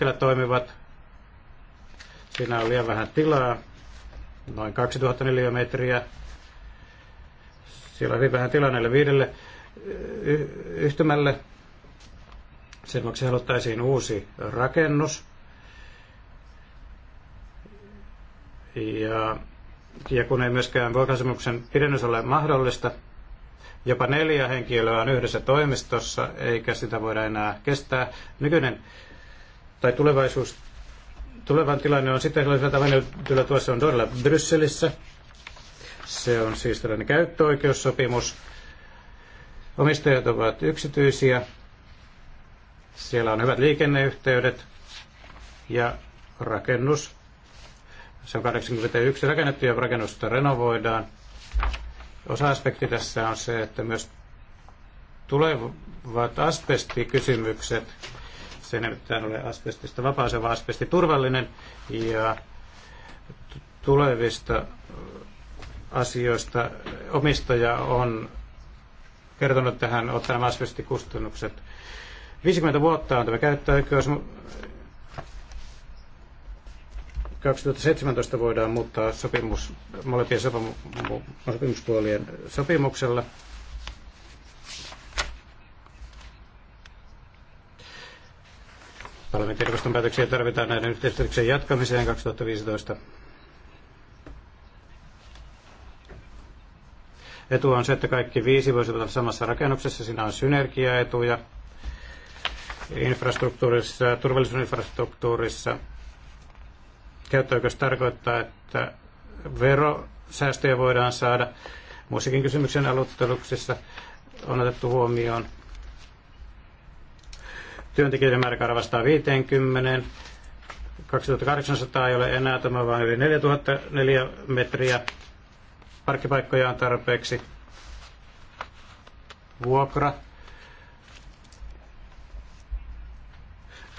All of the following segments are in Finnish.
hetkellä toimivat. Siinä on liian vähän tilaa, noin 2000 neliömetriä. Siellä on hyvin vähän tilaa näille viidelle yhtymälle. Sen vuoksi haluttaisiin uusi rakennus. Ja, ja kun ei myöskään vuokrasopimuksen pidennys ole mahdollista, jopa neljä henkilöä on yhdessä toimistossa, eikä sitä voida enää kestää. Nykyinen tai tulevaisuus, tulevan tilanne on sitten sellaisella tavalla, tuossa on todella Brysselissä. Se on siis tällainen käyttöoikeussopimus. Omistajat ovat yksityisiä. Siellä on hyvät liikenneyhteydet ja rakennus. Se on 81 rakennettu ja rakennusta renovoidaan. Osa-aspekti tässä on se, että myös tulevat asbestikysymykset se nimittäin ole asbestista vapaa, se on asbesti turvallinen ja tulevista asioista omistaja on kertonut tähän ottaen asbestikustannukset. 50 vuotta on tämä käyttöoikeus. 2017 voidaan muuttaa sopimus, molempien sopimuspuolien sopimuksella. Parlamentin päätöksiä tarvitaan näiden yhteistyöksen jatkamiseen 2015. Etu on se, että kaikki viisi voisivat olla samassa rakennuksessa. Siinä on synergiaetuja infrastruktuurissa, turvallisuusinfrastruktuurissa. Käyttöoikeus tarkoittaa, että verosäästöjä voidaan saada. Muissakin kysymyksen aloitteluksissa on otettu huomioon työntekijöiden määrä karvastaa 50. 2800 ei ole enää tämä, vaan yli 4000 metriä. Parkkipaikkoja on tarpeeksi. Vuokra.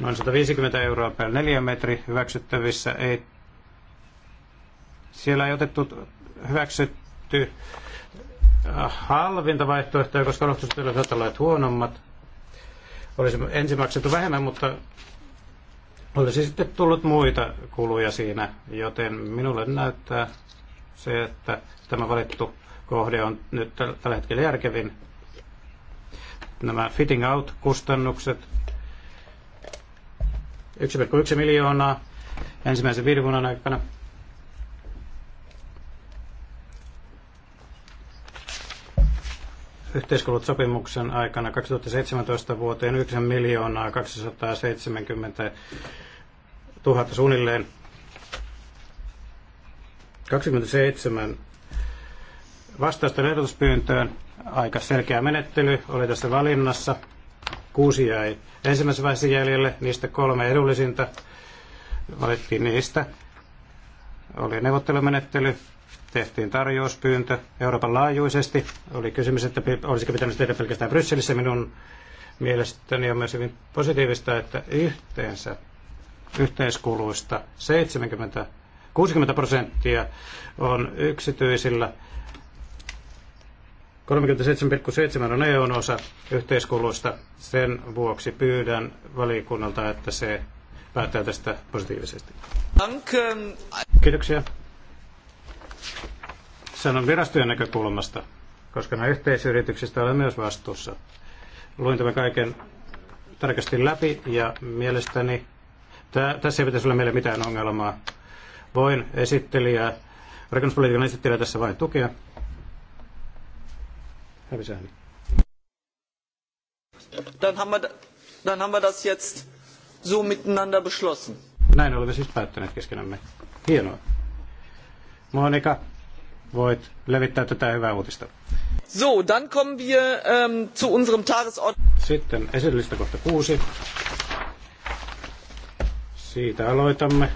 Noin 150 euroa per metri hyväksyttävissä. Ei, siellä ei otettu hyväksytty äh, halvinta vaihtoehtoja, koska olosuhteet ovat olleet huonommat olisi ensin maksettu vähemmän, mutta olisi sitten tullut muita kuluja siinä, joten minulle näyttää se, että tämä valittu kohde on nyt tällä hetkellä järkevin. Nämä fitting out-kustannukset, 1,1 miljoonaa ensimmäisen viiden vuoden aikana. sopimuksen aikana 2017 vuoteen 9 miljoonaa 270 000 suunnilleen. 27 vastausten ehdotuspyyntöön. Aika selkeä menettely oli tässä valinnassa. Kuusi jäi ensimmäisessä vaiheessa jäljelle, niistä kolme edullisinta valittiin niistä. Oli neuvottelumenettely, tehtiin tarjouspyyntö Euroopan laajuisesti. Oli kysymys, että olisiko pitänyt tehdä pelkästään Brysselissä. Minun mielestäni on myös hyvin positiivista, että yhteensä yhteiskuluista 70, 60 prosenttia on yksityisillä 37,7 on EUn osa yhteiskuluista. Sen vuoksi pyydän valiokunnalta, että se päättää tästä positiivisesti. Ähm, Kiitoksia. Sanon virastojen näkökulmasta, koska nämä yhteisyrityksistä olen myös vastuussa. Luin tämän kaiken tarkasti läpi ja mielestäni tää, tässä ei pitäisi olla meille mitään ongelmaa. Voin esittelijä, rakennuspolitiikan esittelijä tässä vain tukea. Hävisääni. Dann haben wir, dann haben wir das jetzt so miteinander beschlossen. Näin olemme siis päättäneet keskenämme. Hienoa. Monika, voit levittää tätä hyvää uutista. So, dann kommen wir ähm, zu unserem Sitten esillistä kohta kuusi. Siitä aloitamme.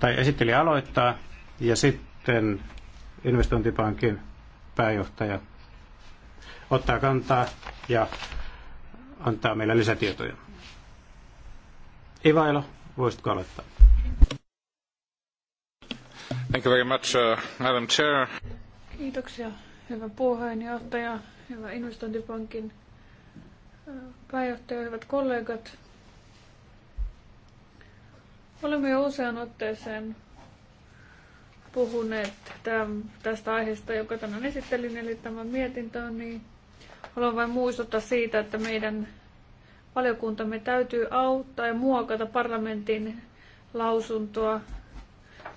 Tai esitteli aloittaa ja sitten investointipankin pääjohtaja ottaa kantaa ja antaa meille lisätietoja. Ivailo, voisitko aloittaa? Thank you very much, uh, Madam Chair. Kiitoksia, hyvä puheenjohtaja, hyvä investointipankin pääjohtaja, hyvät kollegat. Olemme jo usean otteeseen puhuneet tästä aiheesta, joka tänään esittelin, eli tämä mietintö, niin haluan vain muistuttaa siitä, että meidän valiokuntamme täytyy auttaa ja muokata parlamentin lausuntoa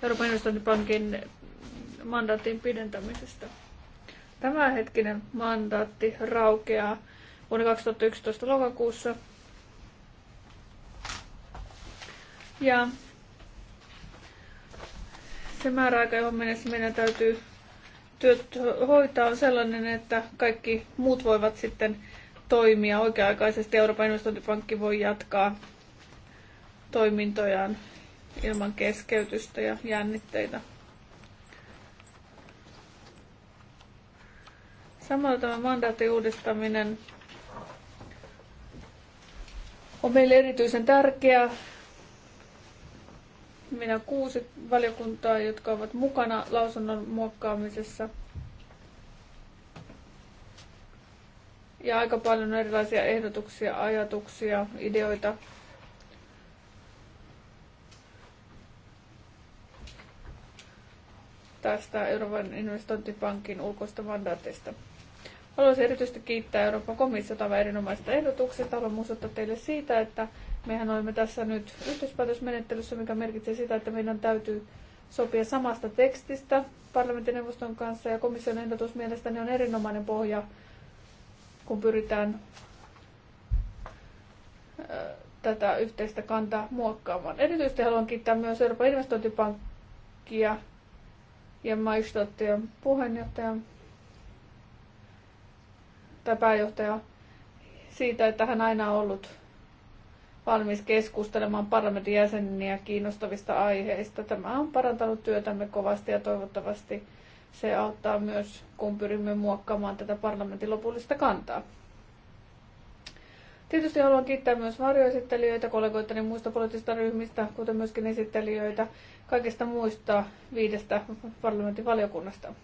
Euroopan investointipankin mandaatin pidentämisestä. Tämänhetkinen mandaatti raukeaa vuonna 2011 lokakuussa. Ja se määräaika, johon mennessä meidän täytyy työt hoitaa, on sellainen, että kaikki muut voivat sitten toimia oikea-aikaisesti. Euroopan investointipankki voi jatkaa toimintojaan ilman keskeytystä ja jännitteitä. Samalla tämä mandaatin uudistaminen on meille erityisen tärkeää. Minä kuusi valiokuntaa, jotka ovat mukana lausunnon muokkaamisessa. Ja aika paljon erilaisia ehdotuksia, ajatuksia, ideoita tästä Euroopan investointipankin ulkoista mandaatista. Haluaisin erityisesti kiittää Euroopan komissiota erinomaista ehdotuksesta. Haluan muistuttaa teille siitä, että mehän olemme tässä nyt yhteispäätösmenettelyssä, mikä merkitsee sitä, että meidän täytyy sopia samasta tekstistä parlamentin kanssa ja komission ehdotus mielestäni on erinomainen pohja, kun pyritään tätä yhteistä kantaa muokkaamaan. Erityisesti haluan kiittää myös Euroopan investointipankkia ja maistraattion puheenjohtaja tai pääjohtaja siitä, että hän aina on ollut valmis keskustelemaan parlamentin jäseniä kiinnostavista aiheista. Tämä on parantanut työtämme kovasti ja toivottavasti se auttaa myös, kun pyrimme muokkaamaan tätä parlamentin lopullista kantaa. Tietysti haluan kiittää myös varjoesittelijöitä, kollegoitani muista poliittisista ryhmistä, kuten myöskin esittelijöitä kaikista muista viidestä parlamentin valiokunnasta.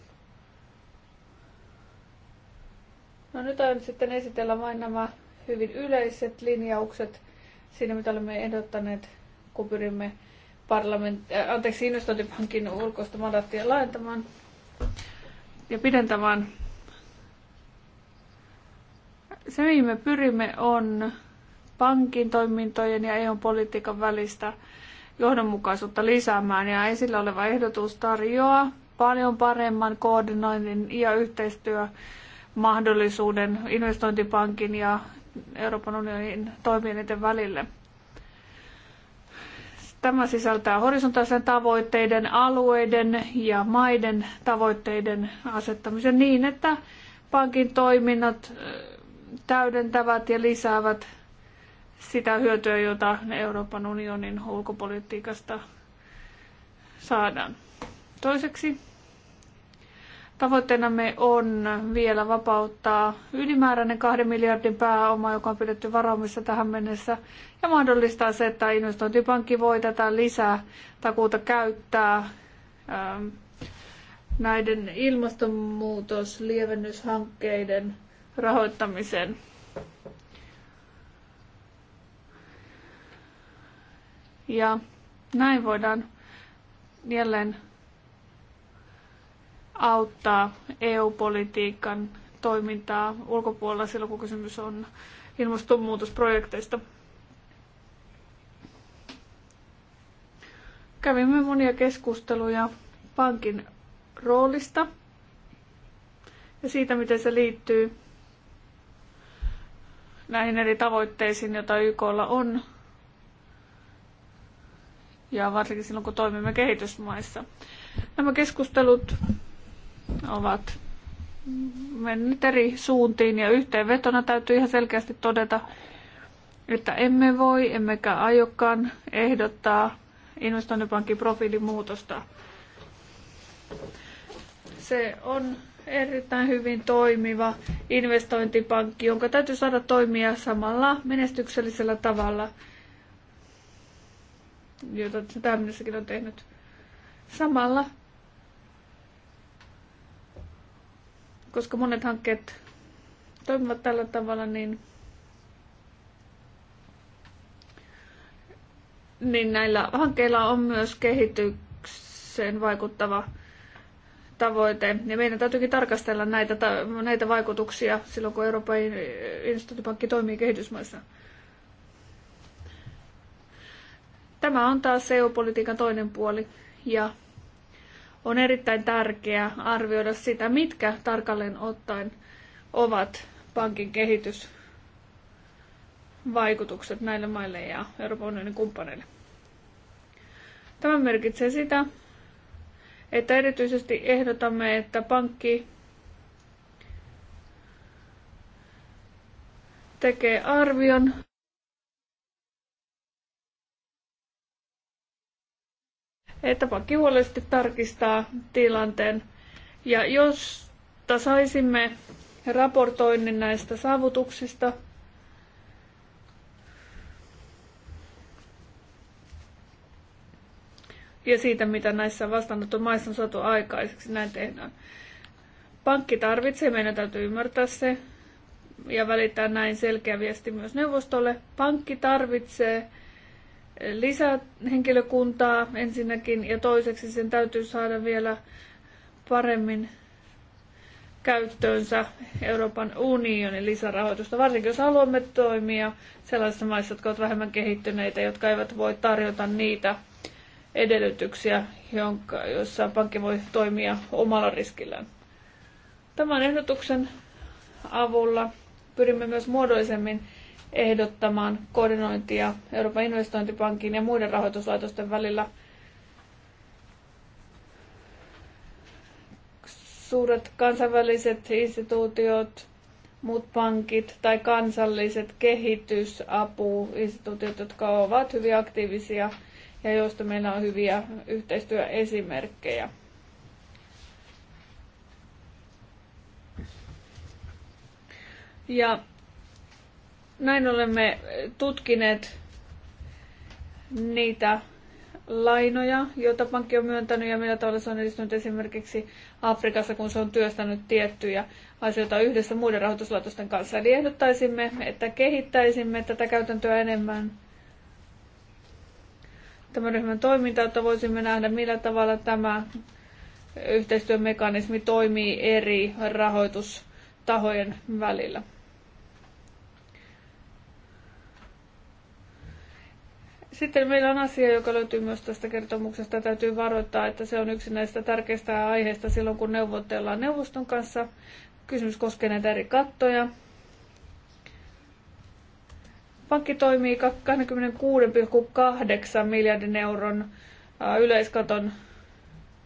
No nyt aion sitten esitellä vain nämä hyvin yleiset linjaukset siinä, mitä olemme ehdottaneet, kun pyrimme parlament, äh, anteeksi, investointipankin ulkoista mandaattia laajentamaan ja pidentämään se, mihin me pyrimme, on pankin toimintojen ja EU-politiikan välistä johdonmukaisuutta lisäämään ja esillä oleva ehdotus tarjoaa paljon paremman koordinoinnin ja yhteistyömahdollisuuden investointipankin ja Euroopan unionin toimijoiden välille. Tämä sisältää horisontaalisen tavoitteiden, alueiden ja maiden tavoitteiden asettamisen niin, että pankin toiminnot täydentävät ja lisäävät sitä hyötyä, jota Euroopan unionin ulkopolitiikasta saadaan. Toiseksi tavoitteenamme on vielä vapauttaa ylimääräinen kahden miljardin pääoma, joka on pidetty varaumissa tähän mennessä, ja mahdollistaa se, että investointipankki voi tätä lisää takuuta käyttää ähm, näiden lievennyshankkeiden rahoittamiseen. Ja näin voidaan jälleen auttaa EU-politiikan toimintaa ulkopuolella silloin, kun kysymys on ilmastonmuutosprojekteista. Kävimme monia keskusteluja pankin roolista ja siitä, miten se liittyy näihin eri tavoitteisiin, joita YKlla on, ja varsinkin silloin, kun toimimme kehitysmaissa. Nämä keskustelut ovat menneet eri suuntiin ja yhteenvetona täytyy ihan selkeästi todeta, että emme voi emmekä aiokaan ehdottaa investointipankin profiilimuutosta. Se on erittäin hyvin toimiva investointipankki, jonka täytyy saada toimia samalla menestyksellisellä tavalla, jota se tähän on tehnyt. Samalla, koska monet hankkeet toimivat tällä tavalla, niin niin näillä hankkeilla on myös kehitykseen vaikuttava tavoite. Ja meidän täytyykin tarkastella näitä, näitä vaikutuksia silloin, kun Euroopan instituutipankki toimii kehitysmaissa. Tämä on taas EU-politiikan toinen puoli ja on erittäin tärkeää arvioida sitä, mitkä tarkalleen ottaen ovat pankin kehitysvaikutukset näille maille ja Euroopan unionin kumppaneille. Tämä merkitsee sitä, että erityisesti ehdotamme, että pankki tekee arvion että pankki huolellisesti tarkistaa tilanteen. Ja jos saisimme raportoinnin näistä saavutuksista, ja siitä, mitä näissä vastaanottomaissa on saatu aikaiseksi. Näin tehdään. Pankki tarvitsee, meidän täytyy ymmärtää se ja välittää näin selkeä viesti myös neuvostolle. Pankki tarvitsee lisää henkilökuntaa ensinnäkin ja toiseksi sen täytyy saada vielä paremmin käyttöönsä Euroopan unionin lisärahoitusta, varsinkin jos haluamme toimia sellaisissa maissa, jotka ovat vähemmän kehittyneitä, jotka eivät voi tarjota niitä edellytyksiä, jonka, jossa pankki voi toimia omalla riskillään. Tämän ehdotuksen avulla pyrimme myös muodollisemmin ehdottamaan koordinointia Euroopan investointipankin ja muiden rahoituslaitosten välillä. Suuret kansainväliset instituutiot, muut pankit tai kansalliset kehitysapuinstituutiot, jotka ovat hyvin aktiivisia – ja joista meillä on hyviä yhteistyöesimerkkejä. Ja näin olemme tutkineet niitä lainoja, joita pankki on myöntänyt ja millä tavalla se on edistynyt esimerkiksi Afrikassa, kun se on työstänyt tiettyjä asioita yhdessä muiden rahoituslaitosten kanssa. Eli ehdottaisimme, että kehittäisimme tätä käytäntöä enemmän tämän ryhmän toimintaa, että voisimme nähdä, millä tavalla tämä yhteistyömekanismi toimii eri rahoitustahojen välillä. Sitten meillä on asia, joka löytyy myös tästä kertomuksesta. Täytyy varoittaa, että se on yksi näistä tärkeistä aiheista silloin, kun neuvotellaan neuvoston kanssa. Kysymys koskee näitä eri kattoja. Pankki toimii 26,8 miljardin euron yleiskaton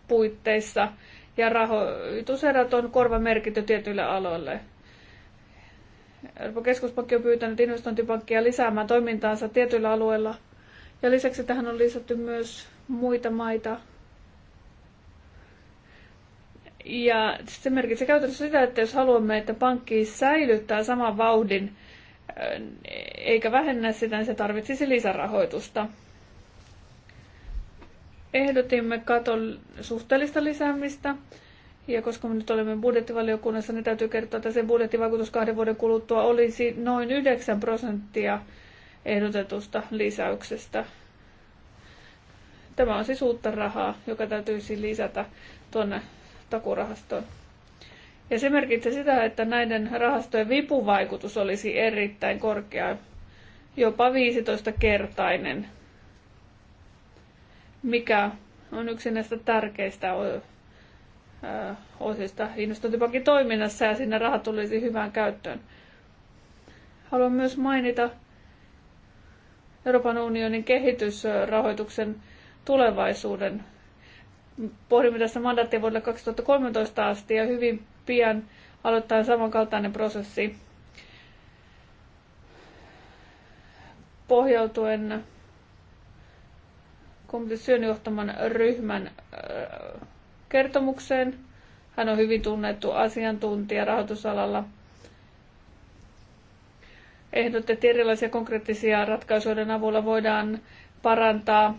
puitteissa ja rahoituserät on korvamerkitty tietyille aloille. Euroopan keskuspankki on pyytänyt investointipankkia lisäämään toimintaansa tietyillä alueilla. Ja lisäksi tähän on lisätty myös muita maita. Ja se merkitsee käytännössä sitä, että jos haluamme, että pankki säilyttää saman vauhdin eikä vähennä sitä, niin se tarvitsisi lisärahoitusta. Ehdotimme katon suhteellista lisäämistä, ja koska me nyt olemme budjettivaliokunnassa, niin täytyy kertoa, että sen budjettivaikutus kahden vuoden kuluttua olisi noin 9 prosenttia ehdotetusta lisäyksestä. Tämä on siis uutta rahaa, joka täytyisi lisätä tuonne takurahastoon. Ja se merkitsi sitä, että näiden rahastojen vipuvaikutus olisi erittäin korkea, jopa 15-kertainen, mikä on yksi näistä tärkeistä osista investointipankin toiminnassa ja sinne rahat tulisi hyvään käyttöön. Haluan myös mainita Euroopan unionin kehitysrahoituksen tulevaisuuden. Pohdimme tässä mandaattia vuodelle 2013 asti ja hyvin pian aloittaa samankaltainen prosessi pohjautuen komission johtaman ryhmän äh, kertomukseen. Hän on hyvin tunnettu asiantuntija rahoitusalalla. Ehdotettiin erilaisia konkreettisia ratkaisuiden avulla voidaan parantaa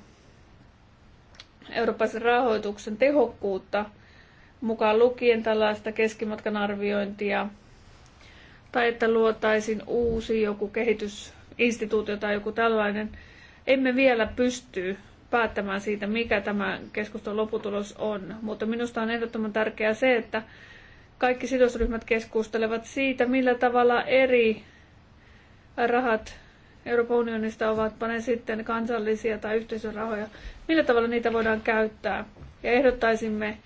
eurooppalaisen rahoituksen tehokkuutta – mukaan lukien tällaista keskimatkan arviointia, tai että luotaisin uusi joku kehitysinstituutio tai joku tällainen. Emme vielä pysty päättämään siitä, mikä tämä keskustelun lopputulos on, mutta minusta on ehdottoman tärkeää se, että kaikki sidosryhmät keskustelevat siitä, millä tavalla eri rahat Euroopan unionista ovat paneet sitten kansallisia tai yhteisörahoja, millä tavalla niitä voidaan käyttää. Ja ehdottaisimme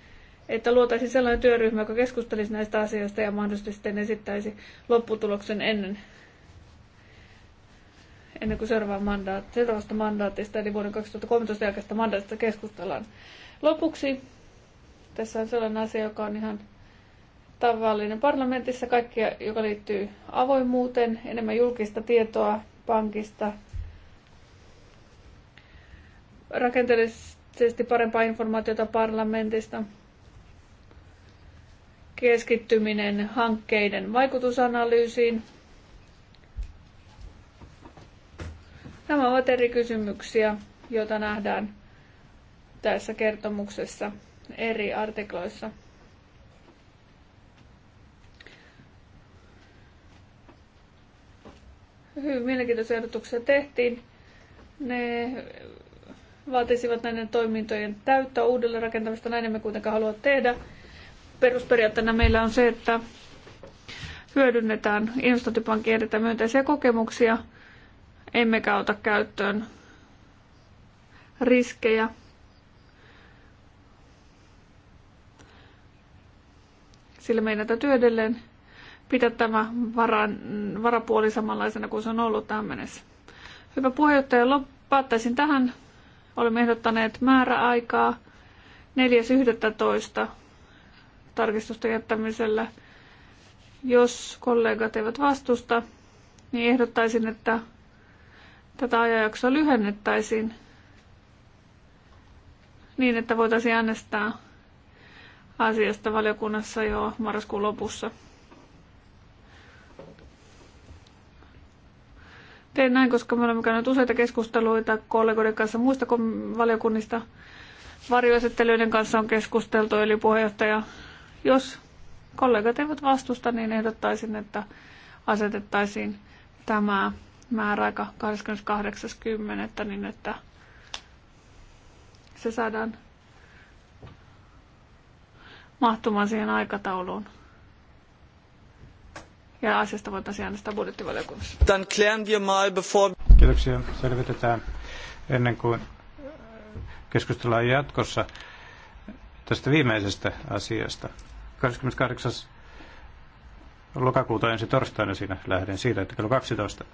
että luotaisiin sellainen työryhmä, joka keskustelisi näistä asioista ja mahdollisesti sitten esittäisi lopputuloksen ennen, ennen kuin seuraava mandaat, seuraavasta mandaatista, eli vuoden 2013 jälkeistä mandaatista keskustellaan. Lopuksi tässä on sellainen asia, joka on ihan tavallinen parlamentissa, kaikkea, joka liittyy avoimuuteen, enemmän julkista tietoa pankista, rakenteellisesti parempaa informaatiota parlamentista – keskittyminen hankkeiden vaikutusanalyysiin. Nämä ovat eri kysymyksiä, joita nähdään tässä kertomuksessa eri artikloissa. Hyvin mielenkiintoisia ehdotuksia tehtiin. Ne vaatisivat näiden toimintojen täyttä uudelleen rakentamista. Näin emme kuitenkaan halua tehdä perusperiaatteena meillä on se, että hyödynnetään investointipankin erittäin myönteisiä kokemuksia, emmekä ota käyttöön riskejä. Sillä meidän täytyy edelleen pitää tämä varan, varapuoli samanlaisena kuin se on ollut tähän mennessä. Hyvä puheenjohtaja, päättäisin tähän. Olemme ehdottaneet määräaikaa 4.11 tarkistusta jättämisellä. Jos kollegat eivät vastusta, niin ehdottaisin, että tätä ajanjaksoa lyhennettäisiin niin, että voitaisiin äänestää asiasta valiokunnassa jo marraskuun lopussa. Tein näin, koska me olemme käyneet useita keskusteluita kollegoiden kanssa muista valiokunnista. Varjoesittelyiden kanssa on keskusteltu, eli puheenjohtaja jos kollegat eivät vastusta, niin ehdottaisin, että asetettaisiin tämä määräaika 28.10. niin, että se saadaan mahtumaan siihen aikatauluun. Ja asiasta voitaisiin äänestää budjettivaliokunnassa. Dann klären wir mal bevor... Kiitoksia. Selvitetään ennen kuin äh, keskustellaan jatkossa tästä viimeisestä asiasta. 28. lokakuuta ensi torstaina siinä lähden siitä, että kello 12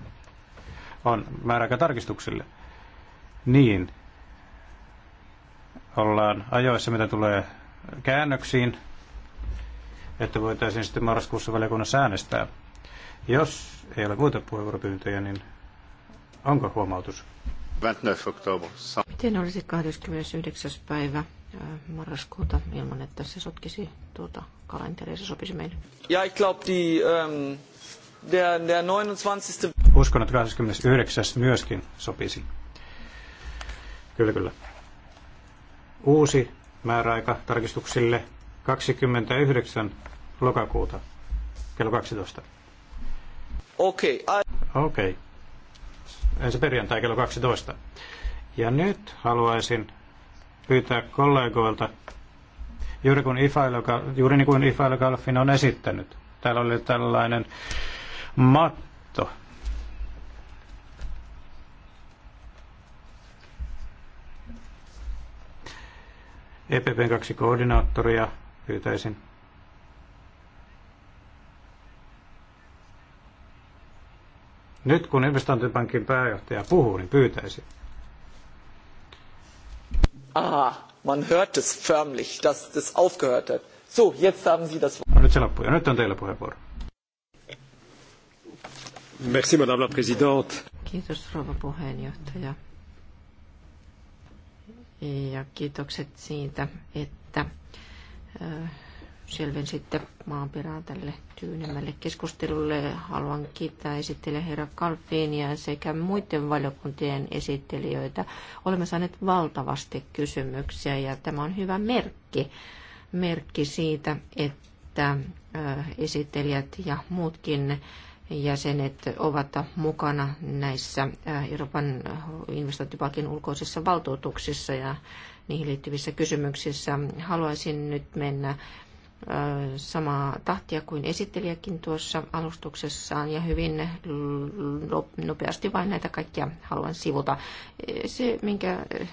on määräaika tarkistuksille. Niin, ollaan ajoissa, mitä tulee käännöksiin, että voitaisiin sitten marraskuussa valiokunnassa äänestää. Jos ei ole muita puheenvuoropyyntöjä, niin onko huomautus? 29. oktober. Miten olisi 29. päivä marraskuuta ilman, että se sotkisi tuota kalenteria, se sopisi meille. Ja, ich glaub, die, ähm, der, der 29. Uskon, että 29. myöskin sopisi. Kyllä, kyllä. Uusi määräaika tarkistuksille 29. lokakuuta kello 12. Okei. Okay, Okei. Okay. Ensi perjantai kello 12. Ja nyt haluaisin pyytää kollegoilta, juuri, kun Ifailo, juuri niin kuin Ifailo Galfin on esittänyt. Täällä oli tällainen matto. EPPn kaksi koordinaattoria pyytäisin Nyt kun investointipankin pääjohtaja puhuu, niin pyytäisin. Ah, man hört es förmlich, dass das aufgehört hat. So, jetzt haben Sie das Wort. No nyt se loppui. Nyt on teillä puheenvuoro. Merci, Madame la Présidente. Kiitos, rouva puheenjohtaja. Ja kiitokset siitä, että äh, selvensitte maanperää tälle tyynemmälle keskustelulle. Haluan kiittää esittelijä herra Kalfiinia sekä muiden valiokuntien esittelijöitä. Olemme saaneet valtavasti kysymyksiä ja tämä on hyvä merkki, merkki siitä, että esittelijät ja muutkin jäsenet ovat mukana näissä Euroopan investointipakin ulkoisissa valtuutuksissa ja niihin liittyvissä kysymyksissä. Haluaisin nyt mennä samaa tahtia kuin esittelijäkin tuossa alustuksessaan ja hyvin nopeasti vain näitä kaikkia haluan sivuta. E, se, minkä e,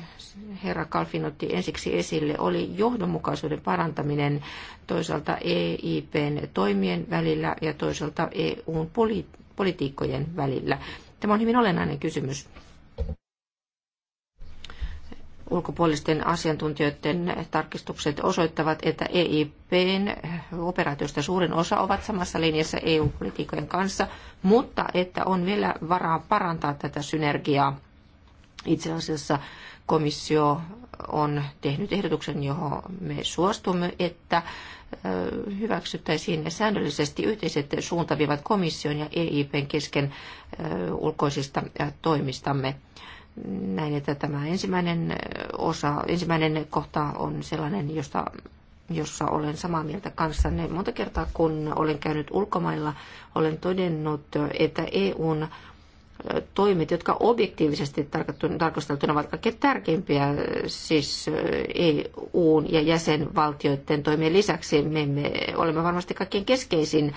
herra Kalfin otti ensiksi esille, oli johdonmukaisuuden parantaminen toisaalta EIPn toimien välillä ja toisaalta EUn politiikkojen välillä. Tämä on hyvin olennainen kysymys ulkopuolisten asiantuntijoiden tarkistukset osoittavat, että EIPn operaatioista suurin osa ovat samassa linjassa EU-politiikojen kanssa, mutta että on vielä varaa parantaa tätä synergiaa. Itse asiassa komissio on tehnyt ehdotuksen, johon me suostumme, että hyväksyttäisiin säännöllisesti yhteiset suuntaviivat komission ja EIPn kesken ulkoisista toimistamme näin, että tämä ensimmäinen osa, ensimmäinen kohta on sellainen, josta jossa olen samaa mieltä kanssanne. Monta kertaa kun olen käynyt ulkomailla, olen todennut, että EUn toimet, jotka objektiivisesti tarkasteltuna ovat kaikkein tärkeimpiä, siis EUn ja jäsenvaltioiden toimien lisäksi. Me emme, olemme varmasti kaikkein keskeisin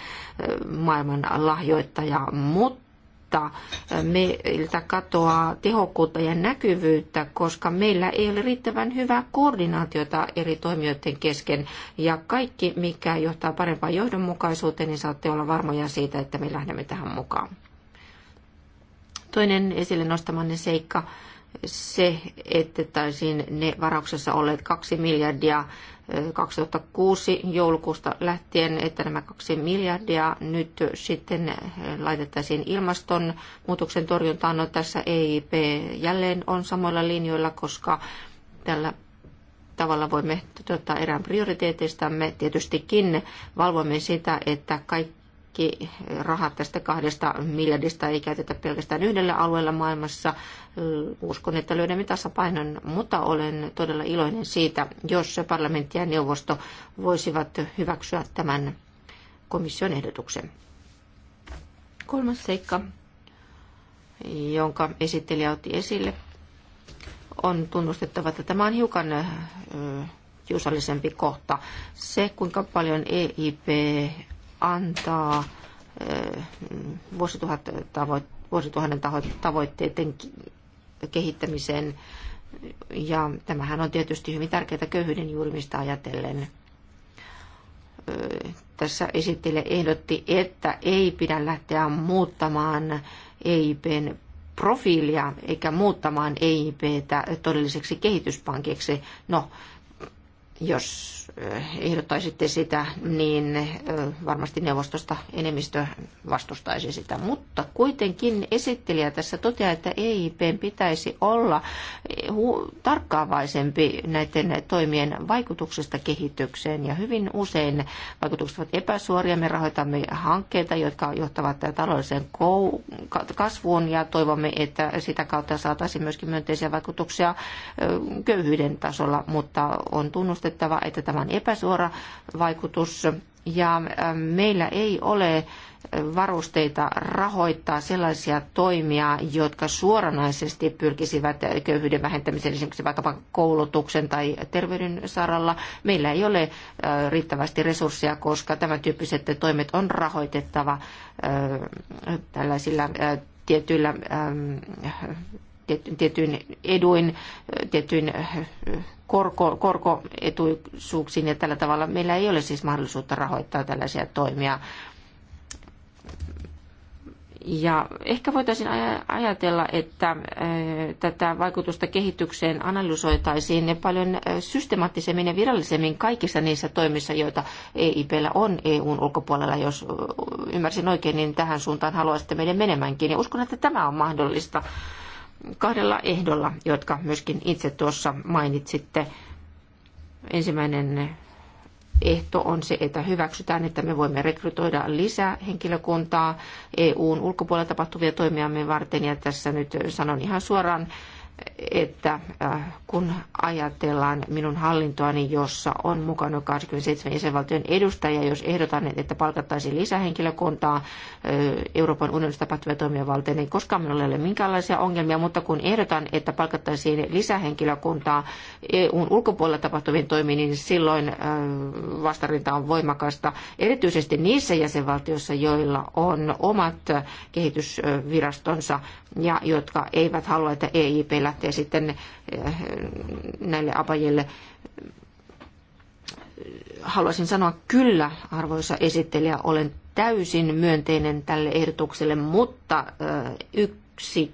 maailman lahjoittaja, mutta mutta meiltä katoaa tehokkuutta ja näkyvyyttä, koska meillä ei ole riittävän hyvää koordinaatiota eri toimijoiden kesken. Ja kaikki, mikä johtaa parempaan johdonmukaisuuteen, niin saatte olla varmoja siitä, että me lähdemme tähän mukaan. Toinen esille nostamanne seikka, se, että taisin ne varauksessa olleet kaksi miljardia 2006 joulukuusta lähtien, että nämä kaksi miljardia nyt sitten laitettaisiin ilmastonmuutoksen torjuntaan. No tässä EIP jälleen on samoilla linjoilla, koska tällä tavalla voimme toteuttaa erään prioriteeteistamme. Tietystikin valvomme sitä, että kaikki kaikki rahat tästä kahdesta miljardista ei käytetä pelkästään yhdellä alueella maailmassa. Uskon, että löydämme tasapainon, mutta olen todella iloinen siitä, jos parlamentti ja neuvosto voisivat hyväksyä tämän komission ehdotuksen. Kolmas seikka, jonka esittelijä otti esille, on tunnustettava, että tämä on hiukan kiusallisempi kohta. Se, kuinka paljon EIP antaa vuosituhannen tavoitteiden kehittämiseen. Ja tämähän on tietysti hyvin tärkeää köyhyyden juurimista ajatellen tässä esittelijä ehdotti, että ei pidä lähteä muuttamaan EIPn profiilia eikä muuttamaan EIPtä todelliseksi kehityspankiksi. No, jos eh, ehdottaisitte sitä, niin eh, varmasti neuvostosta enemmistö vastustaisi sitä. Mutta kuitenkin esittelijä tässä toteaa, että EIP pitäisi olla eh, tarkkaavaisempi näiden toimien vaikutuksesta kehitykseen. Ja hyvin usein vaikutukset ovat epäsuoria. Me rahoitamme hankkeita, jotka johtavat taloudelliseen kasvuun ja toivomme, että sitä kautta saataisiin myöskin myönteisiä vaikutuksia köyhyyden tasolla, mutta on tunnustettu, muistettava, että tämä on epäsuora vaikutus ja äh, meillä ei ole äh, varusteita rahoittaa sellaisia toimia, jotka suoranaisesti pyrkisivät äh, köyhyyden vähentämiseen, esimerkiksi vaikkapa koulutuksen tai terveyden saralla. Meillä ei ole riittävästi resursseja, koska tämän tyyppiset toimet on rahoitettava tällaisilla tietyillä ähm, tietyin eduin, tietyin äh, korko, korkoetuisuuksiin ja tällä tavalla meillä ei ole siis mahdollisuutta rahoittaa tällaisia toimia. Ja ehkä voitaisiin ajatella, että äh, tätä vaikutusta kehitykseen analysoitaisiin ne paljon äh, systemaattisemmin ja virallisemmin kaikissa niissä toimissa, joita EIPllä on EUn ulkopuolella. Jos ymmärsin oikein, niin tähän suuntaan haluaisitte meidän menemänkin. Ja uskon, että tämä on mahdollista kahdella ehdolla, jotka myöskin itse tuossa mainitsitte. Ensimmäinen ehto on se, että hyväksytään, että me voimme rekrytoida lisää henkilökuntaa EUn ulkopuolella tapahtuvia toimiamme varten. Ja tässä nyt sanon ihan suoraan että äh, kun ajatellaan minun hallintoani, jossa on mukana 27 jäsenvaltion edustajia, jos ehdotan, että palkattaisiin lisähenkilökuntaa äh, Euroopan unionista tapahtuvia toimia valteen, niin koskaan minulla ei ole minkäänlaisia ongelmia, mutta kun ehdotan, että palkattaisiin lisähenkilökuntaa EUn ulkopuolella tapahtuviin toimiin, niin silloin äh, vastarinta on voimakasta, erityisesti niissä jäsenvaltioissa, joilla on omat kehitysvirastonsa ja jotka eivät halua, että EIPllä lähtee sitten eh, näille apajille haluaisin sanoa kyllä, arvoisa esittelijä, olen täysin myönteinen tälle ehdotukselle, mutta eh, yksi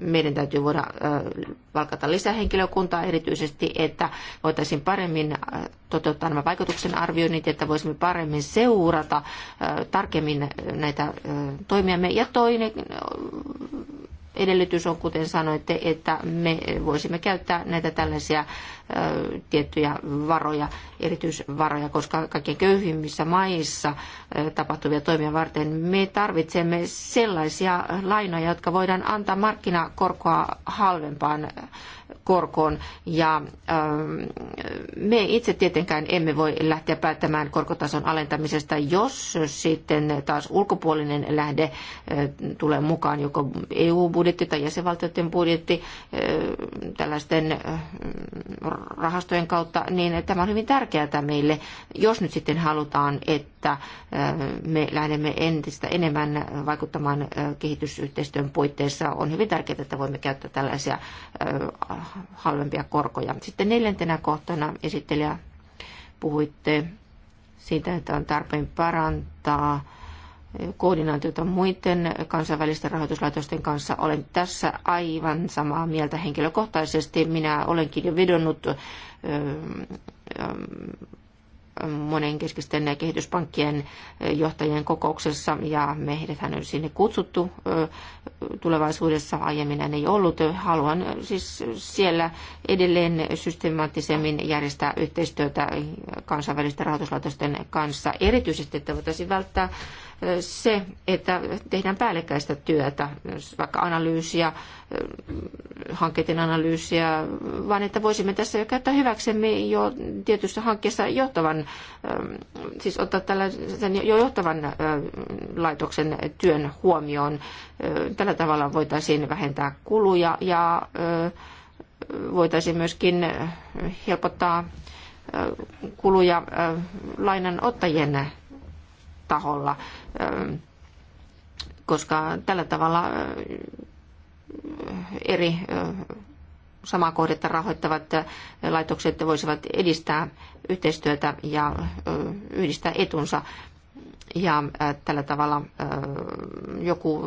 meidän täytyy voida eh, palkata lisähenkilökuntaa erityisesti, että voitaisiin paremmin toteuttaa nämä vaikutuksen arvioinnit, että voisimme paremmin seurata tarkemmin näitä toimiamme. Ja toinen edellytys on, kuten sanoitte, että me voisimme käyttää näitä tällaisia tiettyjä varoja, erityisvaroja, koska kaikkein köyhimmissä maissa tapahtuvia toimia varten me tarvitsemme sellaisia lainoja, jotka voidaan antaa markkinakorkoa halvempaan korkoon. Ja ähm, me itse tietenkään emme voi lähteä päättämään korkotason alentamisesta, jos sitten taas ulkopuolinen lähde äh, tulee mukaan, joko EU-budjetti tai jäsenvaltioiden budjetti äh, tällaisten äh, rahastojen kautta, niin tämä on hyvin tärkeää meille, jos nyt sitten halutaan, että me lähdemme entistä enemmän vaikuttamaan kehitysyhteistyön puitteissa. On hyvin tärkeää, että voimme käyttää tällaisia halvempia korkoja. Sitten neljäntenä kohtana esittelijä puhuitte siitä, että on tarpeen parantaa koordinaatiota muiden kansainvälisten rahoituslaitosten kanssa. Olen tässä aivan samaa mieltä henkilökohtaisesti. Minä olenkin jo vedonnut monenkeskisten kehityspankkien eh, johtajien kokouksessa ja meidät hän on sinne kutsuttu eh, tulevaisuudessa. Aiemmin hän ei ollut. Haluan eh, siis siellä edelleen systemaattisemmin järjestää yhteistyötä kansainvälisten rahoituslaitosten kanssa, erityisesti, että voitaisiin välttää se, että tehdään päällekkäistä työtä, vaikka analyysiä, hankkeiden analyysiä, vaan että voisimme tässä jo käyttää hyväksemme jo tietyssä hankkeessa johtavan, ähm, siis ottaa tällaisen jo johtavan äh, laitoksen työn huomioon. Äh, tällä tavalla voitaisiin vähentää kuluja ja äh, voitaisiin myöskin helpottaa kuluja lainanottajien taholla, ähm, koska tällä tavalla äh, eri äh, samaa kohdetta rahoittavat äh, laitokset voisivat edistää yhteistyötä ja yhdistää etunsa ja äh, tällä tavalla äh, joku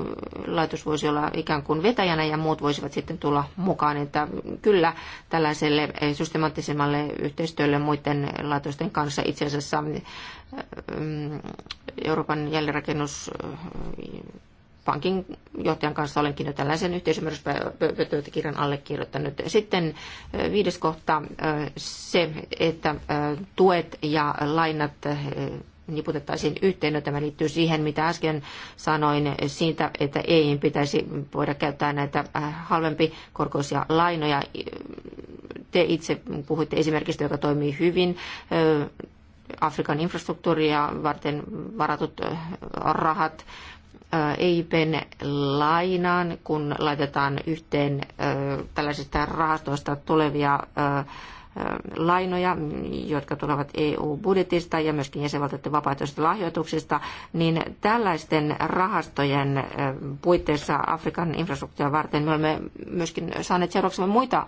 laitos voisi olla ikään kuin vetäjänä ja muut voisivat sitten tulla mukaan. Että kyllä tällaiselle äh, systemaattisemmalle yhteistyölle muiden laitosten kanssa itse asiassa mm, Euroopan jälleenrakennus pankin johtajan kanssa olenkin jo tällaisen yhteisymmärryspöytäkirjan allekirjoittanut. Sitten viides kohta se, että tuet ja lainat niputettaisiin yhteen. No, tämä liittyy siihen, mitä äsken sanoin siitä, että ei pitäisi voida käyttää näitä äh, halvempi korkoisia lainoja. Te itse puhuitte esimerkistä, joka toimii hyvin. Äh, Afrikan infrastruktuuria varten varatut äh, rahat EIPn lainaan, kun laitetaan yhteen tällaisista rahastoista tulevia lainoja, jotka tulevat EU-budjetista ja myöskin jäsenvaltioiden vapaaehtoisista lahjoituksista, niin tällaisten rahastojen puitteissa Afrikan infrastruktuuria varten me olemme myöskin saaneet seurauksemme muita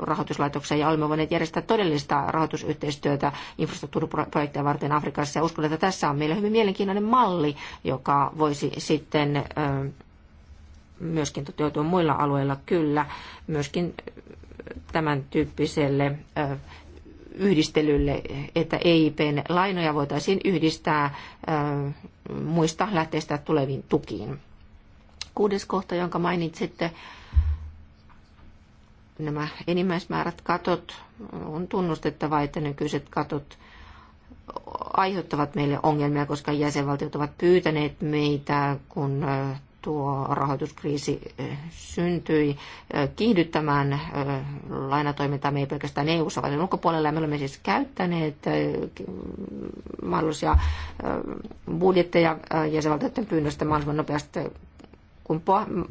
rahoituslaitoksia ja olemme voineet järjestää todellista rahoitusyhteistyötä infrastruktuuriprojekteja varten Afrikassa. Ja uskon, että tässä on meillä hyvin mielenkiintoinen malli, joka voisi sitten myöskin toteutua muilla alueilla kyllä, myöskin tämän tyyppiselle yhdistelylle, että EIPn lainoja voitaisiin yhdistää muista lähteistä tuleviin tukiin. Kuudes kohta, jonka mainitsitte, nämä enimmäismäärät katot, on tunnustettava, että nykyiset katot aiheuttavat meille ongelmia, koska jäsenvaltiot ovat pyytäneet meitä, kun tuo rahoituskriisi eh, syntyi eh, kiihdyttämään eh, lainatoimintaa. Me ei pelkästään eu vaan ulkopuolella. Me olemme siis käyttäneet mahdollisia budjetteja jäsenvaltioiden pyynnöstä mahdollisimman nopeasti kuin,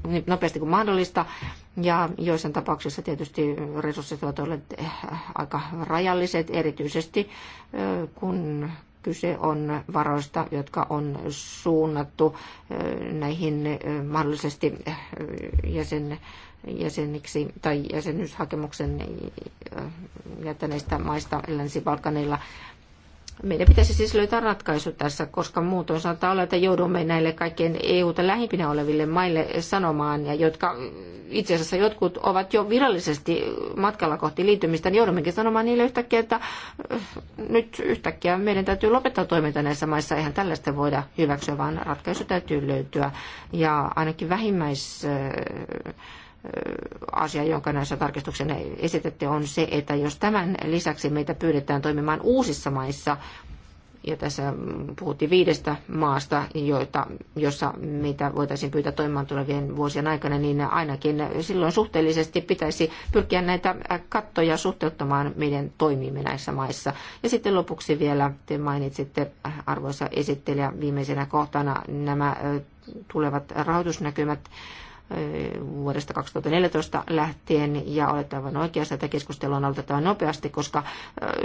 niin nopeasti kuin mahdollista. Ja joissain tapauksissa tietysti resurssit ovat olleet aika rajalliset, erityisesti kun Kyse on varoista, jotka on suunnattu näihin mahdollisesti jäsen, jäseniksi tai jäsenyyshakemuksen jättäneistä maista Länsi-Balkanilla meidän pitäisi siis löytää ratkaisu tässä, koska muutoin saattaa olla, että joudumme näille kaikkien EU-ta lähimpinä oleville maille sanomaan, ja jotka itse asiassa jotkut ovat jo virallisesti matkalla kohti liittymistä, niin joudummekin sanomaan niille yhtäkkiä, että äh, nyt yhtäkkiä meidän täytyy lopettaa toiminta näissä maissa. Eihän tällaista voida hyväksyä, vaan ratkaisu täytyy löytyä. Ja ainakin vähimmäis äh, asia, jonka näissä tarkistuksissa esitette, on se, että jos tämän lisäksi meitä pyydetään toimimaan uusissa maissa, ja tässä puhuttiin viidestä maasta, joita, jossa mitä voitaisiin pyytää toimimaan tulevien vuosien aikana, niin ainakin silloin suhteellisesti pitäisi pyrkiä näitä kattoja suhteuttamaan meidän toimimme näissä maissa. Ja sitten lopuksi vielä te mainitsitte, arvoisa esittelijä, viimeisenä kohtana nämä tulevat rahoitusnäkymät vuodesta 2014 lähtien ja olet aivan oikeassa, että keskustelua on aloitettava nopeasti, koska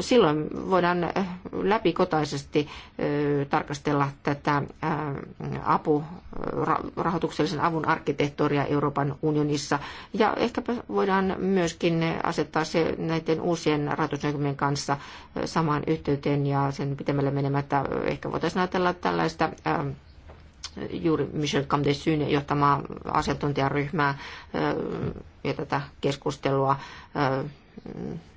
silloin voidaan läpikotaisesti tarkastella tätä apu, rahoituksellisen avun arkkitehtuuria Euroopan unionissa ja ehkäpä voidaan myöskin asettaa se näiden uusien rahoitusnäkymien kanssa samaan yhteyteen ja sen pitemmälle menemättä ehkä voitaisiin ajatella tällaista juuri Michel Camdessyn johtamaa asiantuntijaryhmää ja tätä keskustelua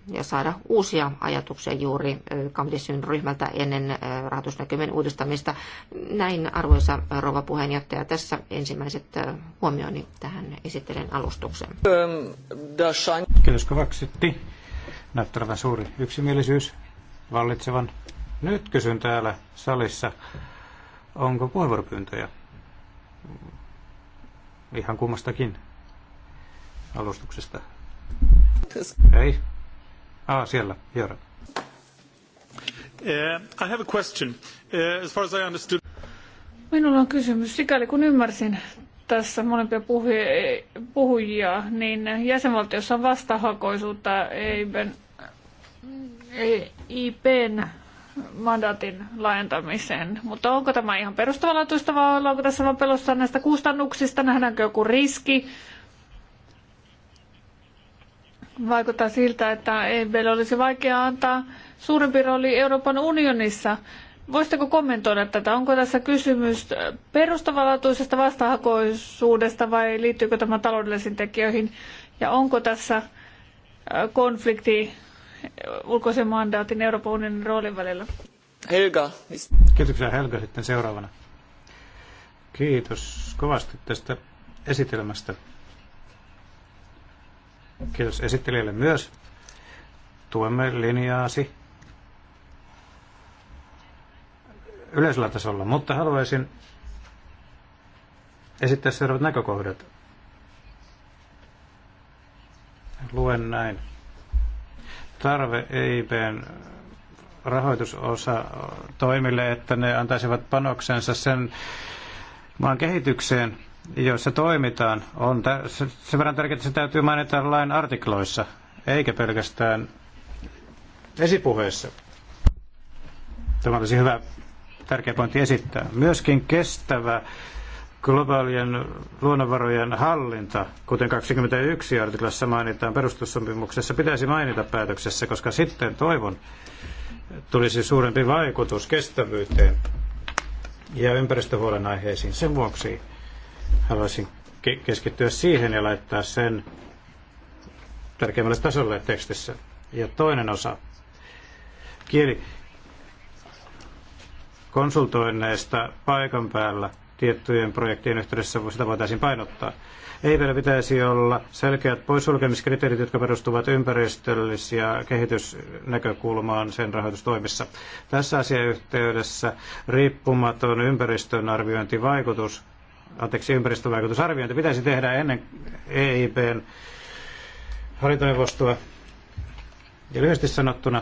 ja saada uusia ajatuksia juuri Camdessyn ryhmältä ennen rahoitusnäkymien uudistamista. Näin, arvoisa rouva puheenjohtaja, tässä ensimmäiset huomioni tähän esittelen alustukseen. Kiitos kovasti. Näyttävän suuri yksimielisyys vallitsevan. Nyt kysyn täällä salissa, Onko puheenvuoropyyntöjä? Ihan kummastakin alustuksesta. Ei. Ah, siellä, Uh, I have a question. Eh, as far as I understood... Minulla on kysymys. Sikäli kun ymmärsin tässä molempia puhujia, niin jäsenvaltiossa on vastahakoisuutta EIPn, e EIPn mandaatin laajentamiseen. Mutta onko tämä ihan perustavanlaatuista vai ollaanko tässä vain pelossa näistä kustannuksista? Nähdäänkö joku riski? Vaikuttaa siltä, että EIBlle olisi vaikea antaa suurempi rooli Euroopan unionissa. Voisitteko kommentoida tätä? Onko tässä kysymys perustavanlaatuisesta vastahakoisuudesta vai liittyykö tämä taloudellisiin tekijöihin? Ja onko tässä äh, konflikti ulkoisen mandaatin Euroopan unionin roolin välillä. Helga. Kiitoksia Helga sitten seuraavana. Kiitos kovasti tästä esitelmästä. Kiitos esittelijälle myös. Tuemme linjaasi yleisellä tasolla, mutta haluaisin esittää seuraavat näkökohdat. Luen näin tarve EIPn rahoitusosa toimille, että ne antaisivat panoksensa sen maan kehitykseen, joissa toimitaan, on sen verran tärkeää, että se täytyy mainita lain artikloissa, eikä pelkästään esipuheessa. Tämä olisi hyvä tärkeä pointti esittää. Myöskin kestävä globaalien luonnonvarojen hallinta, kuten 21 artiklassa mainitaan perustussopimuksessa, pitäisi mainita päätöksessä, koska sitten toivon tulisi suurempi vaikutus kestävyyteen ja ympäristöhuolen aiheisiin. Sen vuoksi haluaisin keskittyä siihen ja laittaa sen tärkeimmälle tasolle tekstissä. Ja toinen osa, kieli konsultoinneista paikan päällä – tiettyjen projektien yhteydessä sitä voitaisiin painottaa. Ei vielä pitäisi olla selkeät poissulkemiskriteerit, jotka perustuvat ympäristöllis- ja kehitysnäkökulmaan sen rahoitustoimissa. Tässä asiayhteydessä riippumaton ympäristön arviointivaikutus, anteeksi, ympäristövaikutusarviointi pitäisi tehdä ennen EIPn hallintoneuvostoa. Ja lyhyesti sanottuna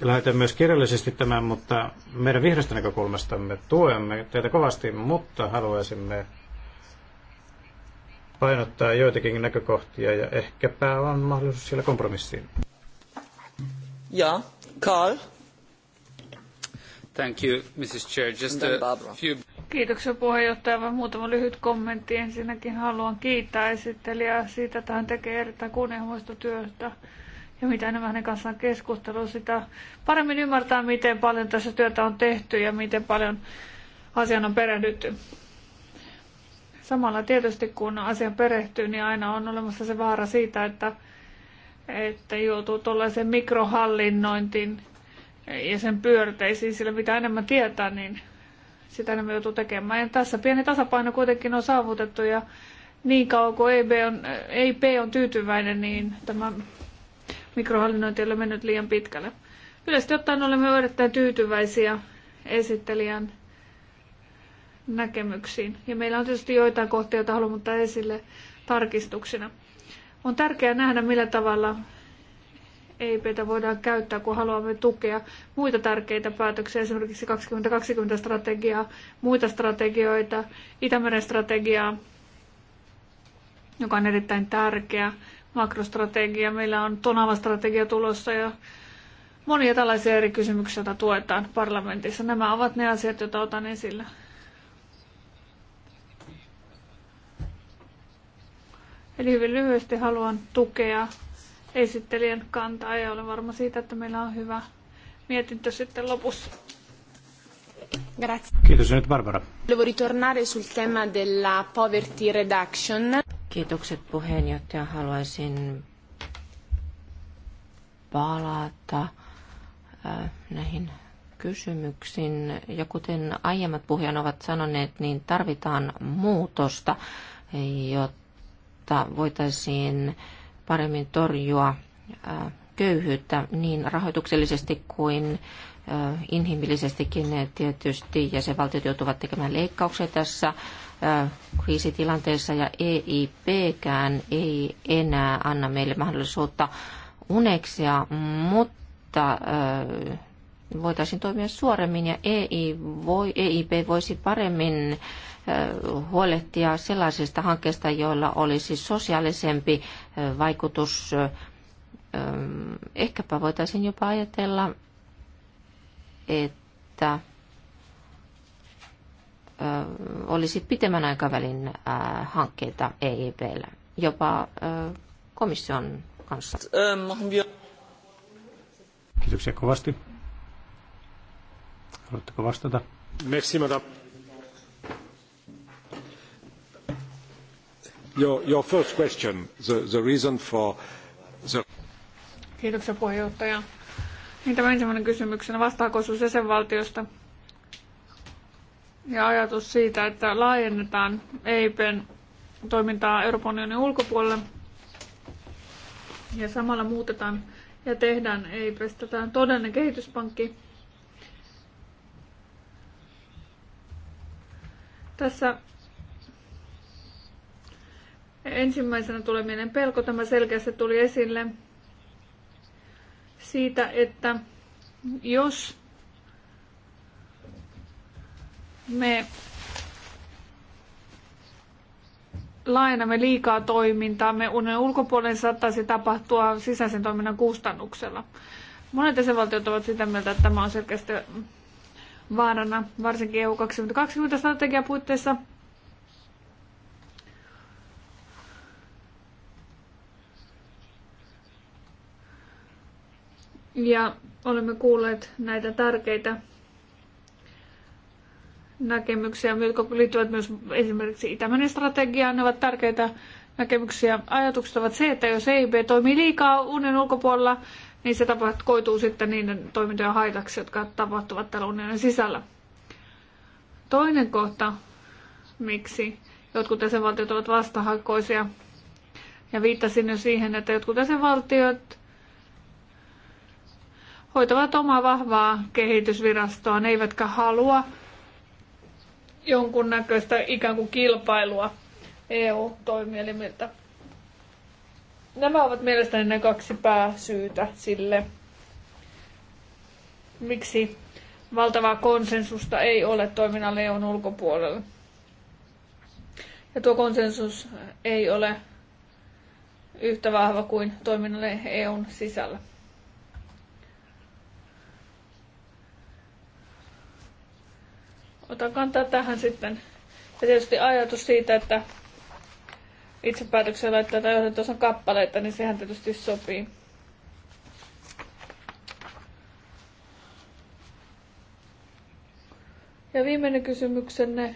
lähetän myös kirjallisesti tämän, mutta meidän vihreästä näkökulmastamme tuemme teitä kovasti, mutta haluaisimme painottaa joitakin näkökohtia ja ehkäpä on mahdollisuus siellä kompromissiin. Ja, Carl. Thank you, Mrs. Chair. Just a few... Kiitoksia puheenjohtaja. Vain muutama lyhyt kommentti. Ensinnäkin haluan kiittää esittelijää siitä, että hän tekee erittäin kunnianhimoista työtä ja mitä enemmän hänen kanssaan keskustelua, sitä paremmin ymmärtää, miten paljon tässä työtä on tehty ja miten paljon asian on perehdytty. Samalla tietysti kun asian perehtyy, niin aina on olemassa se vaara siitä, että, että joutuu tuollaiseen mikrohallinnointiin ja sen pyörteisiin, sillä mitä enemmän tietää, niin sitä enemmän joutuu tekemään. Ja tässä pieni tasapaino kuitenkin on saavutettu ja niin kauan kuin EB on, EIP on tyytyväinen, niin tämä mikrohallinnointi ei ole mennyt liian pitkälle. Yleisesti ottaen olemme erittäin tyytyväisiä esittelijän näkemyksiin. Ja meillä on tietysti joitain kohtia, joita haluamme ottaa esille tarkistuksina. On tärkeää nähdä, millä tavalla EIPtä voidaan käyttää, kun haluamme tukea muita tärkeitä päätöksiä, esimerkiksi 2020-strategiaa, muita strategioita, Itämeren strategiaa, joka on erittäin tärkeä makrostrategia, meillä on Tonava-strategia tulossa ja monia tällaisia eri kysymyksiä, joita tuetaan parlamentissa. Nämä ovat ne asiat, joita otan esille. Eli hyvin lyhyesti haluan tukea esittelijän kantaa ja olen varma siitä, että meillä on hyvä mietintö sitten lopussa. Grazie. Kiitos nyt Barbara. Volevo ritornare sul tema della poverty reduction. Kiitokset puheenjohtaja. Haluaisin palata äh, näihin kysymyksiin. Ja kuten aiemmat puhujan ovat sanoneet, niin tarvitaan muutosta, jotta voitaisiin paremmin torjua äh, köyhyyttä niin rahoituksellisesti kuin äh, inhimillisestikin tietysti jäsenvaltiot joutuvat tekemään leikkauksia tässä kriisitilanteessa ja EIPkään ei enää anna meille mahdollisuutta uneksia, mutta voitaisiin toimia suoremmin ja EI voi, EIP voisi paremmin huolehtia sellaisista hankkeista, joilla olisi sosiaalisempi vaikutus. Ehkäpä voitaisiin jopa ajatella, että olisi pitemmän aikavälin hankkeita EIPllä, jopa komission kanssa. Kiitoksia kovasti. Haluatteko vastata? Merci, Your, your first question, the, the reason for the... Kiitoksia puheenjohtaja. Niin tämä ensimmäinen kysymyksenä, vastaako sinun jäsenvaltiosta ja ajatus siitä, että laajennetaan EIPen toimintaa Euroopan unionin ulkopuolelle ja samalla muutetaan ja tehdään EIPestä tämä todellinen kehityspankki. Tässä ensimmäisenä tulee mieleen pelko, tämä selkeästi tuli esille siitä, että jos me lainamme liikaa toimintaa, me unen ulkopuolelle saattaisi tapahtua sisäisen toiminnan kustannuksella. Monet jäsenvaltiot ovat sitä mieltä, että tämä on selkeästi vaarana, varsinkin EU 2020 strategian puitteissa. Ja olemme kuulleet näitä tärkeitä näkemyksiä, jotka liittyvät myös esimerkiksi Itämeren strategiaan. Ne ovat tärkeitä näkemyksiä. Ajatukset ovat se, että jos EIB toimii liikaa unen ulkopuolella, niin se tapahtuu, koituu sitten niiden toimintojen haitaksi, jotka tapahtuvat täällä unionin sisällä. Toinen kohta, miksi jotkut jäsenvaltiot ovat vastahakoisia, ja viittasin jo siihen, että jotkut jäsenvaltiot hoitavat omaa vahvaa kehitysvirastoa, ne eivätkä halua jonkunnäköistä ikään kuin kilpailua EU-toimielimiltä. Nämä ovat mielestäni ne kaksi pääsyytä sille, miksi valtavaa konsensusta ei ole toiminnan EUn ulkopuolella. Ja tuo konsensus ei ole yhtä vahva kuin toiminnalle EUn sisällä. otan kantaa tähän sitten. Ja tietysti ajatus siitä, että itse päätöksiä laittaa tai johdantosan kappaleita, niin sehän tietysti sopii. Ja viimeinen kysymyksenne.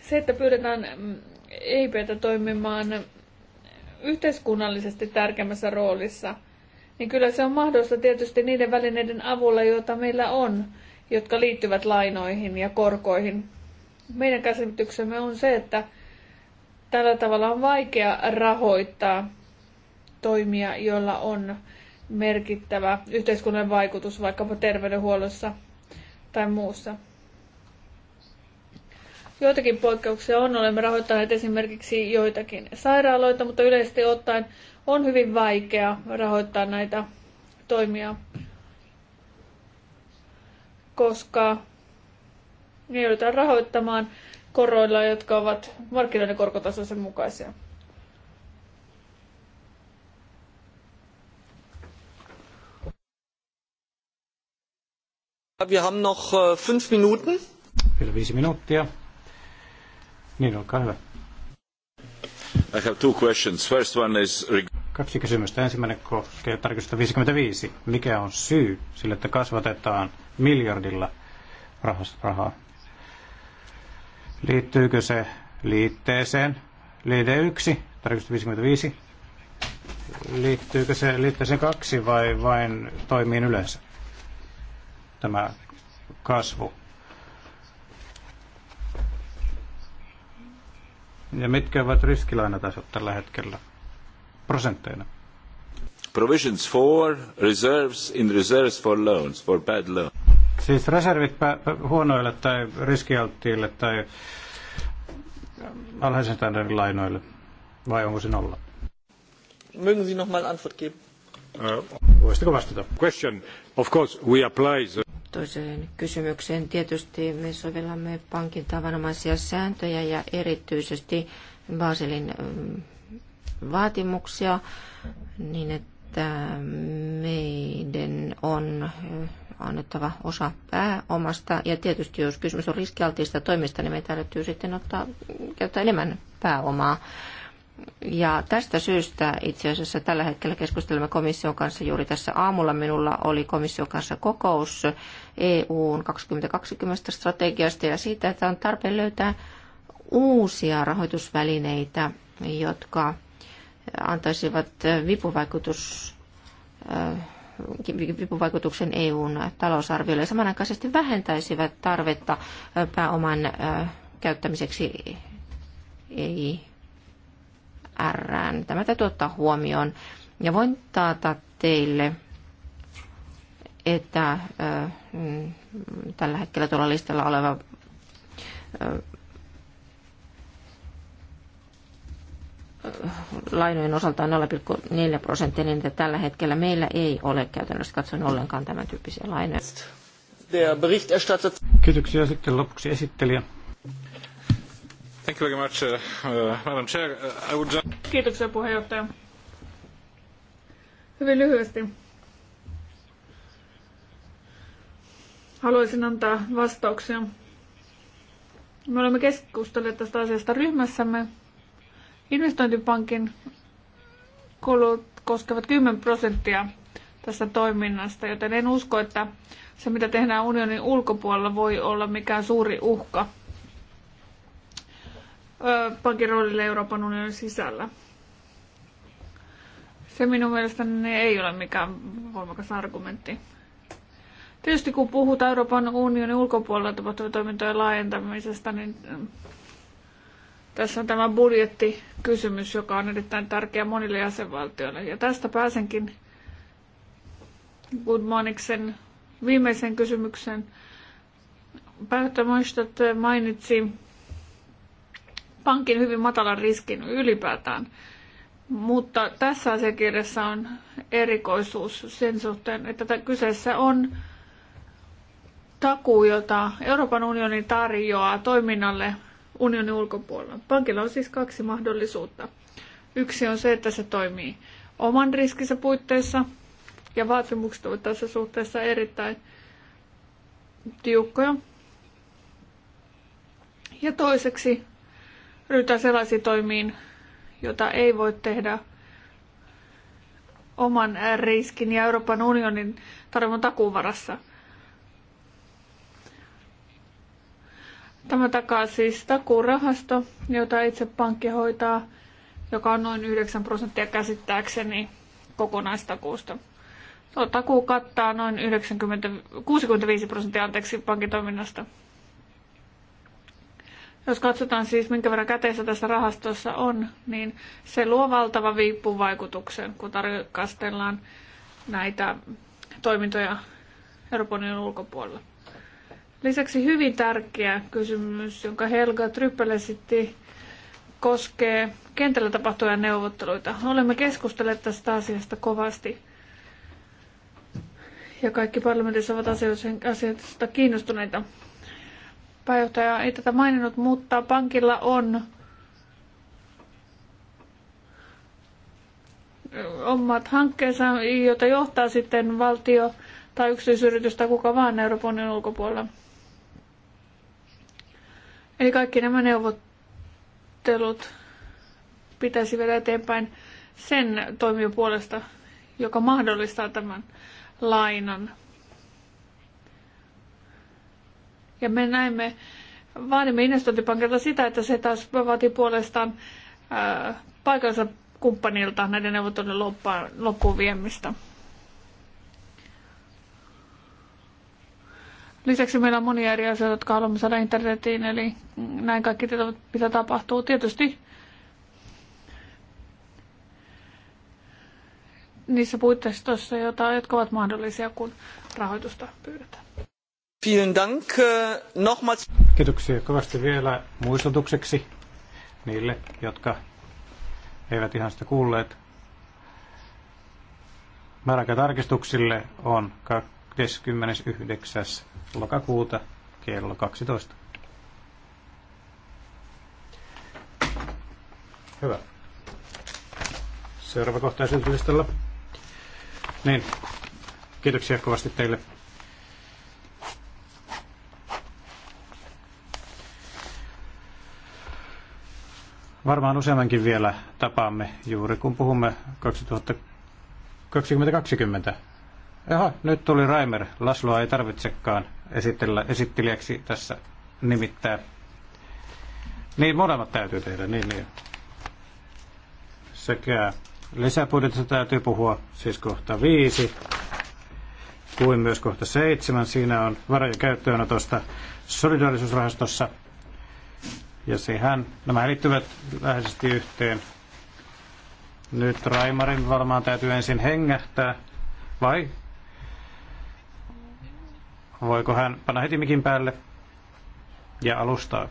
Se, että pyydetään mm, EIPtä toimimaan yhteiskunnallisesti tärkeimmässä roolissa – niin kyllä se on mahdollista tietysti niiden välineiden avulla, joita meillä on, jotka liittyvät lainoihin ja korkoihin. Meidän käsityksemme on se, että tällä tavalla on vaikea rahoittaa toimia, joilla on merkittävä yhteiskunnan vaikutus vaikkapa terveydenhuollossa tai muussa. Joitakin poikkeuksia on, olemme rahoittaneet esimerkiksi joitakin sairaaloita, mutta yleisesti ottaen on hyvin vaikea rahoittaa näitä toimia, koska ne joudutaan rahoittamaan koroilla, jotka ovat markkinoiden korkotasoisen mukaisia. Wir haben noch äh, fünf Minuten. Vielä viisi minuuttia. Niin, olkaa hyvä. I have two questions. First one is... Kaksi kysymystä. Ensimmäinen koskee tarkistusta 55. Mikä on syy sille, että kasvatetaan miljardilla rahaa? Liittyykö se liitteeseen? Liite 1, tarkistusta 55. Liittyykö se liitteeseen 2 vai vain toimiin yleensä? Tämä kasvu. Ja mitkä ovat riskilainatasot tällä hetkellä? prosentteina. Provisions for reserves in reserves for loans, for bad loans. Siis reservit huonoille tai riskialttiille tai ähm, alhaisen standardin lainoille, vai onko se nolla? Mögen Sie nochmal Antwort geben? Äh, voisitko vastata? Question. Of course we apply the... Toiseen kysymykseen tietysti me sovellamme pankin tavanomaisia sääntöjä ja erityisesti Baselin mm, vaatimuksia niin, että meidän on eh, annettava osa pääomasta. Ja tietysti jos kysymys on riskialtiista toimista, niin me täytyy sitten ottaa käyttää enemmän pääomaa. Ja tästä syystä itse asiassa tällä hetkellä keskustelemme komission kanssa juuri tässä aamulla. Minulla oli komission kanssa kokous EUn 2020 strategiasta ja siitä, että on tarpeen löytää uusia rahoitusvälineitä, jotka antaisivat vipuvaikutus, vipuvaikutuksen EUn talousarviolle ja samanaikaisesti vähentäisivät tarvetta pääoman käyttämiseksi ei EIR. Tämä täytyy ottaa huomioon. Ja voin taata teille, että mm, tällä hetkellä tuolla listalla oleva lainojen osalta on 0,4 prosenttia, niin että tällä hetkellä meillä ei ole käytännössä katsoen ollenkaan tämän tyyppisiä lainoja. Kiitoksia. Sitten lopuksi esittelijä. Thank you very much, uh, uh Madam Chair. Uh, I would just... Kiitoksia puheenjohtaja. Hyvin lyhyesti. Haluaisin antaa vastauksia. Me olemme keskustelleet tästä asiasta ryhmässämme Investointipankin kulut koskevat 10 prosenttia tästä toiminnasta, joten en usko, että se mitä tehdään unionin ulkopuolella voi olla mikään suuri uhka pankin roolille Euroopan unionin sisällä. Se minun mielestäni ei ole mikään voimakas argumentti. Tietysti kun puhutaan Euroopan unionin ulkopuolella tapahtuvien toimintojen laajentamisesta, niin tässä on tämä budjettikysymys, joka on erittäin tärkeä monille jäsenvaltioille. Ja tästä pääsenkin Goodmaniksen viimeisen kysymyksen. Päivä että mainitsi pankin hyvin matalan riskin ylipäätään. Mutta tässä asiakirjassa on erikoisuus sen suhteen, että kyseessä on takuu, jota Euroopan unioni tarjoaa toiminnalle, unionin ulkopuolella. Pankilla on siis kaksi mahdollisuutta. Yksi on se, että se toimii oman riskinsä puitteissa ja vaatimukset ovat tässä suhteessa erittäin tiukkoja. Ja toiseksi ryhdytään sellaisiin toimiin, jota ei voi tehdä oman riskin ja Euroopan unionin tarvon takuun varassa. Tämä takaa siis takuurahasto, jota itse pankki hoitaa, joka on noin 9 prosenttia käsittääkseni kokonaistakuusta. Tuo takuu kattaa noin 90, 65 prosenttia anteeksi pankkitoiminnasta. Jos katsotaan siis, minkä verran käteistä tässä rahastossa on, niin se luo valtava viippuvaikutuksen, kun tarkastellaan näitä toimintoja Euroopan ulkopuolella. Lisäksi hyvin tärkeä kysymys, jonka Helga Tryppel esitti, koskee kentällä tapahtuvia neuvotteluita. Olemme keskustelleet tästä asiasta kovasti. Ja kaikki parlamentissa ovat asiasta kiinnostuneita. Pääjohtaja ei tätä maininnut, mutta pankilla on omat hankkeensa, joita johtaa sitten valtio tai yksityisyritys tai kuka vaan Euroopan unionin ulkopuolella. Eli kaikki nämä neuvottelut pitäisi vielä eteenpäin sen toimijan puolesta, joka mahdollistaa tämän lainan. Ja me näemme, vaadimme investointipankilta sitä, että se taas vaatii puolestaan ää, paikansa kumppanilta näiden neuvottelujen loppuun viemistä. Lisäksi meillä on monia eri asioita, jotka haluamme saada internetiin, eli näin kaikki tietävät, mitä tapahtuu. Tietysti niissä puitteistoissa, jota, jotka ovat mahdollisia, kun rahoitusta pyydetään. Vielen Dank. Äh, nochmals. Kiitoksia kovasti vielä muistutukseksi niille, jotka eivät ihan sitä kuulleet. Määräaika tarkistuksille on 29 lokakuuta kello 12. Hyvä. Seuraava kohta esityslistalla. Niin, kiitoksia kovasti teille. Varmaan useammankin vielä tapaamme juuri kun puhumme 2020 Jaha, nyt tuli Raimer. Laslua ei tarvitsekaan esitellä, esittelijäksi tässä nimittäin Niin, molemmat täytyy tehdä, niin, niin. Sekä lisäbudjetista täytyy puhua, siis kohta viisi, kuin myös kohta seitsemän. Siinä on varojen käyttöönotosta solidaarisuusrahastossa. Ja sehän, nämä liittyvät läheisesti yhteen. Nyt Raimarin varmaan täytyy ensin hengähtää, vai Voiko hän panna heti mikin päälle ja alustaa?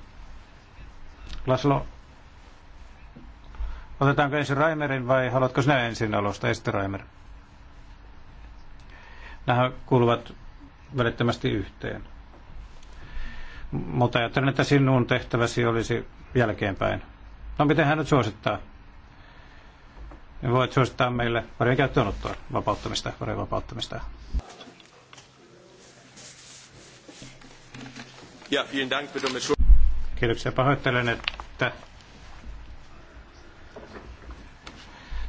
Laslo, otetaanko ensin Raimerin vai haluatko sinä ensin alusta, Esti Raimer? Nämä kuuluvat välittömästi yhteen. Mutta ajattelen, että sinun tehtäväsi olisi jälkeenpäin. No miten hän nyt suosittaa? Voit suosittaa meille varojen käyttöönottoa, vapauttamista, varojen vapauttamista. Ja, vielen Dank, Kiitoksia. Pahoittelen, että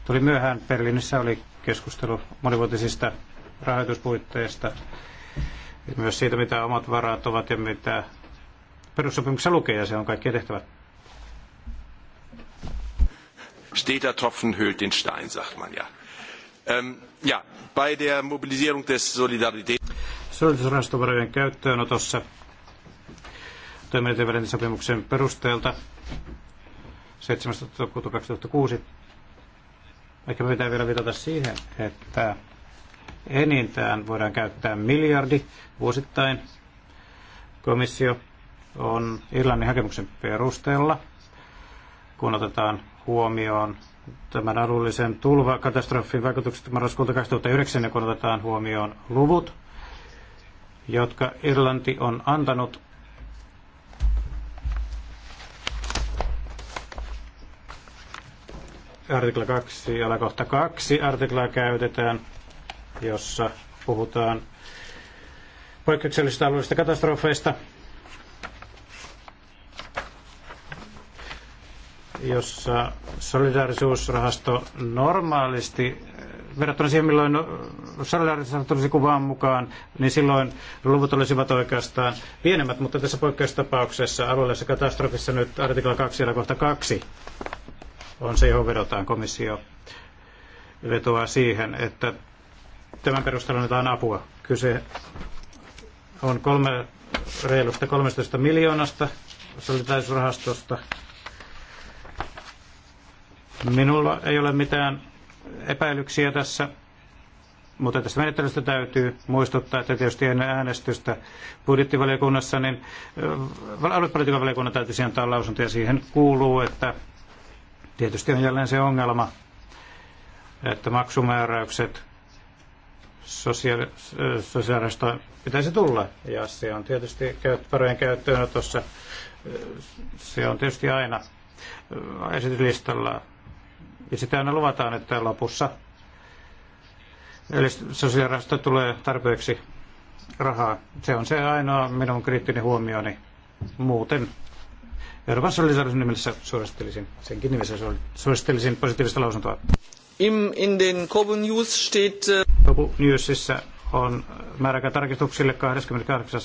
tuli myöhään. Berliinissä oli keskustelu monivuotisista rahoituspuitteista, myös siitä, mitä omat varat ovat ja mitä perussopimuksessa lukee, ja se on kaikkien tehtävä. Steter Tropfen hüllt den Stein, sagt man ja. Ähm, ja, bei der Mobilisierung des Solidaritäts... käyttöönotossa toimijoiden välinen sopimuksen perusteelta 7. toukokuuta 2006. Ehkä me pitää vielä viitata siihen, että enintään voidaan käyttää miljardi vuosittain. Komissio on Irlannin hakemuksen perusteella, kun otetaan huomioon tämän alueellisen tulvakatastrofin vaikutukset marraskuulta 2009, kun otetaan huomioon luvut, jotka Irlanti on antanut artikla 2, alakohta 2 artiklaa käytetään, jossa puhutaan poikkeuksellisista alueellisista katastrofeista, jossa solidaarisuusrahasto normaalisti, verrattuna siihen milloin solidaarisuusrahasto tulisi kuvaan mukaan, niin silloin luvut olisivat oikeastaan pienemmät, mutta tässä poikkeustapauksessa alueellisessa katastrofissa nyt artikla 2 ja kohta 2 on se, johon vedotaan komissio vetoaa siihen, että tämän perusteella annetaan apua. Kyse on kolme, reilusta 13 miljoonasta solidaisuusrahastosta. Minulla ei ole mitään epäilyksiä tässä, mutta tästä menettelystä täytyy muistuttaa, että tietysti ennen äänestystä budjettivaliokunnassa, niin aluepolitiikan valiokunnan täytyisi antaa lausuntoja siihen kuuluu, että Tietysti on jälleen se ongelma, että maksumääräykset sosiaali- sosiaalista pitäisi tulla. Ja se on tietysti varojen tuossa, se on tietysti aina esityslistalla. Ja sitä aina luvataan, että lopussa Eli sosiaalista tulee tarpeeksi rahaa. Se on se ainoa minun kriittinen huomioni. Muuten Euroopan solidaarisuuden nimessä suosittelisin, senkin nimessä suosittelisin positiivista lausuntoa. Im, in den Kobun News steht... Äh, Kobun Newsissa on määräkä tarkistuksille 28.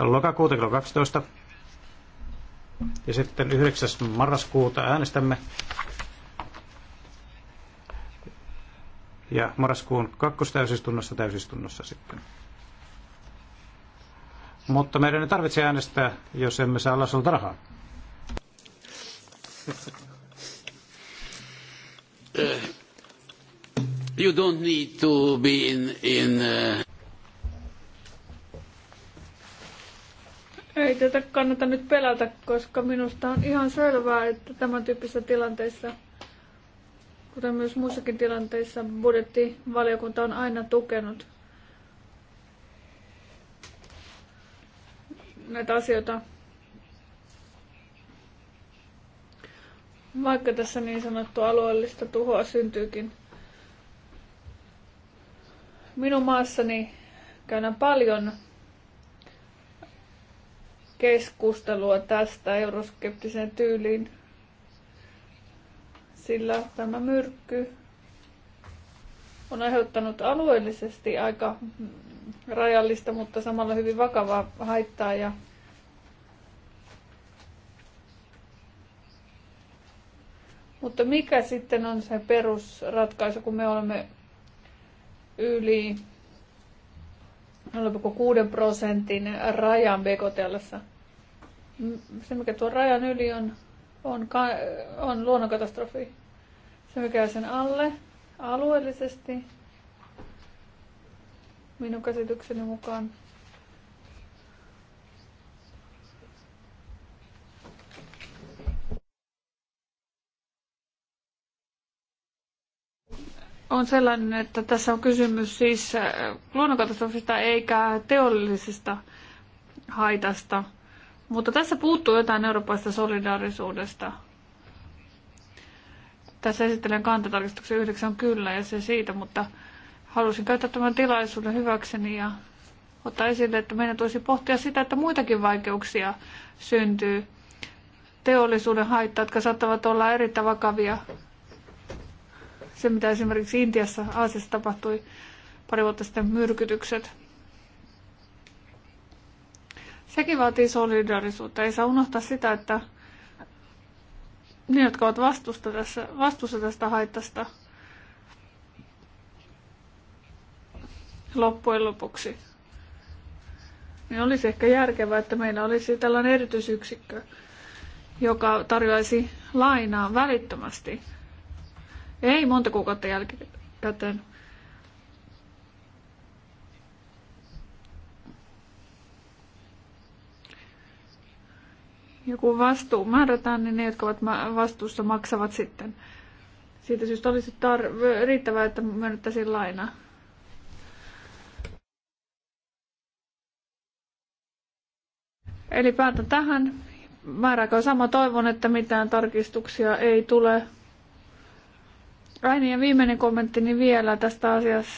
lokakuuta kello 12. Ja sitten 9. marraskuuta äänestämme. Ja marraskuun kakkostäysistunnossa täysistunnossa sitten. Mutta meidän ei tarvitse äänestää, jos emme saa Lassolta rahaa. Eh, you don't need to be in, in uh... Ei tätä kannata nyt pelätä, koska minusta on ihan selvää, että tämän tyyppisissä tilanteissa, kuten myös muissakin tilanteissa, budjettivaliokunta on aina tukenut näitä asioita Vaikka tässä niin sanottu alueellista tuhoa syntyykin. Minun maassani käydään paljon keskustelua tästä euroskeptiseen tyyliin, sillä tämä myrkky on aiheuttanut alueellisesti aika rajallista, mutta samalla hyvin vakavaa haittaa ja Mutta mikä sitten on se perusratkaisu, kun me olemme yli 0,6 prosentin rajan bekotellassa? Se, mikä tuo rajan yli on, on, on luonnonkatastrofi. Se, mikä sen alle alueellisesti, minun käsitykseni mukaan on sellainen, että tässä on kysymys siis äh, luonnonkatastrofista eikä teollisesta haitasta. Mutta tässä puuttuu jotain eurooppaista solidaarisuudesta. Tässä esittelen kantatarkistuksen yhdeksän kyllä ja se siitä, mutta halusin käyttää tämän tilaisuuden hyväkseni ja ottaa esille, että meidän tulisi pohtia sitä, että muitakin vaikeuksia syntyy teollisuuden haittaa, jotka saattavat olla erittäin vakavia se, mitä esimerkiksi Intiassa, Aasiassa tapahtui pari vuotta sitten, myrkytykset. Sekin vaatii solidaarisuutta. Ei saa unohtaa sitä, että ne, jotka ovat vastusta tässä, vastuussa tästä haitasta, loppujen lopuksi, niin olisi ehkä järkevää, että meillä olisi tällainen erityisyksikkö, joka tarjoaisi lainaa välittömästi ei monta kuukautta jälkikäteen. Ja kun vastuu määrätään, niin ne, jotka ovat vastuussa, maksavat sitten. Siitä syystä olisi tar- riittävää, että myönnettäisiin lainaa. Eli päätän tähän. Määrääkö sama? Toivon, että mitään tarkistuksia ei tule. Aini, niin, ja viimeinen kommenttini vielä tästä asiasta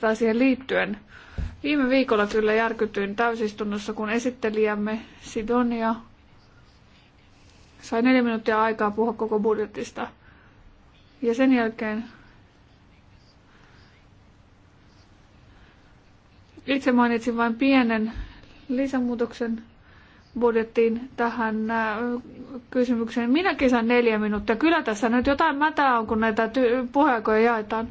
tai siihen liittyen. Viime viikolla kyllä järkytyin täysistunnossa, kun esittelijämme Sidonia sai neljä minuuttia aikaa puhua koko budjetista. Ja sen jälkeen itse mainitsin vain pienen lisämuutoksen budjettiin tähän äh, kysymykseen. Minäkin saan neljä minuuttia. Kyllä tässä nyt jotain mätää on, kun näitä ty- jaetaan.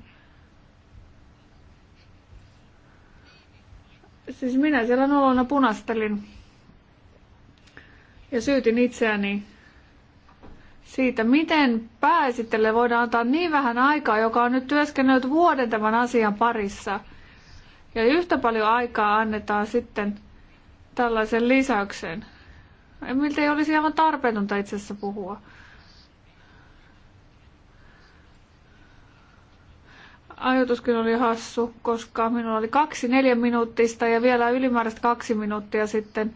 Siis minä siellä nolona punastelin ja syytin itseäni siitä, miten pääesittelijä voidaan antaa niin vähän aikaa, joka on nyt työskennellyt vuoden tämän asian parissa. Ja yhtä paljon aikaa annetaan sitten tällaisen lisäyksen. Miltä ei olisi aivan tarpeetonta itse asiassa puhua. Ajatuskin oli hassu, koska minulla oli kaksi neljän minuuttista ja vielä ylimääräistä kaksi minuuttia sitten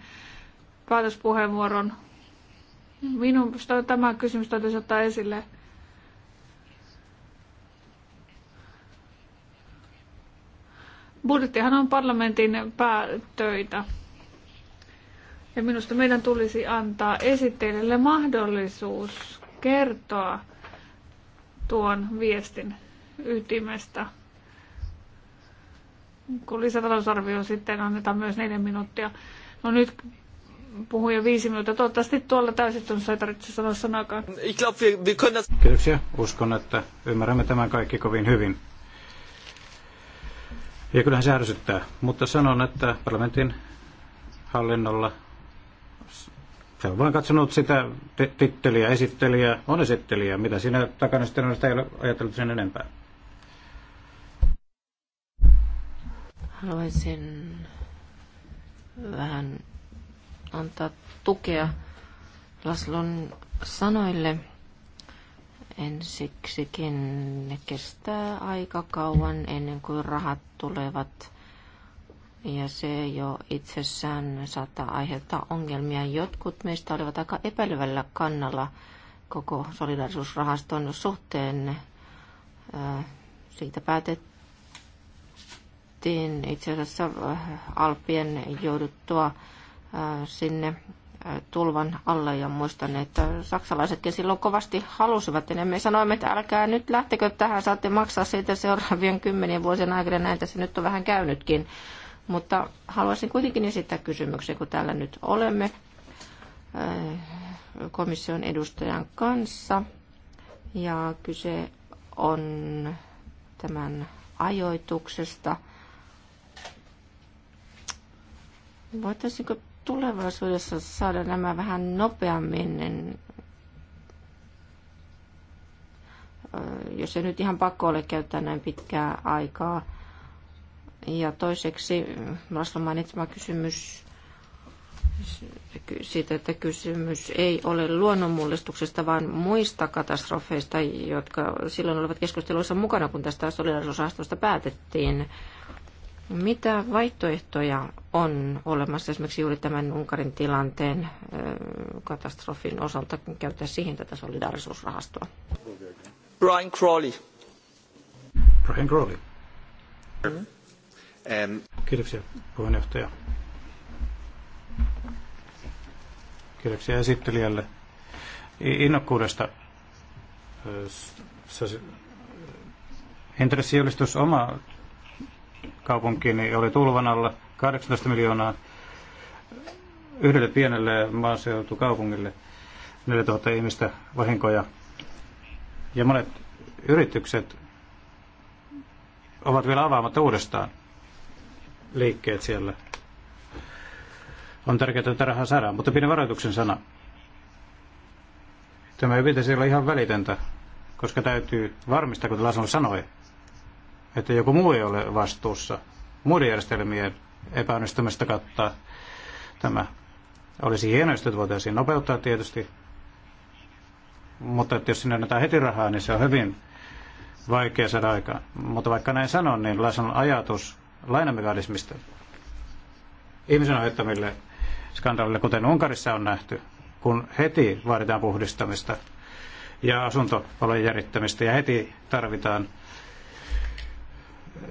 päätöspuheenvuoron. Minun tämä kysymys täytyisi ottaa esille. Budjettihan on parlamentin päätöitä. Ja minusta meidän tulisi antaa esittelijälle mahdollisuus kertoa tuon viestin ytimestä. Kun lisätalousarvio sitten annetaan myös neljä minuuttia. No nyt puhun jo viisi minuuttia. Toivottavasti tuolla täysistunnossa ei tarvitse sanoa sanakaan. Kiitoksia. Uskon, että ymmärrämme tämän kaikki kovin hyvin. Ja kyllähän se ärsyttää, mutta sanon, että parlamentin hallinnolla se on vain katsonut sitä titteliä, esittelijä, on esittelijä, mitä siinä takana sitten on, sitä ei ole ajatellut sen enempää. Haluaisin vähän antaa tukea Laslon sanoille. Ensiksikin ne kestää aika kauan ennen kuin rahat tulevat ja se jo itsessään saattaa aiheuttaa ongelmia. Jotkut meistä olivat aika epäilyvällä kannalla koko solidarisuusrahaston suhteen. Siitä päätettiin itse asiassa Alpien jouduttua sinne tulvan alle ja muistan, että saksalaisetkin silloin kovasti halusivat. Ja me sanoimme, että älkää nyt lähtekö tähän, saatte maksaa siitä seuraavien kymmenien vuosien aikana. Näin tässä nyt on vähän käynytkin. Mutta haluaisin kuitenkin esittää kysymyksen, kun täällä nyt olemme eh, komission edustajan kanssa. Ja kyse on tämän ajoituksesta. Voitaisiinko tulevaisuudessa saada nämä vähän nopeammin, niin jos ei nyt ihan pakko ole käyttää näin pitkää aikaa, ja toiseksi mm, Laslo mainitsema kysymys siitä, että kysymys ei ole luonnonmullistuksesta, vaan muista katastrofeista, jotka silloin olivat keskusteluissa mukana, kun tästä solidarisuusrahastosta päätettiin. Mitä vaihtoehtoja on olemassa esimerkiksi juuri tämän Unkarin tilanteen katastrofin osalta, kun käyttää siihen tätä solidarisuusrahastoa? Brian Crowley. Brian Crowley. Mm-hmm. Um... Kiitoksia puheenjohtaja. Kiitoksia esittelijälle innokkuudesta. Intressijulistus oma kaupunkini oli tulvan alla 18 miljoonaa yhdelle pienelle maaseutukaupungille 4000 ihmistä vahinkoja. Ja monet yritykset ovat vielä avaamatta uudestaan liikkeet siellä. On tärkeää, että rahaa saadaan, mutta pieni varoituksen sana. Tämä ei pitäisi olla ihan välitöntä, koska täytyy varmistaa, kuten Lasson sanoi, että joku muu ei ole vastuussa muiden järjestelmien epäonnistumista kattaa tämä. Olisi hienoa, jos voitaisiin nopeuttaa tietysti, mutta että jos sinne annetaan heti rahaa, niin se on hyvin vaikea saada aikaan. Mutta vaikka näin sanon, niin Lasson ajatus lainamekanismista ihmisen aiheuttamille skandaaleille, kuten Unkarissa on nähty, kun heti vaaditaan puhdistamista ja asuntopalojen järjittämistä ja heti tarvitaan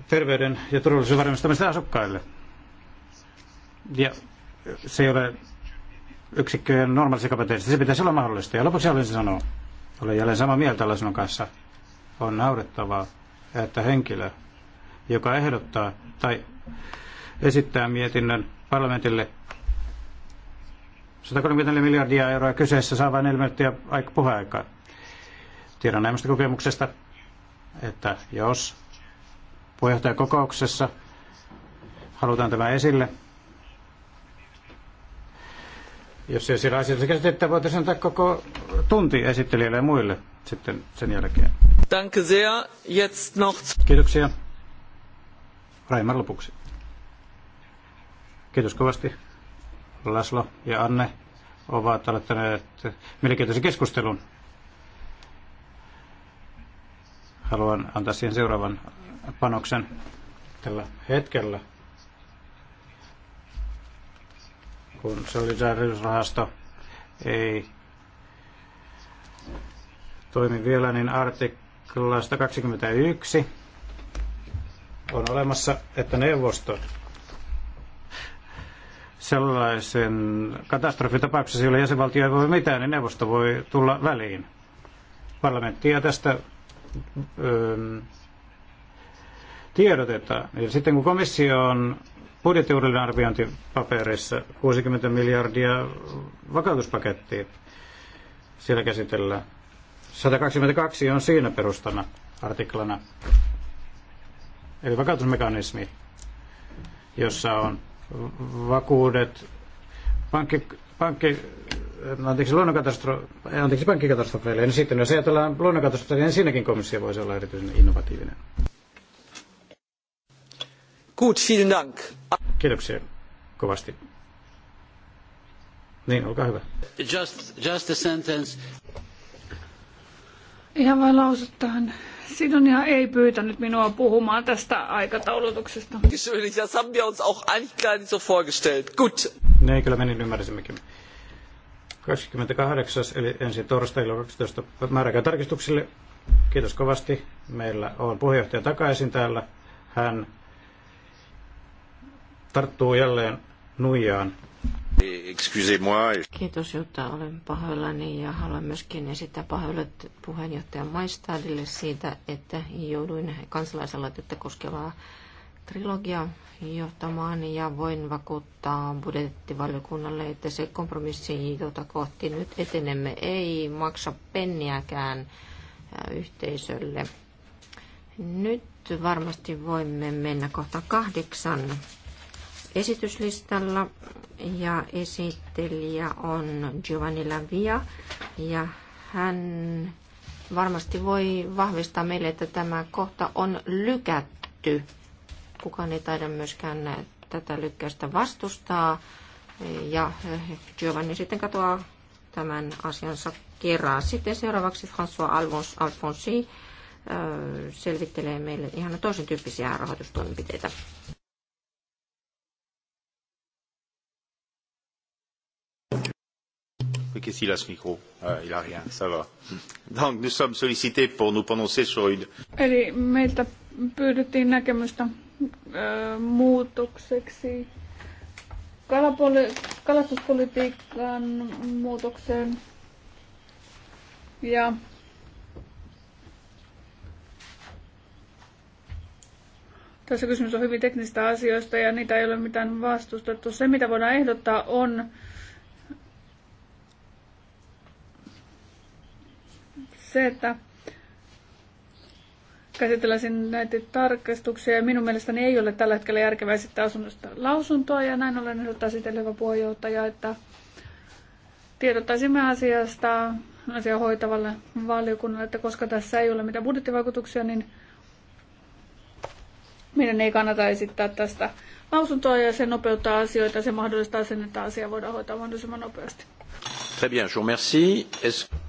terveyden ja turvallisuuden varmistamista asukkaille. Ja se ei ole yksikköjen normaalissa kapasiteetissa. Se pitäisi olla mahdollista. Ja lopuksi haluaisin sanoa, olen jälleen samaa mieltä sinun kanssa, on naurettavaa, että henkilö, joka ehdottaa tai esittää mietinnön parlamentille 134 miljardia euroa kyseessä saa vain 4 minuuttia puheaikaa. Tiedän näistä kokemuksesta, että jos puheenjohtajakokouksessa halutaan tämä esille, jos se siellä asioita käsitettä, voitaisiin antaa koko tunti esittelijöille ja muille sitten sen jälkeen. Danke sehr. Jetzt noch... Kiitoksia. Raimar lopuksi. Kiitos kovasti. Laslo ja Anne ovat aloittaneet mielenkiintoisen keskustelun. Haluan antaa siihen seuraavan panoksen tällä hetkellä. Kun solidaarisuusrahasto ei toimi vielä, niin artikla 121 on olemassa, että neuvosto sellaisen katastrofitapauksessa, jolla jäsenvaltio ei voi mitään, niin neuvosto voi tulla väliin. ja tästä öö, tiedotetaan. Ja sitten kun komissio on budjettiuudelleen arviointipaperissa 60 miljardia vakautuspakettia, siellä käsitellään. 122 on siinä perustana artiklana eli vakautusmekanismi, jossa on vakuudet pankki, pankki anteeksi, anteeksi, pankkikatastrofeille, niin sitten jos ajatellaan luonnonkatastrofeille, niin siinäkin komissio voisi olla erityisen innovatiivinen. Gut, vielen Dank. Kiitoksia kovasti. Niin, olkaa hyvä. Just, just a sentence. Ihan vain lause Sidonia ei pyytänyt minua puhumaan tästä aikataulutuksesta. Das haben wir uns auch eigentlich gar nicht so vorgestellt. Gut. Ne, kyllä menin ymmärsimmekin. 28. eli ensi torstaina 12. määräkä tarkistuksille. Kiitos kovasti. Meillä on puheenjohtaja takaisin täällä. Hän tarttuu jälleen nuijaan Kiitos Jutta, olen pahoillani ja haluan myöskin esittää pahoillut puheenjohtaja Maistadille siitä, että jouduin kansalaisaloitetta koskevaa trilogia johtamaan ja voin vakuuttaa budjettivaliokunnalle, että se kompromissi, jota kohti nyt etenemme, ei maksa penniäkään äh, yhteisölle. Nyt varmasti voimme mennä kohta kahdeksan esityslistalla ja esittelijä on Giovanni Lavia ja hän varmasti voi vahvistaa meille, että tämä kohta on lykätty. Kukaan ei taida myöskään tätä lykkäystä vastustaa ja Giovanni sitten katoaa tämän asiansa kerran. Sitten seuraavaksi François Alfons, Alfonsi selvittelee meille ihan toisen tyyppisiä rahoitustoimenpiteitä. truc ici, là, ce micro. Euh, il a rien, ça va. Donc, nous sommes sollicités pour nous prononcer sur une... Eli meiltä pyydettiin näkemystä muutokseksi kalapoli, kalastuspolitiikan muutokseen ja Tässä kysymys on hyvin teknistä asioista ja niitä ei ole mitään vastustettu. Se, mitä voidaan ehdottaa, on se, että käsitelläisin näitä tarkastuksia minun mielestäni ei ole tällä hetkellä järkevää esittää asunnosta lausuntoa ja näin ollen ehdottaa sitten hyvä puheenjohtaja, että tiedottaisimme asiasta asian hoitavalle valiokunnalle, että koska tässä ei ole mitään budjettivaikutuksia, niin meidän ei kannata esittää tästä lausuntoa ja se nopeuttaa asioita, se mahdollistaa sen, että asia voidaan hoitaa mahdollisimman nopeasti. Très bien, je vous remercie.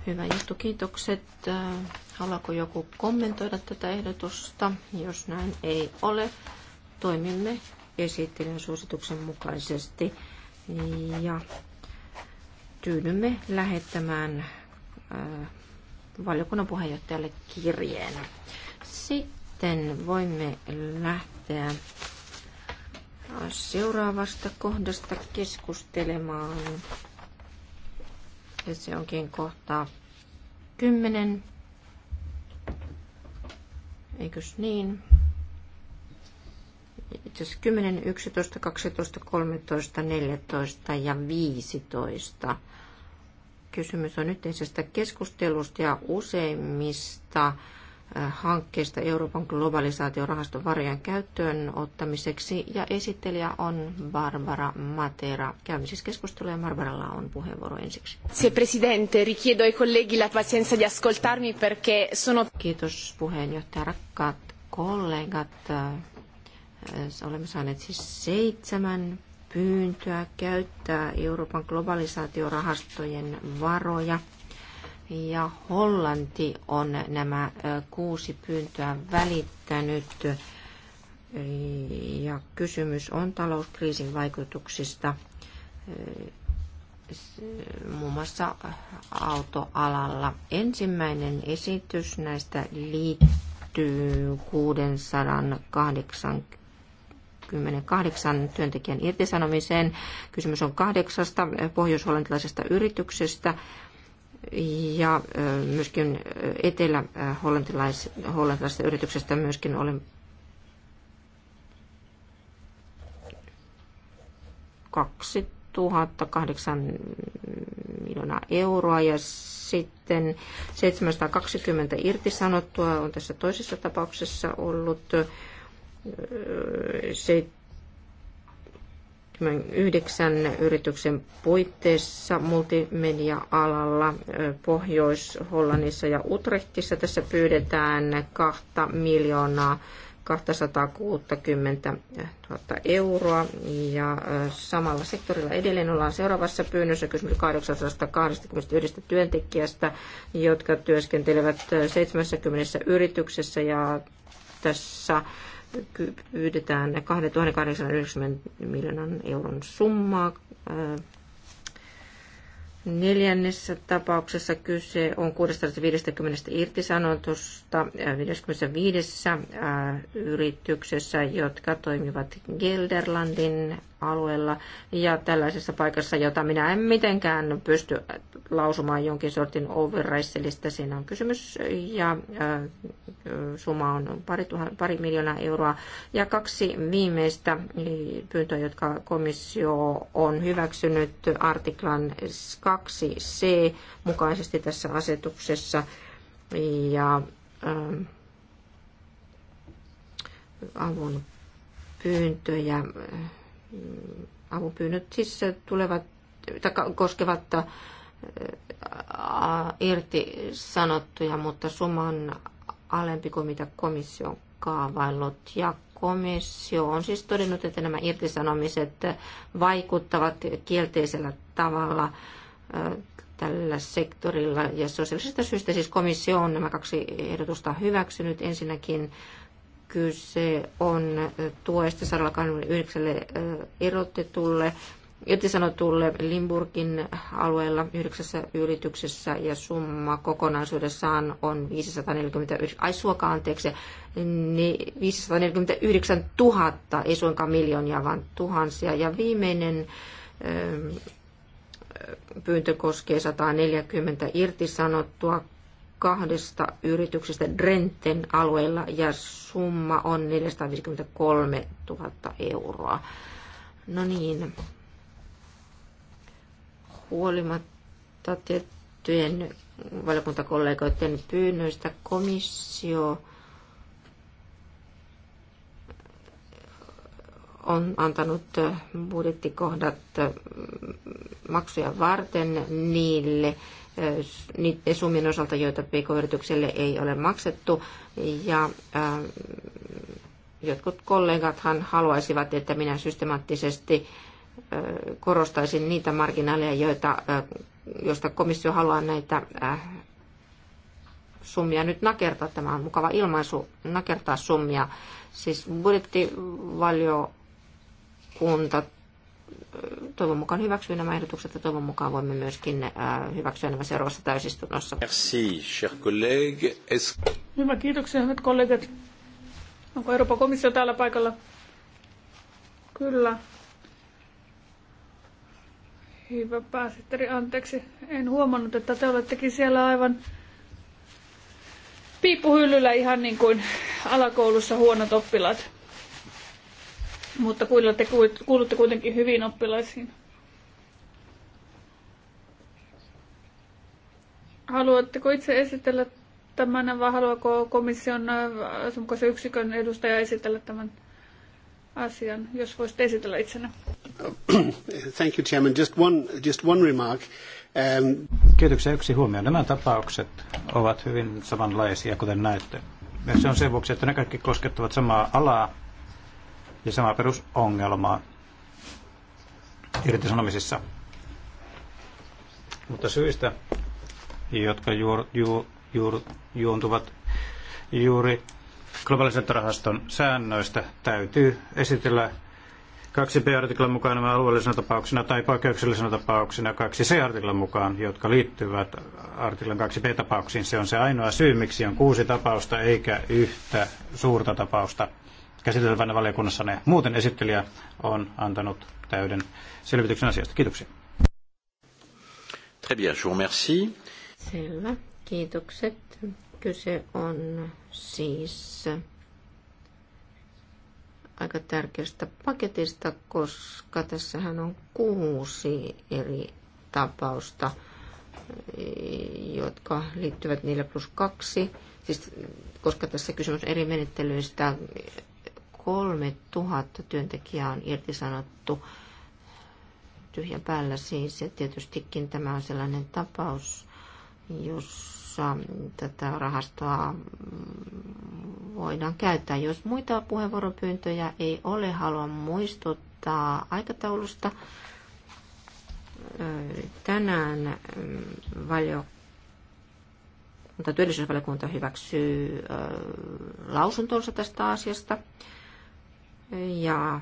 Hyvä juttu, kiitokset. Äh, haluaako joku kommentoida tätä ehdotusta? Jos näin ei ole, toimimme esittelijän suosituksen mukaisesti ja tyydymme lähettämään äh, valiokunnan puheenjohtajalle kirjeen. Sitten voimme lähteä seuraavasta kohdasta keskustelemaan se siis onkin kohta 10. Eikös niin? Itse asiassa 10, 11, 12, 13, 14 ja 15. Kysymys on yhteisestä keskustelusta ja useimmista Äh, hankkeesta Euroopan globalisaatiorahaston varojen käyttöön ottamiseksi. Ja esittelijä on Barbara Matera. Käymme siis keskustelua ja Barbaralla on puheenvuoro ensiksi. Se presidente, richiedo ai colleghi la pazienza di ascoltarmi perché sono... Kiitos puheenjohtaja, rakkaat kollegat. Äh, olemme saaneet siis seitsemän pyyntöä käyttää Euroopan globalisaatiorahastojen varoja – ja Hollanti on nämä kuusi pyyntöä välittänyt. Ja kysymys on talouskriisin vaikutuksista muun muassa autoalalla. Ensimmäinen esitys näistä liittyy 688 työntekijän irtisanomiseen. Kysymys on kahdeksasta pohjois yrityksestä, ja myöskin etelä-hollantilaisesta yrityksestä myöskin olin kaksi 1008 miljoonaa euroa ja sitten 720 irtisanottua on tässä toisessa tapauksessa ollut. 29 yrityksen puitteissa multimedia-alalla Pohjois-Hollannissa ja Utrechtissa. Tässä pyydetään 2 miljoonaa 260 000 euroa ja samalla sektorilla edelleen ollaan seuraavassa pyynnössä kysymys 821 työntekijästä, jotka työskentelevät 70 yrityksessä ja tässä pyydetään 2890 miljoonan euron summaa. Neljännessä tapauksessa kyse on 650 irtisanotusta 55 yrityksessä, jotka toimivat Gelderlandin alueella ja tällaisessa paikassa, jota minä en mitenkään pysty lausumaan jonkin sortin overraiselista. Siinä on kysymys ja summa on pari, tuhan, pari miljoonaa euroa. Ja kaksi viimeistä pyyntöä, jotka komissio on hyväksynyt artiklan 2c mukaisesti tässä asetuksessa. Ja avun pyyntöjä Äh, avupyynnöt siis tulevat, tai koskevat äh, irti sanottuja, mutta summa on alempi kuin mitä komissio on kaavaillut. Ja komissio on siis todennut, että nämä irtisanomiset vaikuttavat kielteisellä tavalla äh, tällä sektorilla. Ja sosiaalisista syistä siis komissio on nämä kaksi ehdotusta hyväksynyt. Ensinnäkin kyse on tuesta 129 erotetulle sanotulle Limburgin alueella yhdeksässä yrityksessä ja summa kokonaisuudessaan on 549, ai suokaa anteeksi, niin 549 000, ei suinkaan miljoonia, vaan tuhansia. Ja viimeinen pyyntö koskee 140 irtisanottua kahdesta yrityksestä Drenten alueella ja summa on 453 000 euroa. No niin, huolimatta tiettyjen valiokuntakollegoiden pyynnöistä komissio on antanut budjettikohdat maksuja varten niille niiden summien osalta, joita pk-yritykselle ei ole maksettu. Ja äh, jotkut kollegathan haluaisivat, että minä systemaattisesti äh, korostaisin niitä marginaaleja, joita, äh, joista komissio haluaa näitä summia nyt nakertaa. Tämä on mukava ilmaisu, nakertaa summia. Siis budjettivaliokunta toivon mukaan hyväksyy nämä ehdotukset ja toivon mukaan voimme myöskin äh, hyväksyä nämä seuraavassa täysistunnossa. Merci, cher collègue. Es... Hyvä, kiitoksia hyvät kollegat. Onko Euroopan komissio täällä paikalla? Kyllä. Hyvä pääsihteeri, anteeksi. En huomannut, että te olettekin siellä aivan piippuhyllyllä ihan niin kuin alakoulussa huonot oppilaat. Mutta kuulitte, te kuulutte kuitenkin hyvin oppilaisiin. Haluatteko itse esitellä tämän vai haluaako komission äh, asumuksen yksikön edustaja esitellä tämän asian, jos voisit esitellä itsenä? Thank you, Chairman. Just one, just one remark. Um... Kiitoksia. Yksi huomio. Nämä tapaukset ovat hyvin samanlaisia, kuten näette. Se on sen vuoksi, että ne kaikki koskettavat samaa alaa, ja sama perusongelmaa irtisanomisissa. Mutta syistä, jotka juur, ju, juur, juontuvat juuri globalisaatiorahaston säännöistä, täytyy esitellä kaksi B-artiklan mukaan nämä alueellisena tapauksena tai poikkeuksellisena tapauksena kaksi C-artiklan mukaan, jotka liittyvät artiklan 2B-tapauksiin. Se on se ainoa syy, miksi on kuusi tapausta eikä yhtä suurta tapausta käsiteltävänä ne. Muuten esittelijä on antanut täyden selvityksen asiasta. Kiitoksia. Très bien, je vous remercie. Selvä, kiitokset. Kyse on siis aika tärkeästä paketista, koska tässähän on kuusi eri tapausta, jotka liittyvät niille plus kaksi. Siis, koska tässä kysymys eri menettelyistä, 3000 työntekijää on irtisanottu tyhjän päällä siis. Ja tietystikin tämä on sellainen tapaus, jossa tätä rahastoa voidaan käyttää. Jos muita puheenvuoropyyntöjä ei ole, haluan muistuttaa aikataulusta. Tänään mm, valio, mutta työllisyysvaliokunta hyväksyy lausuntonsa tästä asiasta ja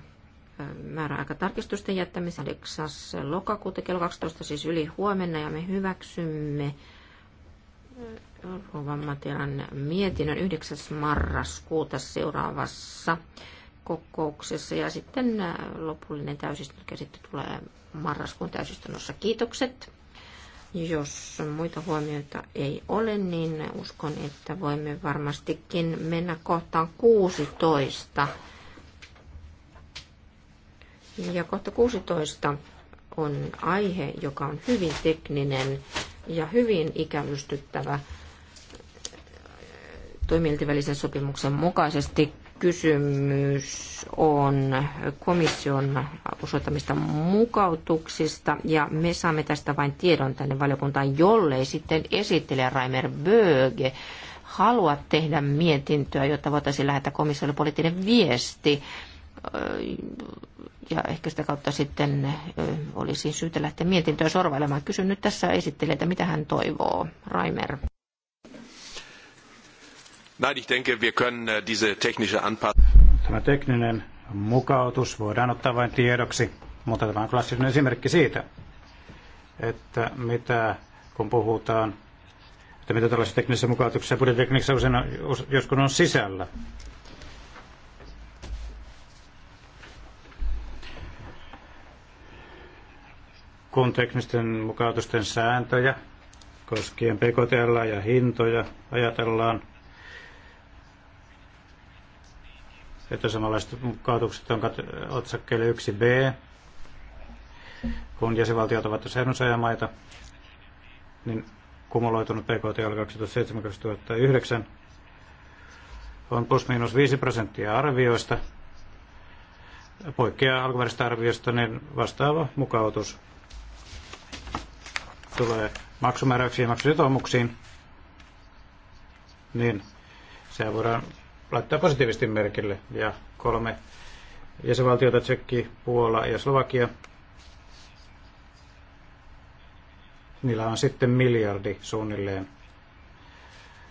määräaika tarkistusten jättämistä 8. lokakuuta kello 12, siis yli huomenna, ja me hyväksymme Rovamatilan mietinnön 9. marraskuuta seuraavassa kokouksessa. Ja sitten lopullinen täysistunto, täysistuntokäsittely tulee marraskuun täysistunnossa. Kiitokset. Jos muita huomioita ei ole, niin uskon, että voimme varmastikin mennä kohtaan 16. Ja kohta 16 on aihe, joka on hyvin tekninen ja hyvin ikävystyttävä toimieltivälisen sopimuksen mukaisesti. Kysymys on komission osoittamista mukautuksista ja me saamme tästä vain tiedon tänne valiokuntaan, jollei sitten esittelijä Raimer Böge halua tehdä mietintöä, jotta voitaisiin lähettää komissiolle poliittinen viesti ja ehkä sitä kautta sitten olisi syytä lähteä mietintöön sorvailemaan. Kysyn nyt tässä esittelijältä, mitä hän toivoo. Raimer. Nein, ich denke, wir können äh, diese technische Anpassung. Tämä tekninen mukautus voidaan ottaa vain tiedoksi, mutta tämä on klassinen esimerkki siitä, että mitä kun puhutaan, että mitä tällaisessa teknisessä mukautuksessa ja budjettitekniikassa usein joskus on sisällä kuin teknisten mukautusten sääntöjä koskien PKTL ja hintoja ajatellaan, että samanlaiset mukautukset on otsakkeelle 1b, kun jäsenvaltiot ovat säännösajamaita, niin kumuloitunut PKTL 2007-2009 on plus miinus 5 prosenttia arvioista. poikkea alkuperäisestä arviosta, niin vastaava mukautus tulee maksumääräyksiin ja maksusitoumuksiin, niin se voidaan laittaa positiivisesti merkille. Ja kolme jäsenvaltiota, Tsekki, Puola ja Slovakia, niillä on sitten miljardi suunnilleen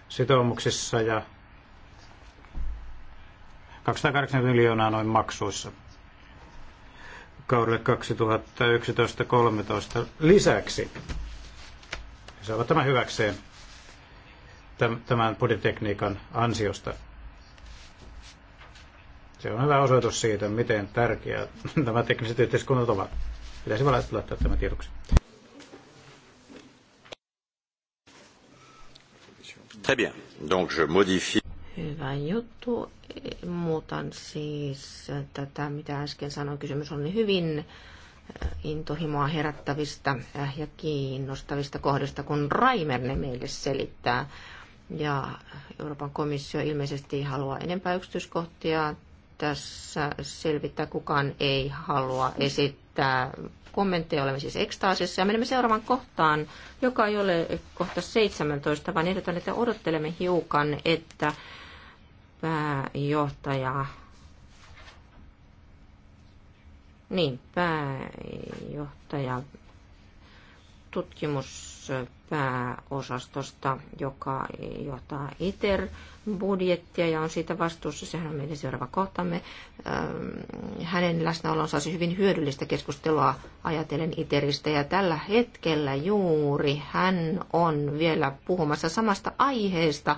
sitoumuksissa ja 280 miljoonaa noin maksuissa kaudelle 2011-2013 lisäksi saavat tämän hyväkseen tämän budjettitekniikan ansiosta. Se on hyvä osoitus siitä, miten tärkeää nämä tekniset yhteiskunnat ovat. Pitäisi laittaa tämä tiedoksi. Très bien. Donc je modifie. Hyvä juttu. Muutan siis tätä, mitä äsken sanoin. Kysymys on niin hyvin intohimoa herättävistä äh, ja kiinnostavista kohdista, kun Raimer ne meille selittää. Ja Euroopan komissio ilmeisesti haluaa enempää yksityiskohtia tässä selvittää. Kukaan ei halua esittää kommentteja. Olemme siis ekstaasissa ja menemme seuraavaan kohtaan, joka ei ole kohta 17, vaan ehdotan, että odottelemme hiukan, että pääjohtaja Niin, pääjohtaja tutkimuspääosastosta, joka johtaa ITER-budjettia ja on siitä vastuussa, sehän on meidän seuraava kohtamme. Hänen läsnäolonsa olisi hyvin hyödyllistä keskustelua ajatellen ITERistä ja tällä hetkellä juuri hän on vielä puhumassa samasta aiheesta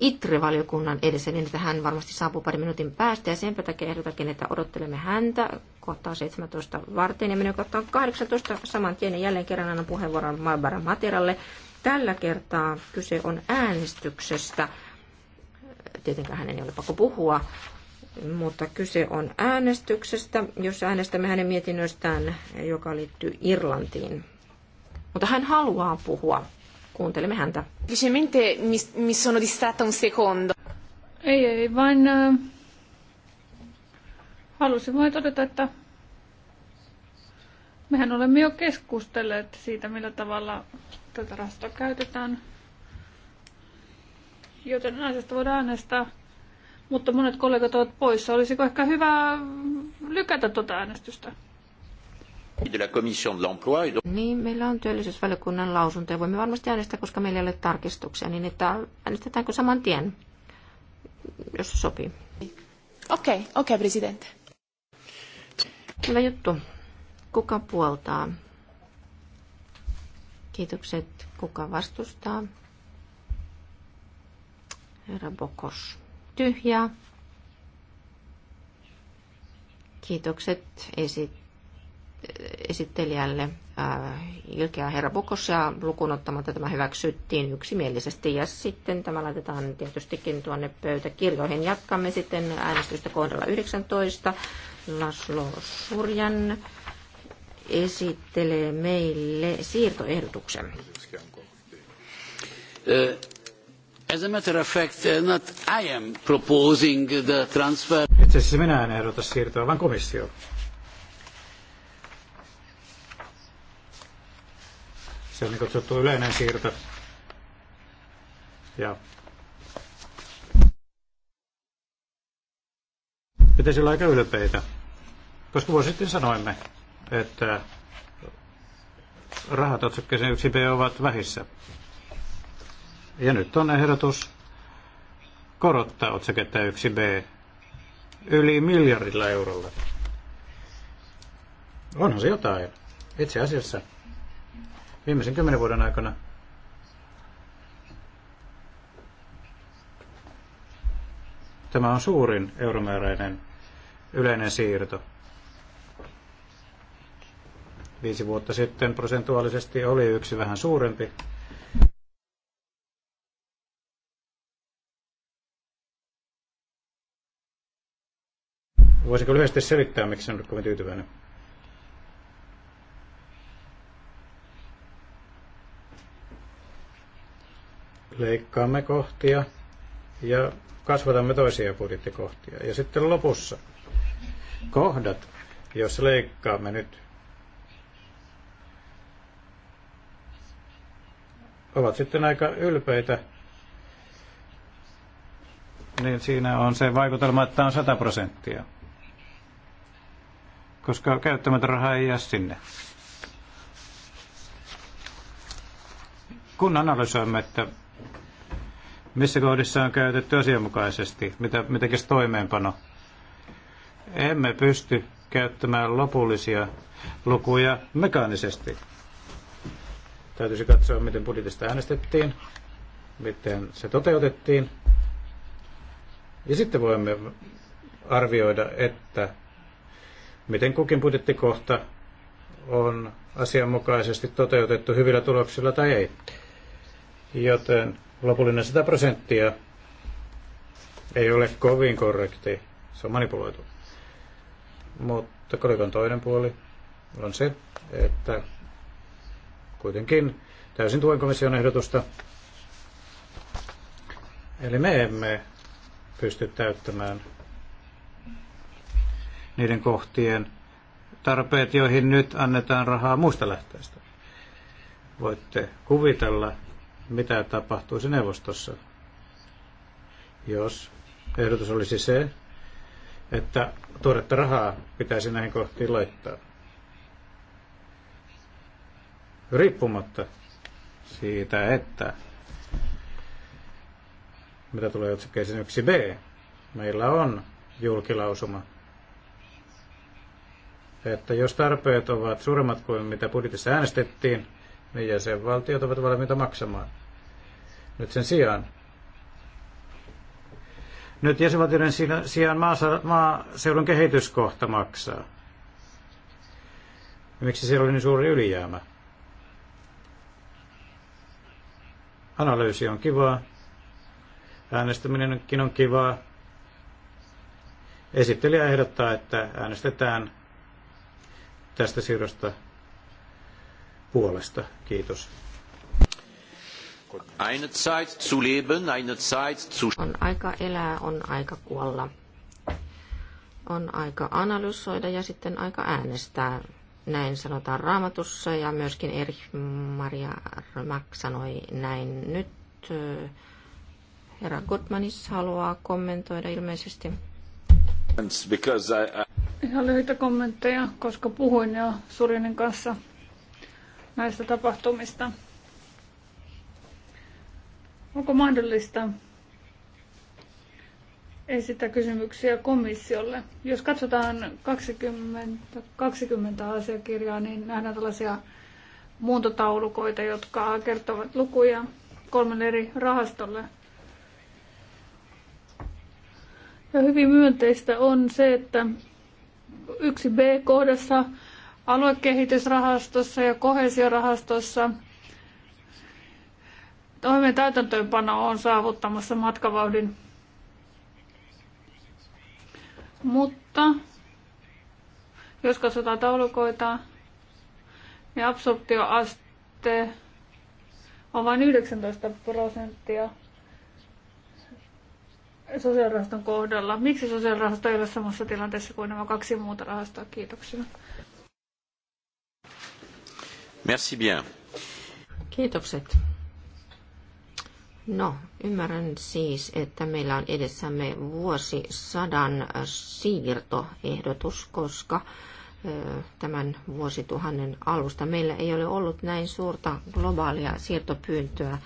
ITRE-valiokunnan edessä, niin että hän varmasti saapuu pari minuutin päästä. Ja sen takia ehdotakin, että odottelemme häntä kohtaa 17 varten ja minun kohtaan 18 saman tien. jälleen kerran annan puheenvuoron Barbara Materalle. Tällä kertaa kyse on äänestyksestä. Tietenkään hänen ei ole pakko puhua, mutta kyse on äänestyksestä, jos äänestämme hänen mietinnöstään, joka liittyy Irlantiin. Mutta hän haluaa puhua kuuntelemme häntä. Semplicemente mi, sono distratta un secondo. Ei, ei, vain äh, halusin vain todeta, että mehän olemme jo keskustelleet siitä, millä tavalla tätä rahastoa käytetään. Joten asiasta voidaan äänestää mutta monet kollegat ovat poissa. Olisiko ehkä hyvä lykätä tuota äänestystä? Niin, meillä on työllisyysvaliokunnan lausunto ja voimme varmasti äänestää, koska meillä ei ole tarkistuksia, niin että äänestetäänkö saman tien, jos sopii. Okei, okay, okei, okay, presidente. Hyvä juttu. Kuka puoltaa? Kiitokset. Kuka vastustaa? Herra Bokos. Tyhjää. Kiitokset esit esittelijälle äh, ilkeä herra Bukos ja lukuun ottamatta tämä hyväksyttiin yksimielisesti. Ja sitten tämä laitetaan tietystikin tuonne pöytäkirjoihin. Jatkamme sitten äänestystä kohdalla 19. Laslo Surjan esittelee meille siirtoehdotuksen. Uh, as a matter of fact, uh, not I am proposing the transfer. Itse asiassa minä en ehdota siirtoa, vaan komissio. se on niin kutsuttu yleinen siirto. Ja pitäisi olla aika ylpeitä, koska vuosi sitten sanoimme, että rahat otsakkeeseen 1b ovat vähissä. Ja nyt on ehdotus korottaa otsaketta 1b yli miljardilla eurolla. Onhan se jotain. Itse asiassa viimeisen kymmenen vuoden aikana tämä on suurin euromääräinen yleinen siirto. Viisi vuotta sitten prosentuaalisesti oli yksi vähän suurempi. Voisiko lyhyesti selittää, miksi on nyt kovin tyytyväinen? leikkaamme kohtia ja kasvatamme toisia budjettikohtia. Ja sitten lopussa kohdat, jos leikkaamme nyt, ovat sitten aika ylpeitä, niin siinä on se vaikutelma, että on 100 prosenttia. Koska käyttämätön raha ei jää sinne. Kun analysoimme, että missä kohdissa on käytetty asianmukaisesti, mitä, mitenkäs toimeenpano. Emme pysty käyttämään lopullisia lukuja mekaanisesti. Täytyisi katsoa, miten budjetista äänestettiin, miten se toteutettiin. Ja sitten voimme arvioida, että miten kukin budjettikohta on asianmukaisesti toteutettu hyvillä tuloksilla tai ei. Joten lopullinen 100 prosenttia ei ole kovin korrekti. Se on manipuloitu. Mutta kolikon toinen puoli on se, että kuitenkin täysin tuen komission ehdotusta. Eli me emme pysty täyttämään niiden kohtien tarpeet, joihin nyt annetaan rahaa muista lähteistä. Voitte kuvitella, mitä tapahtuisi neuvostossa, jos ehdotus olisi se, että tuoretta rahaa pitäisi näihin kohtiin laittaa. Riippumatta siitä, että mitä tulee otsikkeeseen 1b, meillä on julkilausuma, että jos tarpeet ovat suuremmat kuin mitä budjetissa äänestettiin, niin jäsenvaltiot ovat valmiita maksamaan. Nyt sen sijaan. Nyt jäsenvaltioiden sijaan maaseudun kehityskohta maksaa. Miksi siellä oli niin suuri ylijäämä? Analyysi on kivaa. Äänestäminenkin on kivaa. Esittelijä ehdottaa, että äänestetään tästä siirrosta puolesta. Kiitos. On aika elää, on aika kuolla. On aika analysoida ja sitten aika äänestää. Näin sanotaan raamatussa ja myöskin Erich Maria Römak sanoi näin. Nyt äh, herra Goodmanis haluaa kommentoida ilmeisesti. Ihan lyhyitä kommentteja, koska puhuin jo Surinin kanssa näistä tapahtumista. Onko mahdollista esittää kysymyksiä komissiolle? Jos katsotaan 20, 20 asiakirjaa, niin nähdään tällaisia muuntotaulukoita, jotka kertovat lukuja kolmen eri rahastolle. Ja hyvin myönteistä on se, että yksi B-kohdassa aluekehitysrahastossa ja kohesiorahastossa – Toimen täytäntöönpano on saavuttamassa matkavauhdin. Mutta jos katsotaan taulukoita, niin absorptioaste on vain 19 prosenttia sosiaalirahaston kohdalla. Miksi sosiaalirahasto ei ole samassa tilanteessa kuin nämä kaksi muuta rahastoa? Kiitoksia. Merci bien. Kiitokset. No, ymmärrän siis, että meillä on edessämme vuosisadan siirtoehdotus, koska tämän vuosituhannen alusta meillä ei ole ollut näin suurta globaalia siirtopyyntöä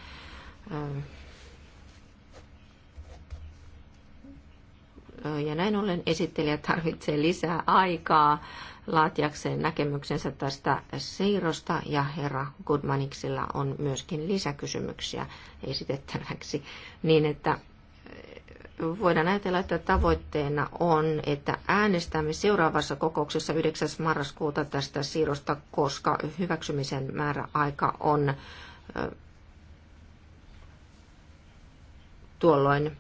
ja näin ollen esittelijä tarvitsee lisää aikaa laatiakseen näkemyksensä tästä siirrosta ja herra Goodmaniksilla on myöskin lisäkysymyksiä esitettäväksi, niin että eh, voidaan ajatella, että tavoitteena on, että äänestämme seuraavassa kokouksessa 9. marraskuuta tästä siirrosta, koska hyväksymisen määräaika on eh, tuolloin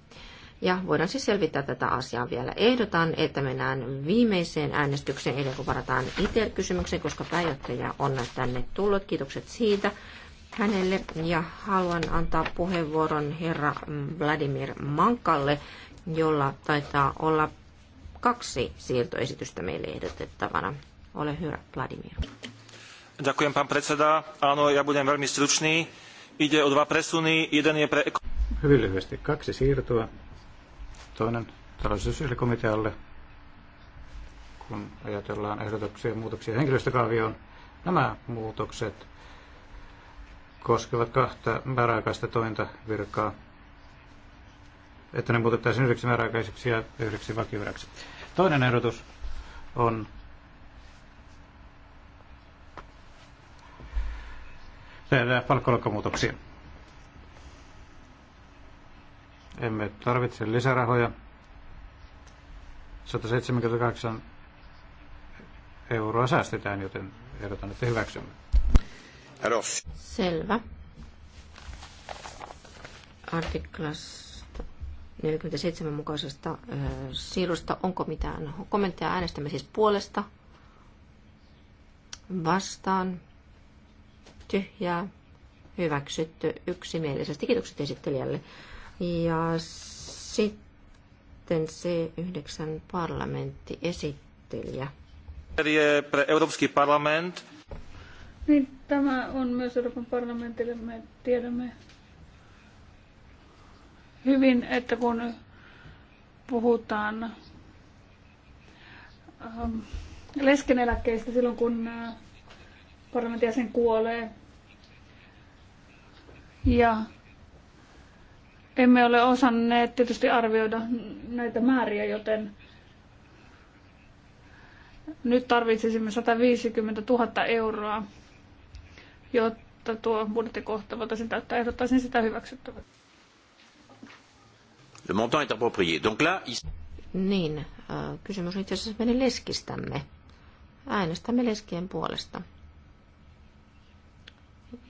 ja voidaan siis selvittää tätä asiaa vielä. Ehdotan, että mennään viimeiseen äänestykseen, eli kun varataan itse kysymyksen, koska pääjohtaja on tänne tullut. Kiitokset siitä hänelle ja haluan antaa puheenvuoron herra Vladimir Mankalle, jolla taitaa olla kaksi siirtoesitystä meille ehdotettavana. Ole hyvä, Vladimir. Ďakujem, pán predseda. Áno, ja budem veľmi stručný. Ide o dva presuny. Jeden je pre... Hyvin lyhyesti. Kaksi siirtoa toinen talousyyskomitealle, kun ajatellaan ehdotuksia ja muutoksia henkilöstökaavioon. Nämä muutokset koskevat kahta määräaikaista tointa virkaa, että ne muutettaisiin yhdeksi määräaikaiseksi ja yhdeksi vakiviraksi. Toinen ehdotus on tehdä palkkaluokkamuutoksia. Emme tarvitse lisärahoja. 178 euroa säästetään, joten ehdotan, että hyväksymme. Selvä. Artiklas 47 mukaisesta äh, siirrosta. Onko mitään kommentteja? Äänestämme siis puolesta. Vastaan. Tyhjää. Hyväksytty yksimielisesti. Kiitokset esittelijälle. Ja sitten C9 parlamentti esittelijä. Eh, Euroopan parlament. Niin, tämä on myös Euroopan parlamentille. Me tiedämme hyvin, että kun puhutaan ähm, leskeneläkkeistä silloin, kun äh, parlamentin jäsen kuolee ja emme ole osanneet tietysti arvioida näitä määriä, joten nyt tarvitsisimme 150 000 euroa, jotta tuo budjettikohta voitaisiin täyttää. Ehdottaisin sitä hyväksyttävää. Le montant est approprié. Donc là, il... Niin, äh, kysymys on itse asiassa meni leskistämme. Äänestämme leskien puolesta.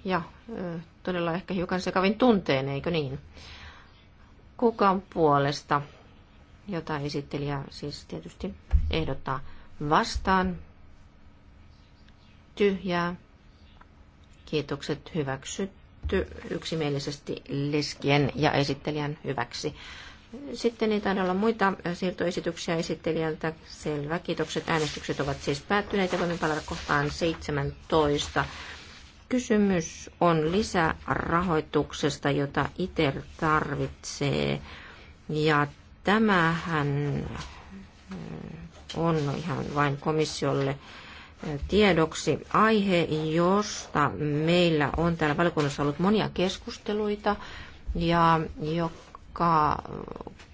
Ja todella ehkä hiukan sekavin tunteen, eikö niin? Kukan puolesta, jota esittelijä siis tietysti ehdottaa vastaan. Tyhjää. Kiitokset hyväksytty yksimielisesti leskien ja esittelijän hyväksi. Sitten ei taida olla muita siirtoesityksiä esittelijältä. Selvä, kiitokset. Äänestykset ovat siis päättyneet ja voimme palata kohtaan 17. Kysymys on lisärahoituksesta, jota ITER tarvitsee. Ja tämähän eh, on ihan vain komissiolle eh, tiedoksi aihe, josta meillä on täällä valiokunnassa ollut monia keskusteluita ja joka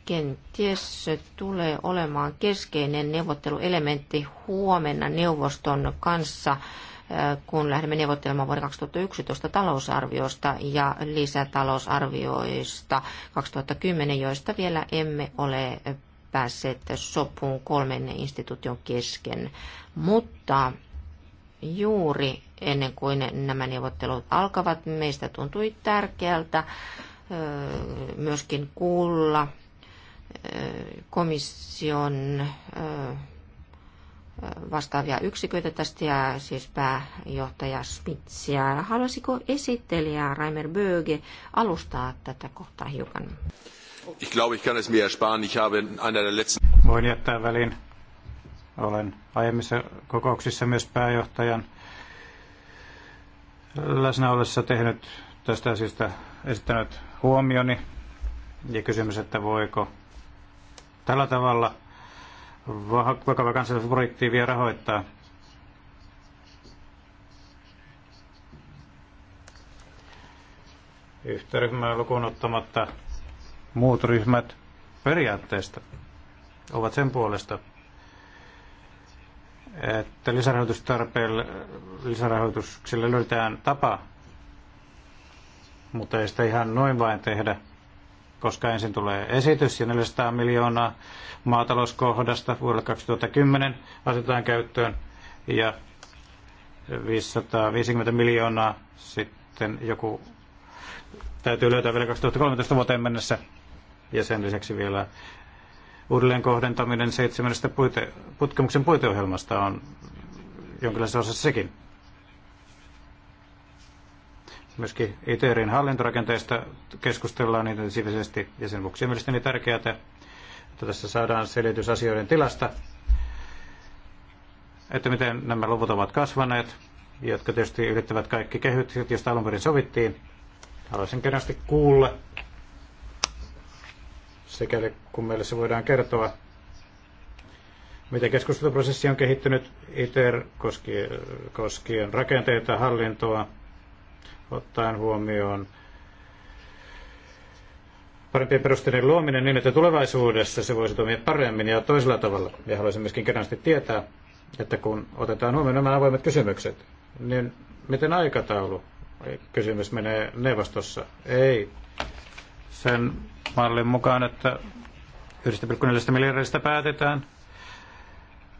kenties tulee olemaan keskeinen neuvotteluelementti huomenna neuvoston kanssa – Äh, kun lähdemme neuvottelemaan vuoden 2011 talousarviosta ja lisätalousarvioista 2010, joista vielä emme ole päässeet sopuun kolmen instituution kesken. Mutta juuri ennen kuin nämä neuvottelut alkavat, meistä tuntui tärkeältä äh, myöskin kuulla äh, komission vastaavia yksiköitä tästä ja siis pääjohtaja Spitsiä. Haluaisiko esittelijä Raimer Böge alustaa tätä kohtaa hiukan? Ich glaube, ich kann es mir ersparen. Ich habe einer der letzten... Voin jättää väliin. Olen aiemmissa kokouksissa myös pääjohtajan läsnä ollessa tehnyt tästä asiasta esittänyt huomioni ja kysymys, että voiko tällä tavalla vakava kansallisprojekti vielä rahoittaa. Yhtä ryhmää lukuun ottamatta muut ryhmät periaatteesta ovat sen puolesta, että lisärahoitustarpeelle, lisärahoitukselle löydetään tapa, mutta ei sitä ihan noin vain tehdä – koska ensin tulee esitys ja 400 miljoonaa maatalouskohdasta vuodelle 2010 asetetaan käyttöön ja 550 miljoonaa sitten joku täytyy löytää vielä 2013 vuoteen mennessä ja sen lisäksi vielä uudelleen kohdentaminen seitsemännestä puite, putkimuksen puiteohjelmasta on jonkinlaisessa osassa sekin. Myöskin ITERin e hallintorakenteesta keskustellaan intensiivisesti ja sen vuoksi on mielestäni tärkeää, että tässä saadaan selitys asioiden tilasta, että miten nämä luvut ovat kasvaneet, jotka tietysti ylittävät kaikki kehyt, joista alun perin sovittiin. Haluaisin kerrasti kuulla, sekä kun meille se voidaan kertoa, miten keskusteluprosessi on kehittynyt ITER koskien, koskien rakenteita, hallintoa, ottaen huomioon parempien perusteiden luominen niin, että tulevaisuudessa se voisi toimia paremmin ja toisella tavalla. Ja haluaisin myöskin kerrasti tietää, että kun otetaan huomioon nämä avoimet kysymykset, niin miten aikataulu kysymys menee neuvostossa? Ei sen mallin mukaan, että 1,4 miljardista päätetään.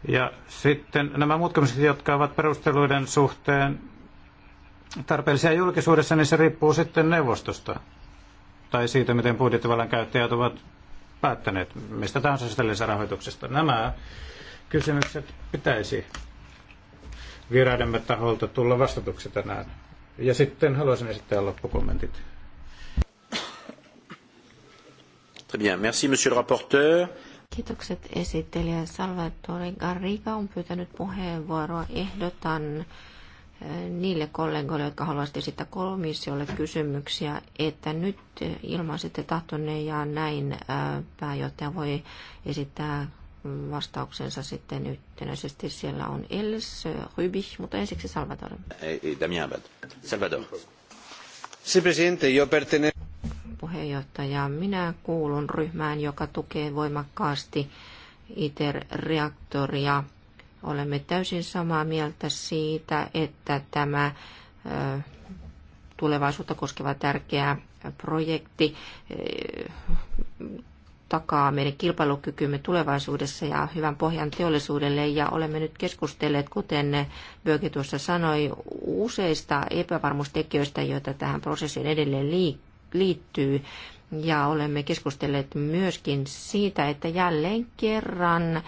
Ja sitten nämä muut jotka ovat perusteluiden suhteen tarpeellisia julkisuudessa, niin se riippuu sitten neuvostosta tai siitä, miten budjettivallan käyttäjät ovat päättäneet mistä tahansa sitä lisärahoituksesta. Nämä kysymykset pitäisi viraidemme taholta tulla vastatuksi tänään. Ja sitten haluaisin esittää loppukommentit. Très bien. Merci, monsieur le rapporteur. Kiitokset esittelijä Salvatore Garriga on pyytänyt puheenvuoroa. Ehdotan niille kollegoille, jotka haluaisitte esittää komissiolle kysymyksiä, että nyt ilmaisitte tahtonne ja näin pääjohtaja voi esittää vastauksensa sitten yhtenäisesti. Siellä on Els, Rybich, mutta ensiksi Salvador. Damien Abad. Salvador. Se presidente, yo pertene... Puheenjohtaja, minä kuulun ryhmään, joka tukee voimakkaasti ITER-reaktoria Olemme täysin samaa mieltä siitä, että tämä tulevaisuutta koskeva tärkeä projekti takaa meidän kilpailukykymme tulevaisuudessa ja hyvän pohjan teollisuudelle. Ja olemme nyt keskustelleet, kuten Böke tuossa sanoi, useista epävarmuustekijöistä, joita tähän prosessiin edelleen liittyy. Ja olemme keskustelleet myöskin siitä, että jälleen kerran eh,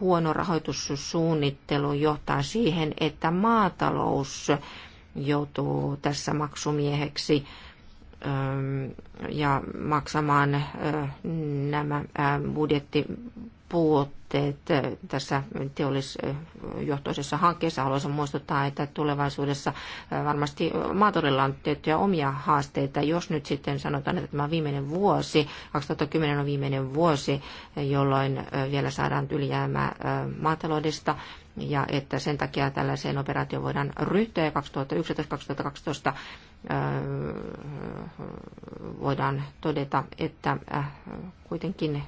huono rahoitussuunnittelu johtaa siihen, että maatalous joutuu tässä maksumieheksi ehm, ja maksamaan eh, nämä eh, budjetti puutteet tässä teollisjohtoisessa hankkeessa. Haluaisin muistuttaa, että tulevaisuudessa varmasti maatorilla on tiettyjä omia haasteita. Jos nyt sitten sanotaan, että tämä viimeinen vuosi, 2010 on viimeinen vuosi, jolloin vielä saadaan ylijäämää maataloudesta, ja että sen takia tällaiseen operaatioon voidaan ryhtyä ja 2011-2012 Äh, voidaan todeta, että äh, kuitenkin äh,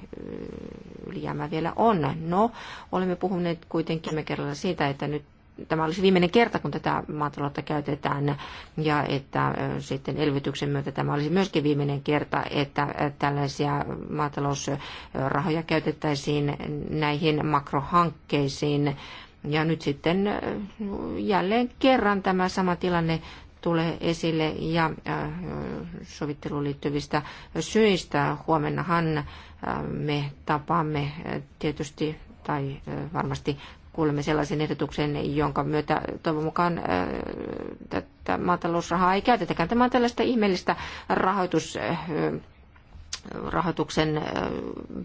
ylijäämä vielä on. No, olemme puhuneet kuitenkin me kerralla siitä, että nyt tämä olisi viimeinen kerta, kun tätä maataloutta käytetään ja että sitten elvytyksen myötä tämä olisi myöskin viimeinen kerta, että tällaisia maatalousrahoja käytettäisiin näihin makrohankkeisiin. Ja nyt sitten jälleen kerran tämä sama tilanne tulee esille ja äh, sovitteluun liittyvistä syistä. Huomennahan äh, me tapaamme äh, tietysti tai varmasti kuulemme sellaisen ehdotuksen, jonka myötä toivon mukaan tätä maatalousrahaa ei käytetäkään. Tämä on tällaista ihmeellistä rahoitus rahoituksen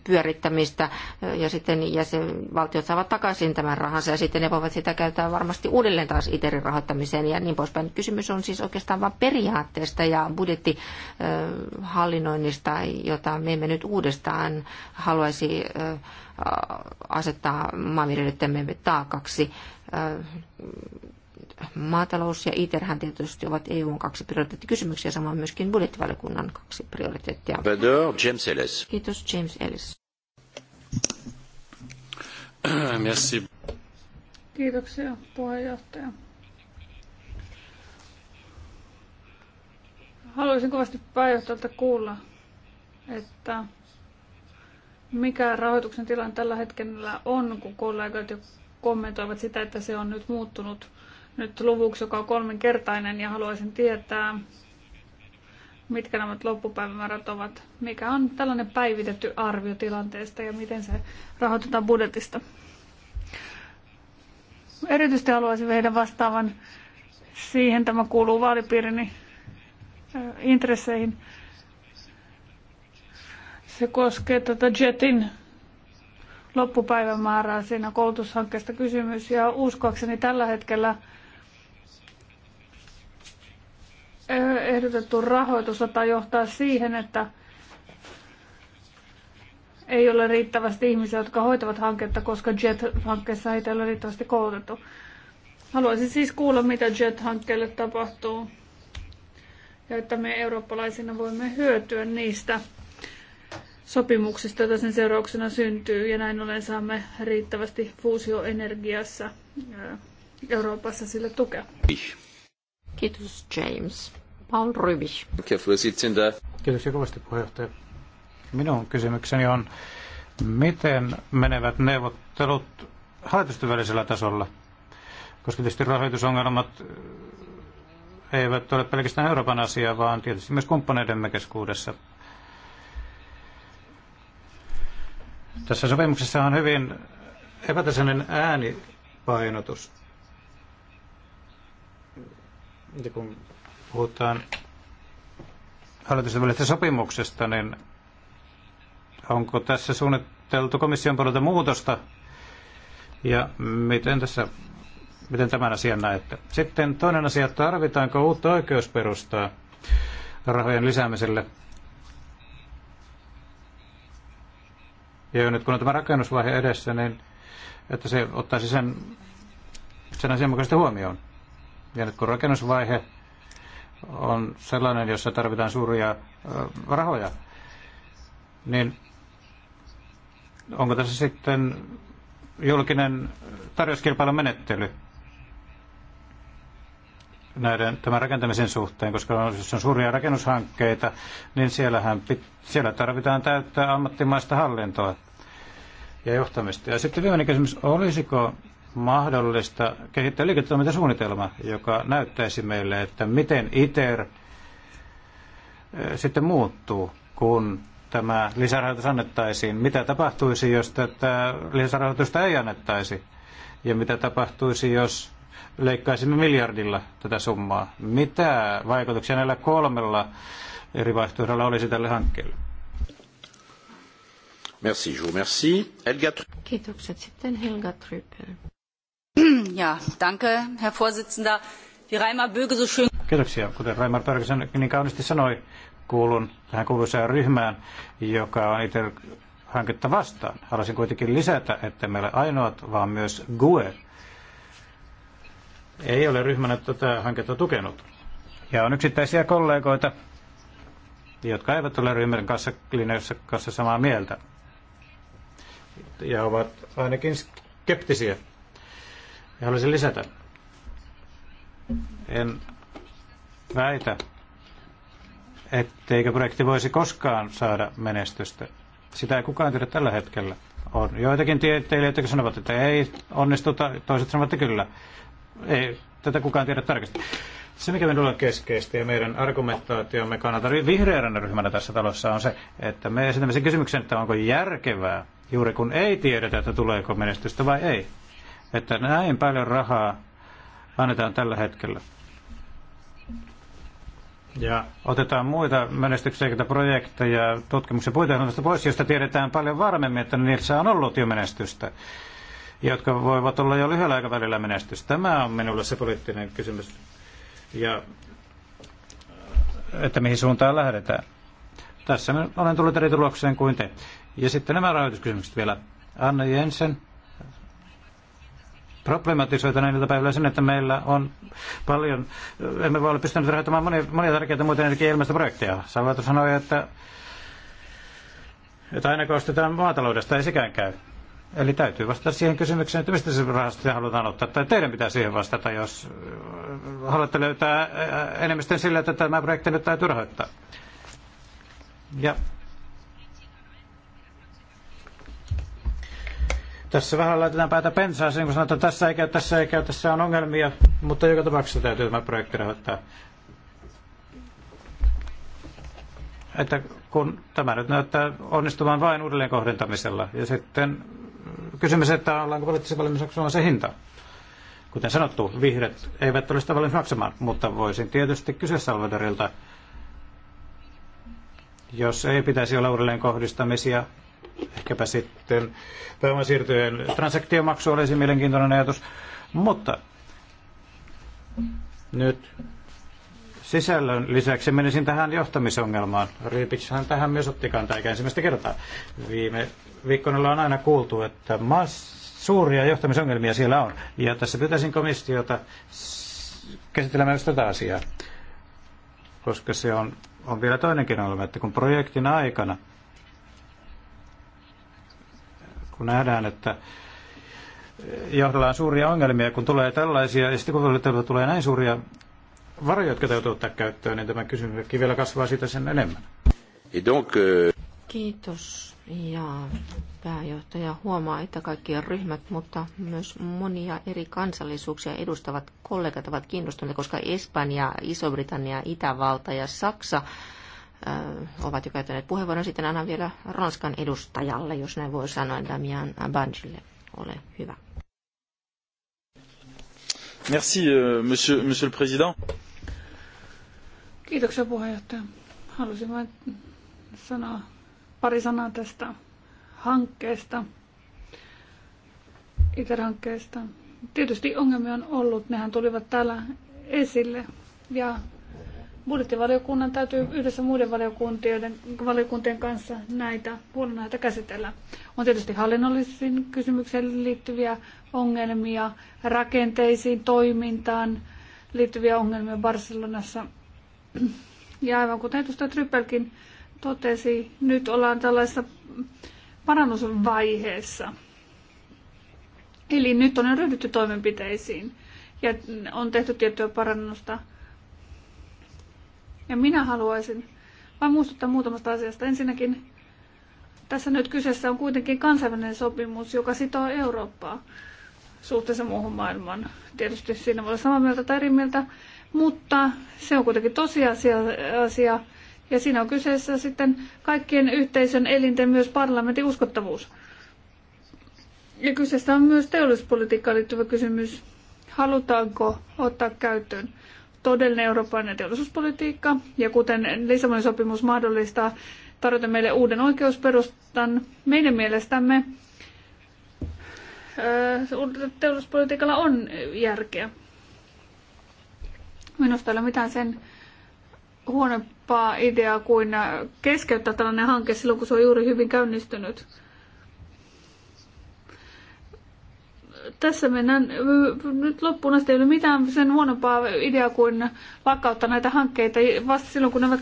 pyörittämistä ja sitten jäsenvaltiot saavat takaisin tämän rahansa ja sitten ne voivat sitä käyttää varmasti uudelleen taas ITERin rahoittamiseen ja niin poispäin. Kysymys on siis oikeastaan vain periaatteesta ja budjettihallinnoinnista, jota me emme nyt uudestaan haluaisi asettaa maanviljelijöidemme taakaksi maatalous ja ITERhän tietysti ovat EUn kaksi prioriteettikysymyksiä, samoin myöskin budjettivaliokunnan kaksi prioriteettia. Bador, James Ellis. Kiitos, James Ellis. Merci. Kiitoksia, puheenjohtaja. Haluaisin kovasti pääjohtajalta kuulla, että mikä rahoituksen tilanne tällä hetkellä on, kun kollegat jo kommentoivat sitä, että se on nyt muuttunut nyt luvuksi, joka on kolminkertainen ja haluaisin tietää, mitkä nämä loppupäivämäärät ovat. Mikä on tällainen päivitetty arvio tilanteesta ja miten se rahoitetaan budjetista? Erityisesti haluaisin viedä vastaavan siihen, tämä kuuluu vaalipiirini äh, intresseihin. Se koskee tätä JETin loppupäivämäärää siinä koulutushankkeesta kysymys ja uskoakseni tällä hetkellä Eh, ehdotettu rahoitus saattaa johtaa siihen, että ei ole riittävästi ihmisiä, jotka hoitavat hanketta, koska JET-hankkeessa ei ole riittävästi koulutettu. Haluaisin siis kuulla, mitä JET-hankkeelle tapahtuu ja että me eurooppalaisina voimme hyötyä niistä sopimuksista, joita sen seurauksena syntyy, ja näin ollen saamme riittävästi fuusioenergiassa eh, Euroopassa sille tukea. Kiitos James. Paul Rybich. Kiitoksia kovasti puheenjohtaja. Minun kysymykseni on, miten menevät neuvottelut hallitusten välisellä tasolla? Koska tietysti rahoitusongelmat eh, eivät ole pelkästään Euroopan asia, vaan tietysti myös kumppaneidemme keskuudessa. Tässä sopimuksessa on hyvin epätasainen äänipainotus. Ja kun puhutaan hallitusten välisestä sopimuksesta, niin onko tässä suunniteltu komission puolelta muutosta ja miten, tässä, miten tämän asian näette? Sitten toinen asia, tarvitaanko uutta oikeusperustaa rahojen lisäämiselle? Ja nyt kun on tämä rakennusvaihe edessä, niin että se ottaisi sen, sen asianmukaisesti huomioon. Ja nyt kun rakennusvaihe on sellainen, jossa tarvitaan suuria rahoja, niin onko tässä sitten julkinen tarjouskilpailumenettely näiden, tämän rakentamisen suhteen, koska jos on suuria rakennushankkeita, niin siellähän, siellä tarvitaan täyttää ammattimaista hallintoa ja johtamista. Ja sitten viimeinen kysymys, olisiko mahdollista kehittää liiketoimintasuunnitelma, joka näyttäisi meille, että miten ITER eh, sitten muuttuu, kun tämä lisärahoitus annettaisiin. Mitä tapahtuisi, jos tätä lisärahoitusta ei annettaisi? Ja mitä tapahtuisi, jos leikkaisimme miljardilla tätä summaa? Mitä vaikutuksia näillä kolmella eri vaihtoehdolla olisi tälle hankkeelle? Merci, je vous remercie. Helga Kiitokset sitten Helga Trypel. Ja, Herr Vorsitzender. Reimer Böge Kiitoksia. Kuten niin kauniisti sanoi, kuulun tähän kuuluisaan ryhmään, joka on itse hanketta vastaan. Haluaisin kuitenkin lisätä, että ole ainoat, vaan myös GUE ei ole ryhmänä tätä hanketta tukenut. Ja on yksittäisiä kollegoita, jotka eivät ole ryhmän kanssa, linjassa kanssa samaa mieltä. Ja ovat ainakin skeptisiä ja haluaisin lisätä. En väitä, etteikö projekti voisi koskaan saada menestystä. Sitä ei kukaan tiedä tällä hetkellä. On joitakin tieteilijöitä, jotka sanovat, että ei onnistuta, toiset sanovat, että kyllä. Ei tätä kukaan tiedä tarkasti. Se, mikä minulla on keskeistä ja meidän argumentaatiomme kannalta vihreänä ryhmänä tässä talossa on se, että me esitämme sen kysymyksen, että onko järkevää, juuri kun ei tiedetä, että tuleeko menestystä vai ei että näin paljon rahaa annetaan tällä hetkellä. Ja otetaan muita menestyksekkäitä projekteja tutkimuksen puitehdollista pois, josta tiedetään paljon varmemmin, että niissä on ollut jo menestystä, jotka voivat olla jo lyhyellä aikavälillä menestys. Tämä on minulle se poliittinen kysymys. Ja äh, että mihin suuntaan lähdetään. Tässä olen tullut eri tulokseen kuin te. Ja sitten nämä rahoituskysymykset vielä. Anna Jensen problematisoita näin päivillä sen, että meillä on paljon, emme voi olla pystyneet rahoittamaan monia, monia tärkeitä muita energia- ja projekteja. Salvatore sanoi, että, että aina koostetaan maataloudesta, ei sekään käy. Eli täytyy vastata siihen kysymykseen, että mistä se rahastoja halutaan ottaa, tai teidän pitää siihen vastata, jos haluatte löytää enemmistön sille, että tämä projekti nyt täytyy rahoittaa. Ja Tässä vähän laitetaan päätä pensaaseen, kun sanotaan, että tässä ei käy, tässä ei käy, tässä on ongelmia, mutta joka tapauksessa täytyy tämä projekti rahoittaa. Että kun tämä nyt näyttää onnistuvan vain uudelleen kohdentamisella. Ja sitten kysymys, että ollaanko poliittisen valmis maksamaan se hinta. Kuten sanottu, vihreät eivät ole sitä valmis maksamaan, mutta voisin tietysti kysyä Salvadorilta, jos ei pitäisi olla uudelleen kohdistamisia, Ehkäpä sitten pääomasiirtojen transaktiomaksu olisi mielenkiintoinen ajatus. Mutta nyt sisällön lisäksi menisin tähän johtamisongelmaan. Riipitshän tähän myös otti kantaa eikä ensimmäistä kertaa. Viime viikkona on aina kuultu, että mass suuria johtamisongelmia siellä on. Ja tässä pyytäisin komissiota käsittelemään myös tätä asiaa, koska se on, on vielä toinenkin ongelma, että kun projektin aikana kun nähdään, että johdellaan suuria ongelmia, kun tulee tällaisia, ja sitten kun tulee näin suuria varoja, jotka täytyy ottaa käyttöön, niin tämä kysymyskin vielä kasvaa sitä sen enemmän. Kiitos. Ja pääjohtaja huomaa, että kaikki ryhmät, mutta myös monia eri kansallisuuksia edustavat kollegat ovat kiinnostuneita, koska Espanja, Iso-Britannia, Itävalta ja Saksa ovat jo käyttäneet puheenvuoron. Sitten annan vielä Ranskan edustajalle, jos näin voi sanoa, Damian Abangille. Ole hyvä. Merci, euh, monsieur, monsieur le président. Kiitoksia puheenjohtaja. Halusin vain sanoa pari sanaa tästä hankkeesta, ITER-hankkeesta. Tietysti ongelmia on ollut, nehän tulivat täällä esille. Ja budjettivaliokunnan täytyy yhdessä muiden valiokuntien, valiokuntien kanssa näitä huolenaiheita käsitellä. On tietysti hallinnollisiin kysymyksiin liittyviä ongelmia, rakenteisiin, toimintaan liittyviä ongelmia Barcelonassa. Ja aivan kuten edustaja Tryppelkin totesi, nyt ollaan tällaisessa parannusvaiheessa. Eli nyt on jo ryhdytty toimenpiteisiin ja on tehty tiettyä parannusta ja minä haluaisin vain muistuttaa muutamasta asiasta. Ensinnäkin tässä nyt kyseessä on kuitenkin kansainvälinen sopimus, joka sitoo Eurooppaa suhteessa muuhun maailmaan. Tietysti siinä voi olla samaa mieltä tai eri mieltä, mutta se on kuitenkin tosiasia asia, ja siinä on kyseessä sitten kaikkien yhteisön elinten myös parlamentin uskottavuus. Ja kyseessä on myös teollisuuspolitiikkaan liittyvä kysymys. Halutaanko ottaa käyttöön todellinen eurooppalainen teollisuuspolitiikka. Ja kuten Lissabonin sopimus mahdollistaa, tarjota meille uuden oikeusperustan. Meidän mielestämme teollisuuspolitiikalla on järkeä. Minusta ei ole mitään sen huonompaa ideaa kuin keskeyttää tällainen hanke silloin, kun se on juuri hyvin käynnistynyt. tässä mennään nyt loppuun asti. Ei ole mitään sen huonompaa ideaa kuin lakkauttaa näitä hankkeita vasta silloin, kun ne ovat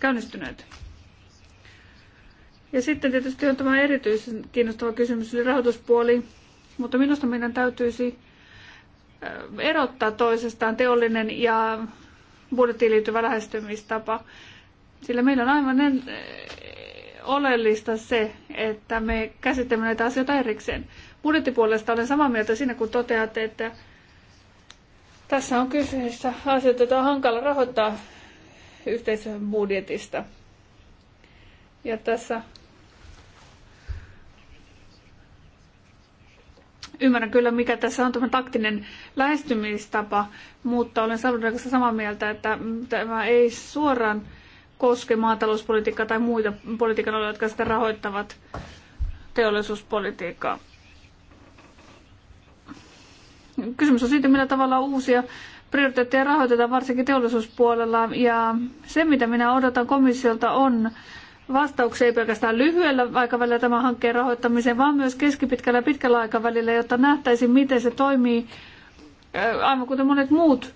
käynnistyneet. Ja sitten tietysti on tämä erityisen kiinnostava kysymys, eli rahoituspuoli. Mutta minusta meidän täytyisi äh, erottaa toisestaan teollinen ja budjettiin liittyvä lähestymistapa. Sillä meillä on aivan äh, oleellista se, että me käsittelemme näitä asioita erikseen budjettipuolesta olen samaa mieltä siinä, kun toteatte, että tässä on kyseessä asioita, joita on hankala rahoittaa yhteisön budjetista. Ja tässä ymmärrän kyllä, mikä tässä on tämä taktinen lähestymistapa, mutta olen saanut kanssa samaa mieltä, että tämä ei suoraan koske maatalouspolitiikkaa tai muita politiikan aloja, jotka sitä rahoittavat teollisuuspolitiikkaa. Kysymys on siitä, millä tavalla uusia prioriteetteja rahoitetaan, varsinkin teollisuuspuolella. Ja se, mitä minä odotan komissiolta, on vastauksia ei pelkästään lyhyellä aikavälillä tämän hankkeen rahoittamiseen, vaan myös keskipitkällä ja pitkällä aikavälillä, jotta nähtäisiin, miten se toimii, äh, aivan kuten monet muut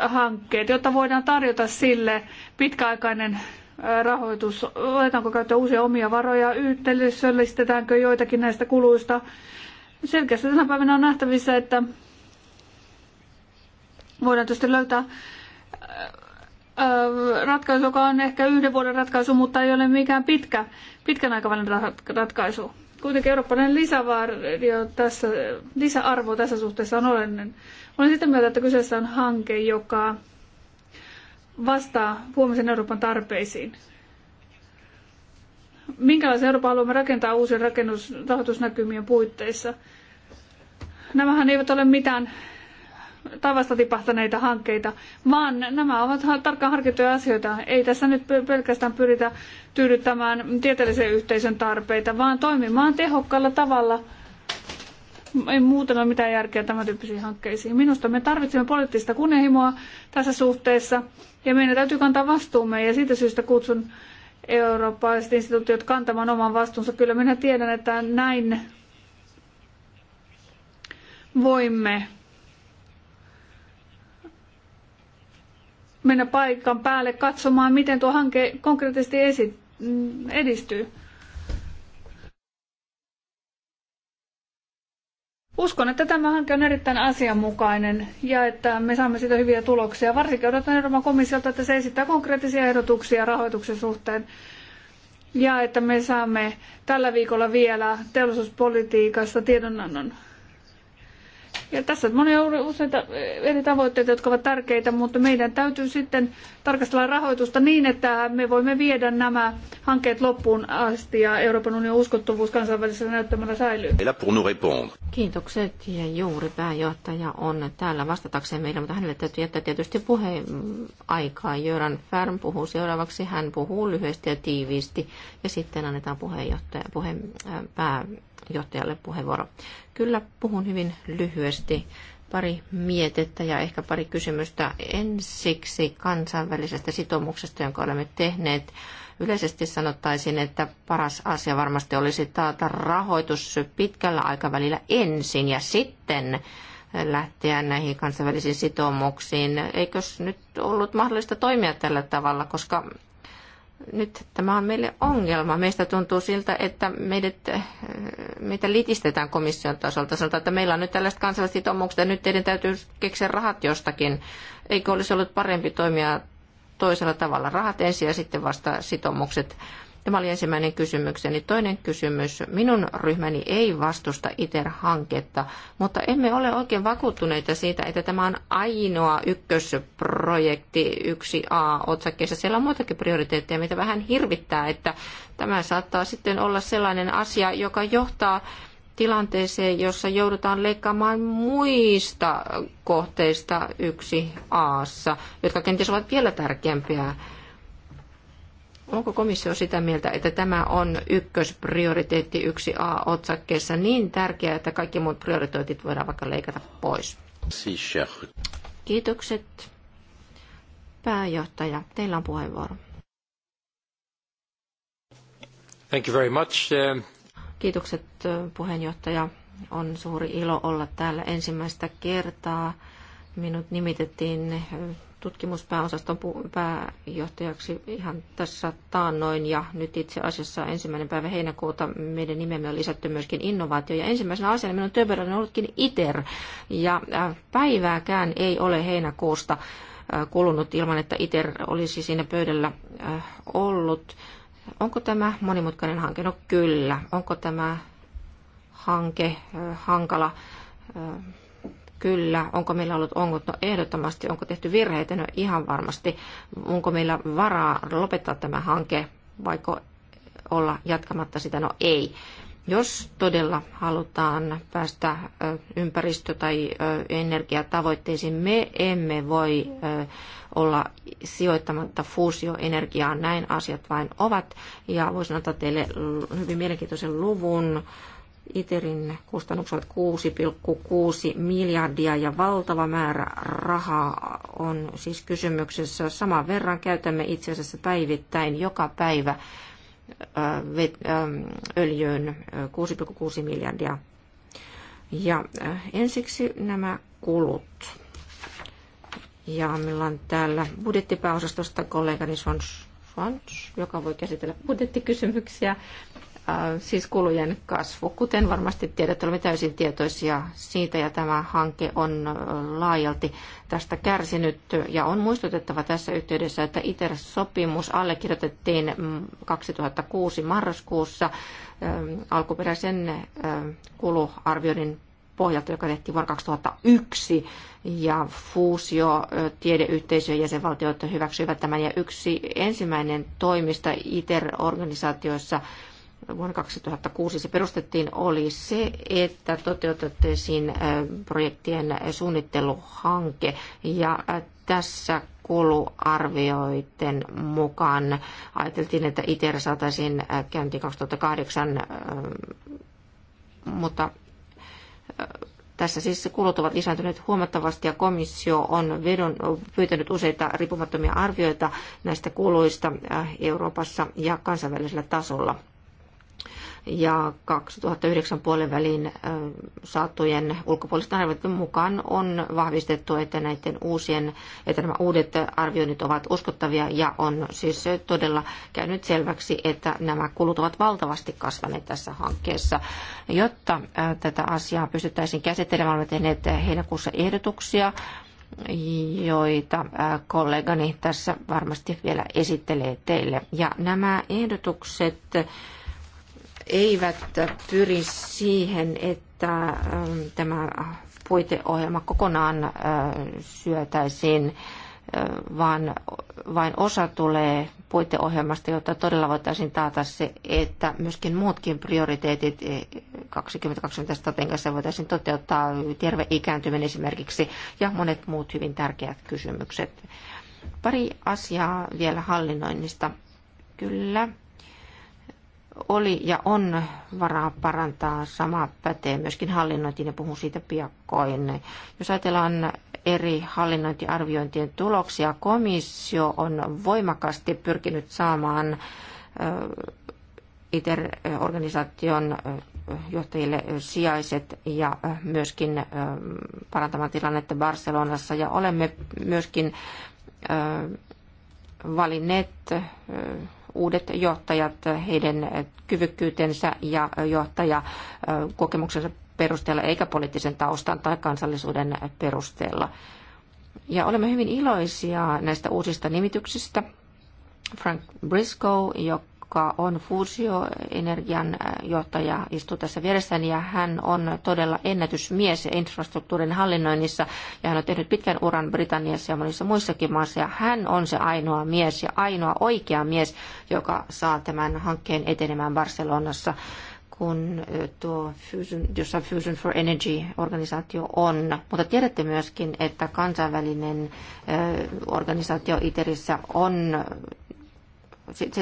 äh, hankkeet, jotta voidaan tarjota sille pitkäaikainen äh, rahoitus. Otetaanko käyttää uusia omia varoja, yhteisöllistetäänkö joitakin näistä kuluista. Selkeästi tänä päivänä on nähtävissä, että Voidaan tästä löytää äh, äh, ratkaisu, joka on ehkä yhden vuoden ratkaisu, mutta ei ole mikään pitkä, pitkän aikavälin ratkaisu. Kuitenkin eurooppalainen tässä, lisäarvo tässä suhteessa on olennainen. Olen sitä mieltä, että kyseessä on hanke, joka vastaa huomisen Euroopan tarpeisiin. Minkälaisen Euroopan haluamme rakentaa uusien rakennusrahoitusnäkymien puitteissa? Nämähän eivät ole mitään taivasta tipahtaneita hankkeita, vaan nämä ovat tarkkaan harkittuja asioita. Ei tässä nyt pelkästään pyritä tyydyttämään tieteellisen yhteisön tarpeita, vaan toimimaan tehokkaalla tavalla. Ei muuten ole mitään järkeä tämän tyyppisiin hankkeisiin. Minusta me tarvitsemme poliittista kunnianhimoa tässä suhteessa, ja meidän täytyy kantaa vastuumme, ja siitä syystä kutsun eurooppalaiset instituutiot kantamaan oman vastuunsa. Kyllä minä tiedän, että näin voimme mennä paikan päälle katsomaan, miten tuo hanke konkreettisesti esi- mm, edistyy. Uskon, että tämä hanke on erittäin asianmukainen ja että me saamme siitä hyviä tuloksia. Varsinkin odotan Euroopan komissiolta, että se esittää konkreettisia ehdotuksia rahoituksen suhteen ja että me saamme tällä viikolla vielä teollisuuspolitiikasta tiedonannon. Ja tässä on monia useita eh, eri tavoitteita, jotka ovat tärkeitä, mutta meidän täytyy sitten tarkastella rahoitusta niin, että me voimme viedä nämä hankkeet loppuun asti ja Euroopan unionin uskottavuus kansainvälisellä näyttämällä säilyy. Kiitokset ja juuri pääjohtaja on täällä vastatakseen meille, mutta hänelle täytyy jättää tietysti puheen aikaa. Jöran Färm puhuu seuraavaksi, hän puhuu lyhyesti ja tiiviisti ja sitten annetaan puheenjohtaja, puheen, äh, pää, johtajalle puheenvuoro. Kyllä puhun hyvin lyhyesti pari mietettä ja ehkä pari kysymystä ensiksi kansainvälisestä sitoumuksesta, jonka olemme tehneet. Yleisesti sanottaisin, että paras asia varmasti olisi taata rahoitus pitkällä aikavälillä ensin ja sitten lähteä näihin kansainvälisiin sitoumuksiin. Eikös nyt ollut mahdollista toimia tällä tavalla, koska nyt tämä on meille ongelma. Meistä tuntuu siltä, että meidät, äh, meitä litistetään komission tasolta. Sanotaan, että meillä on nyt tällaiset kansalliset sitoumukset ja nyt teidän täytyy keksiä rahat jostakin. Eikö olisi ollut parempi toimia toisella tavalla rahat ensin ja sitten vasta sitoumukset? Tämä oli ensimmäinen kysymykseni. Toinen kysymys. Minun ryhmäni ei vastusta ITER-hanketta, mutta emme ole oikein vakuuttuneita siitä, että tämä on ainoa ykkösprojekti 1A-otsakkeessa. Siellä on muitakin prioriteetteja, mitä vähän hirvittää, että tämä saattaa sitten olla sellainen asia, joka johtaa tilanteeseen, jossa joudutaan leikkaamaan muista kohteista yksi aassa, jotka kenties ovat vielä tärkeämpiä Onko komissio sitä mieltä, että tämä on ykkösprioriteetti yksi a otsakkeessa niin tärkeä, että kaikki muut prioriteetit voidaan vaikka leikata pois? Kiitokset. Pääjohtaja, teillä on puheenvuoro. Thank you very much. Eh. Kiitokset eh, puheenjohtaja. On suuri ilo olla täällä ensimmäistä kertaa. Minut nimitettiin eh, tutkimuspääosaston pääjohtajaksi ihan tässä taannoin ja nyt itse asiassa ensimmäinen päivä heinäkuuta meidän nimemme on lisätty myöskin innovaatio. Ja ensimmäisenä asiana minun työperäinen on ollutkin ITER ja äh, päivääkään ei ole heinäkuusta äh, kulunut ilman, että ITER olisi siinä pöydällä äh, ollut. Onko tämä monimutkainen hanke? No kyllä. Onko tämä hanke hankala? Kyllä. Onko meillä ollut ongut? No ehdottomasti. Onko tehty virheitä? No ihan varmasti. Onko meillä varaa lopettaa tämä hanke, vaiko olla jatkamatta sitä? No ei. Jos todella halutaan päästä ympäristö- tai energiatavoitteisiin, me emme voi olla sijoittamatta fuusioenergiaa. Näin asiat vain ovat. Ja voisin antaa teille hyvin mielenkiintoisen luvun. ITERin kustannukset 6,6 miljardia ja valtava määrä rahaa on siis kysymyksessä. Saman verran käytämme itse asiassa päivittäin joka päivä öljyyn 6,6 miljardia. Ja ensiksi nämä kulut. Ja meillä on täällä budjettipääosastosta kollegani Svans, joka voi käsitellä budjettikysymyksiä. Äh, siis kulujen kasvu. Kuten varmasti tiedät, olemme täysin tietoisia siitä ja tämä hanke on äh, laajalti tästä kärsinyt. Ja on muistutettava tässä yhteydessä, että ITER-sopimus allekirjoitettiin 2006 mm, marraskuussa äh, alkuperäisen kuluarvioinnin pohjalta, joka tehtiin vuonna 2001, ja fuusio, tiedeyhteisö ja jäsenvaltiot hyväksyivät tämän, ja yksi ensimmäinen toimista ITER-organisaatioissa vuonna 2006 se perustettiin, oli se, että toteutettiin äh, projektien suunnitteluhanke ja äh, tässä kuluarvioiden mukaan ajateltiin, että ITER saataisiin äh, käyntiin 2008, mutta tässä siis kulut ovat lisääntyneet huomattavasti ja komissio on vedon, pyytänyt useita riippumattomia arvioita näistä kuluista Euroopassa ja kansainvälisellä tasolla ja 2009 puolen välin saatujen ulkopuolisten arvioiden mukaan on vahvistettu, että näiden uusien, että nämä uudet arvioinnit ovat uskottavia ja on siis todella käynyt selväksi, että nämä kulut ovat valtavasti kasvaneet tässä hankkeessa. Jotta tätä asiaa pystyttäisiin käsittelemään, olemme tehneet heinäkuussa ehdotuksia joita kollegani tässä varmasti vielä esittelee teille. Ja nämä ehdotukset eivät pyri siihen, että ähm, tämä puiteohjelma kokonaan äh, syötäisiin, äh, vaan vain osa tulee puiteohjelmasta, jotta todella voitaisiin taata se, että myöskin muutkin prioriteetit 2020 e, strategiassa voitaisiin toteuttaa, terve ikääntyminen esimerkiksi ja monet muut hyvin tärkeät kysymykset. Pari asiaa vielä hallinnoinnista. Kyllä, oli ja on varaa parantaa. Sama pätee myöskin hallinnointiin ja puhun siitä piakkoin. Jos ajatellaan eri hallinnointiarviointien tuloksia, komissio on voimakkaasti pyrkinyt saamaan ITER-organisaation johtajille sijaiset ja myöskin parantamaan tilannetta Barcelonassa. Ja olemme myöskin valinneet uudet johtajat, heidän kyvykkyytensä ja johtajakokemuksensa perusteella, eikä poliittisen taustan tai kansallisuuden perusteella. Ja olemme hyvin iloisia näistä uusista nimityksistä. Frank Briscoe, joka joka on fuusioenergian äh, johtaja, istuu tässä vieressäni ja hän on todella ennätysmies infrastruktuurin hallinnoinnissa ja hän on tehnyt pitkän uran Britanniassa ja monissa muissakin maissa ja hän on se ainoa mies ja ainoa oikea mies, joka saa tämän hankkeen etenemään Barcelonassa kun äh, tuo Fusion, jossa Fusion for Energy-organisaatio on. Mutta tiedätte myöskin, että kansainvälinen äh, organisaatio ITERissä on sen,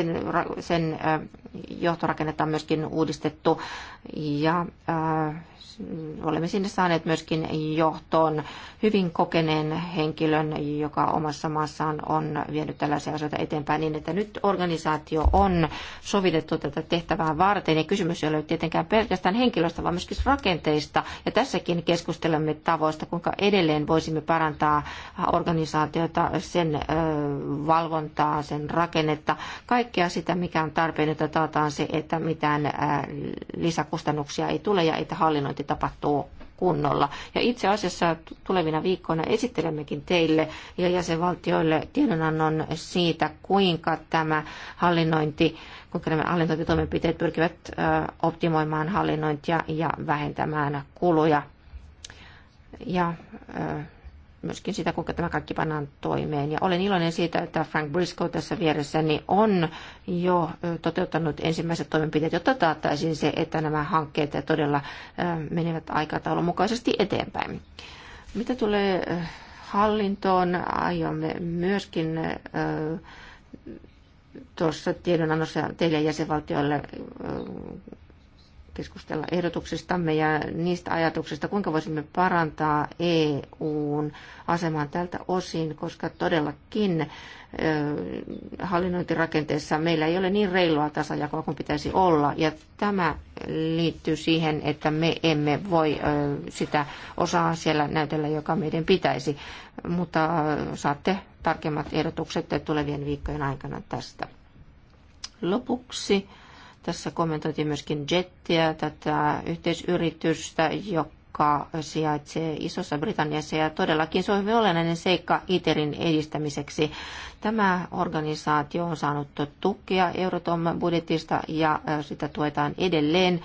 sen johtorakennetta on myöskin uudistettu ja äh, olemme sinne saaneet myöskin johtoon hyvin kokeneen henkilön, joka omassa maassaan on vienyt tällaisia asioita eteenpäin niin, että nyt organisaatio on sovitettu tätä tehtävää varten ja kysymys ei ole tietenkään pelkästään henkilöstä, vaan myöskin rakenteista ja tässäkin keskustelemme tavoista, kuinka edelleen voisimme parantaa organisaatiota, sen äh, valvontaa, sen rakennetta, kaikkea sitä, mikä on tarpeen, jota taataan se, että mitään lisäkustannuksia ei tule ja että hallinnointi tapahtuu kunnolla. Ja itse asiassa tulevina viikkoina esittelemmekin teille ja jäsenvaltioille tiedonannon siitä, kuinka tämä hallinnointi, kuinka nämä hallinnointitoimenpiteet pyrkivät optimoimaan hallinnointia ja vähentämään kuluja. Ja myöskin sitä, kuinka tämä kaikki pannaan toimeen. Ja olen iloinen siitä, että Frank Briscoe tässä vieressäni on jo toteuttanut ensimmäiset toimenpiteet, jotta taattaisiin se, että nämä hankkeet todella menevät aikataulun mukaisesti eteenpäin. Mitä tulee hallintoon, aiomme myöskin tuossa tiedonannossa teille jäsenvaltioille keskustella ehdotuksistamme ja niistä ajatuksista, kuinka voisimme parantaa EUn asemaa tältä osin, koska todellakin hallinnointirakenteessa meillä ei ole niin reilua tasajakoa kuin pitäisi olla. Ja tämä liittyy siihen, että me emme voi sitä osaa siellä näytellä, joka meidän pitäisi. Mutta saatte tarkemmat ehdotukset tulevien viikkojen aikana tästä. Lopuksi tässä kommentoitiin myöskin Jettiä, tätä yhteisyritystä, joka sijaitsee Isossa Britanniassa ja todellakin se on hyvin olennainen seikka ITERin edistämiseksi. Tämä organisaatio on saanut tukea Euratom budjetista ja sitä tuetaan edelleen.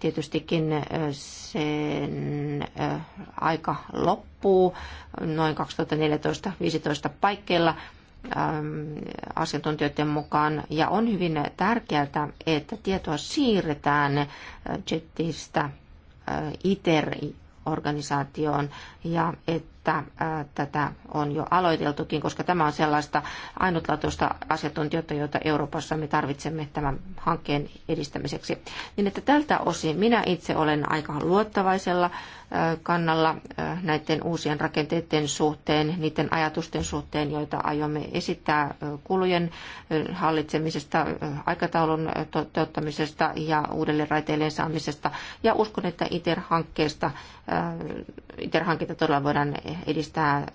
Tietystikin sen aika loppuu noin 2014-2015 paikkeilla, Ähm, asiantuntijoiden mukaan. Ja on hyvin tärkeää, että tietoa siirretään äh, JETistä äh, ITER-organisaatioon ja että että tätä on jo aloiteltukin, koska tämä on sellaista ainutlaatuista asiantuntijoita, joita Euroopassa me tarvitsemme tämän hankkeen edistämiseksi. Niin että tältä osin minä itse olen aika luottavaisella kannalla näiden uusien rakenteiden suhteen, niiden ajatusten suhteen, joita aiomme esittää kulujen hallitsemisesta, aikataulun toteuttamisesta ja uudelle raiteilleen saamisesta. Ja uskon, että ITER-hankkeesta, ITER-hankkeita todella voidaan edistää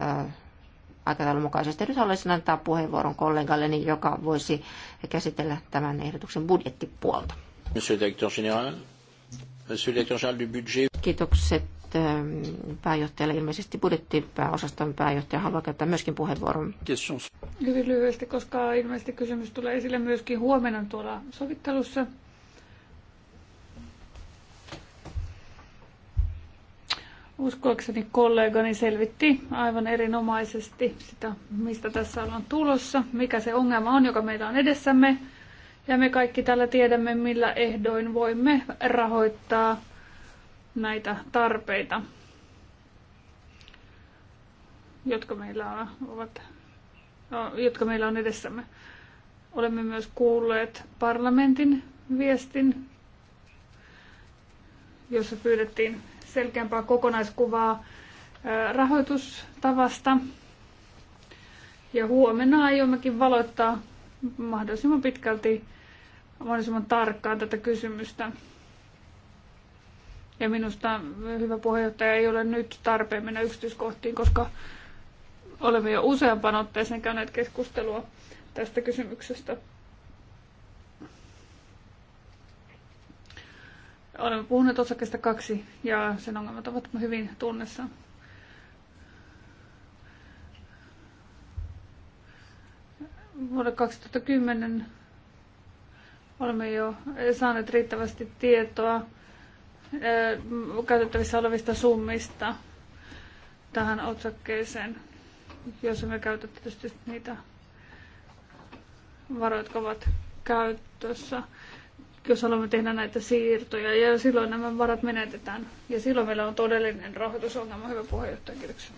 aikataulun mukaisesti. Nyt haluaisin antaa puheenvuoron kollegalle, joka voisi käsitellä tämän ehdotuksen budjettipuolta. Monsieur directeur général, monsieur directeur général du budget. Kiitokset pääjohtajalle. Ilmeisesti budjettipääosaston pääjohtaja haluaa käyttää myöskin puheenvuoron. Hyvin lyhyesti, koska ilmeisesti kysymys tulee esille myöskin huomenna tuolla sovittelussa. Uskoakseni kollegani selvitti aivan erinomaisesti sitä, mistä tässä ollaan tulossa, mikä se ongelma on, joka meillä on edessämme. Ja me kaikki täällä tiedämme, millä ehdoin voimme rahoittaa näitä tarpeita, jotka meillä, on, ovat, jotka meillä on edessämme. Olemme myös kuulleet parlamentin viestin, jossa pyydettiin selkeämpää kokonaiskuvaa rahoitustavasta. Ja huomenna aiommekin valoittaa mahdollisimman pitkälti mahdollisimman tarkkaan tätä kysymystä. Ja minusta hyvä puheenjohtaja ei ole nyt tarpeen mennä yksityiskohtiin, koska olemme jo useampaan otteeseen käyneet keskustelua tästä kysymyksestä. Olemme puhuneet osakkeesta kaksi ja sen ongelmat ovat hyvin tunnessa. Vuonna 2010 olemme jo saaneet riittävästi tietoa eh, käytettävissä olevista summista tähän otsakkeeseen, jos me käytä tietysti niitä varoja, jotka ovat käytössä jos haluamme tehdä näitä siirtoja, ja silloin nämä varat menetetään. Ja silloin meillä on todellinen rahoitusongelma. Hyvä puheenjohtaja, kiitoksia.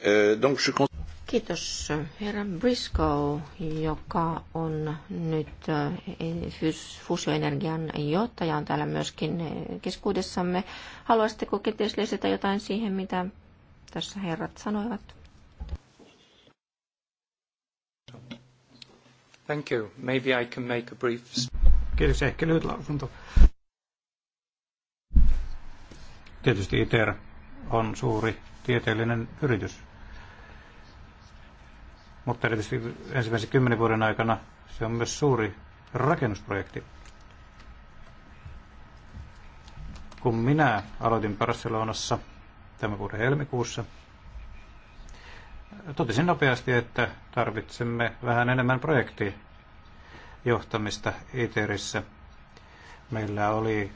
Euh, Kiitos herra Briscoe, joka on nyt äh, fusioenergian johtaja on täällä myöskin äh, keskuudessamme. Haluaisitteko kenties lisätä jotain siihen, mitä tässä herrat sanoivat? Thank you. Maybe I can make a brief... Kiitoksia. Ehkä lyhyt lausunto. Tietysti ITER on suuri tieteellinen yritys. Mutta erityisesti ensimmäisen kymmenen vuoden aikana se on myös suuri rakennusprojekti. Kun minä aloitin Barcelonassa tämän vuoden helmikuussa, totesin nopeasti, että tarvitsemme vähän enemmän projektijohtamista ITERissä. Meillä oli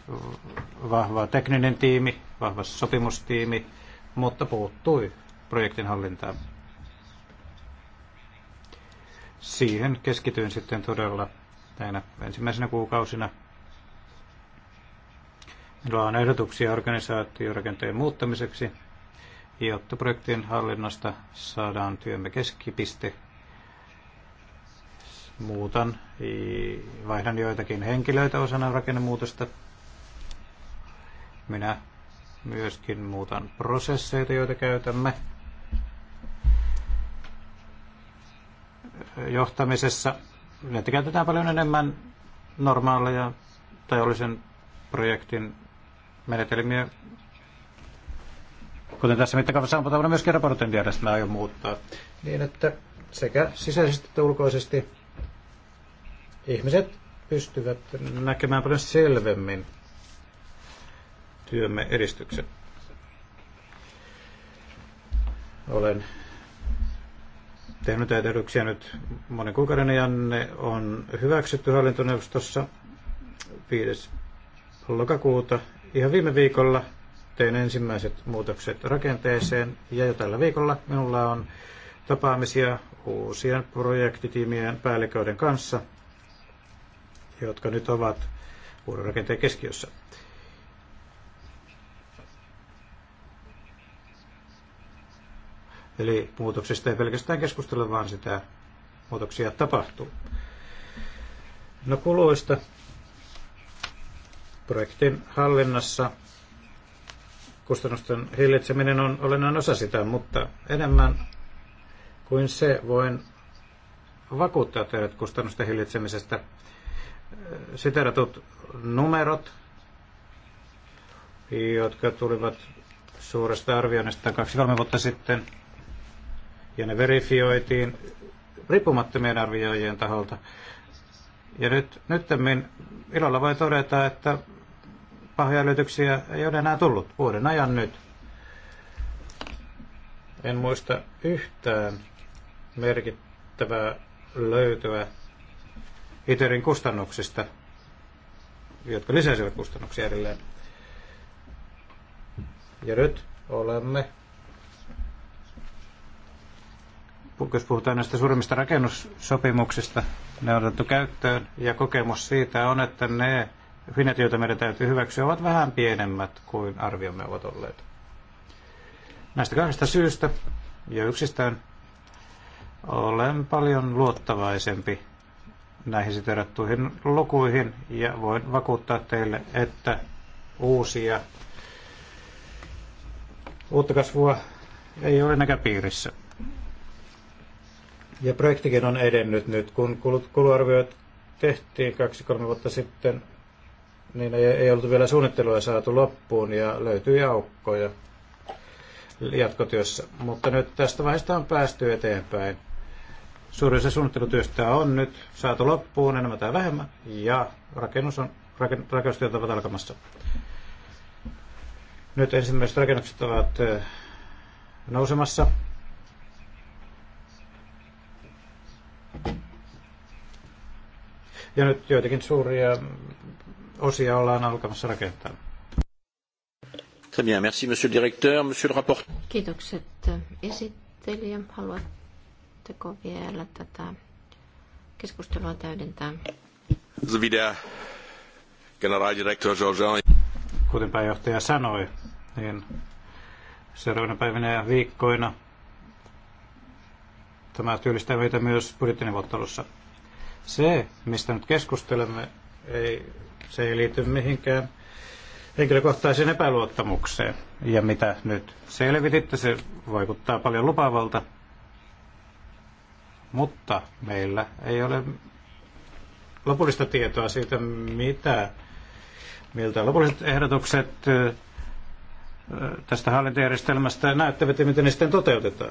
vahva tekninen tiimi, vahva sopimustiimi, mutta puuttui projektin hallintaan. Siihen keskityin sitten todella näinä ensimmäisenä kuukausina. Minulla on ehdotuksia organisaatiorakenteen muuttamiseksi, jotta projektien hallinnasta saadaan työmme keskipiste. Muutan, vaihdan joitakin henkilöitä osana rakennemuutosta. Minä myöskin muutan prosesseita, joita käytämme johtamisessa. Näitä käytetään paljon enemmän normaaleja teollisen projektin menetelmiä Kuten tässä mittakaavassa on mutta myöskin raportointijärjestelmää aion muuttaa. Niin, että sekä sisäisesti että ulkoisesti ihmiset pystyvät näkemään paljon selvemmin työmme edistyksen. Olen tehnyt edellyksiä nyt monen kuukauden ja Ne on hyväksytty hallintoneuvostossa 5. lokakuuta. Ihan viime viikolla tein ensimmäiset muutokset rakenteeseen ja jo tällä viikolla minulla on tapaamisia uusien projektitiimien päälliköiden kanssa, jotka nyt ovat uuden rakenteen keskiössä. Eli muutoksista ei pelkästään keskustella, vaan sitä muutoksia tapahtuu. No kuluista projektin hallinnassa kustannusten hillitseminen on olennainen osa sitä, mutta enemmän kuin se voin vakuuttaa teidät kustannusten hillitsemisestä. Siteratut numerot, jotka tulivat suuresta arvioinnista kaksi-kolme vuotta sitten, ja ne verifioitiin riippumattomien arvioijien taholta. Ja nyt, nyt ilolla voi todeta, että pahoja löytöksiä ei ole enää tullut vuoden ajan nyt. En muista yhtään merkittävää löytöä ITERin kustannuksista, jotka lisäsivät kustannuksia edelleen. Ja nyt olemme, jos puhutaan näistä suurimmista rakennussopimuksista, ne on otettu käyttöön ja kokemus siitä on, että ne finet, joita meidän täytyy hyväksyä, ovat vähän pienemmät kuin arviomme ovat olleet. Näistä kahdesta syystä ja yksistään olen paljon luottavaisempi näihin siterattuihin lukuihin ja voin vakuuttaa teille, että uusia uutta kasvua ei ole näköpiirissä. Ja projektikin on edennyt nyt, kun kulut, kuluarviot tehtiin kaksi-kolme vuotta sitten, niin ei, ei ollut vielä suunnittelua saatu loppuun ja löytyi aukkoja jatkotyössä. Mutta nyt tästä vaiheesta on päästy eteenpäin. Suurin osa suunnittelutyöstä on nyt saatu loppuun enemmän tai vähemmän ja rakennus on, raken, rakennustyöt ovat alkamassa. Nyt ensimmäiset rakennukset ovat nousemassa. Ja nyt joitakin suuria osia ollaan alkamassa rakentaa. Très bien, merci monsieur le directeur, monsieur le rapporteur. Kiitokset esittelijä. Haluatteko vielä tätä keskustelua täydentää? So Generaldirektor Georgian. Kuten pääjohtaja sanoi, niin seuraavana päivinä ja viikkoina tämä työllistää meitä myös budjettineuvottelussa. Se, mistä nyt keskustelemme, ei se ei liity mihinkään henkilökohtaiseen epäluottamukseen. Ja mitä nyt selvititte, se vaikuttaa paljon lupavalta. Mutta meillä ei ole lopullista tietoa siitä, mitä, miltä lopulliset ehdotukset tästä hallintajärjestelmästä näyttävät ja miten ne sitten toteutetaan.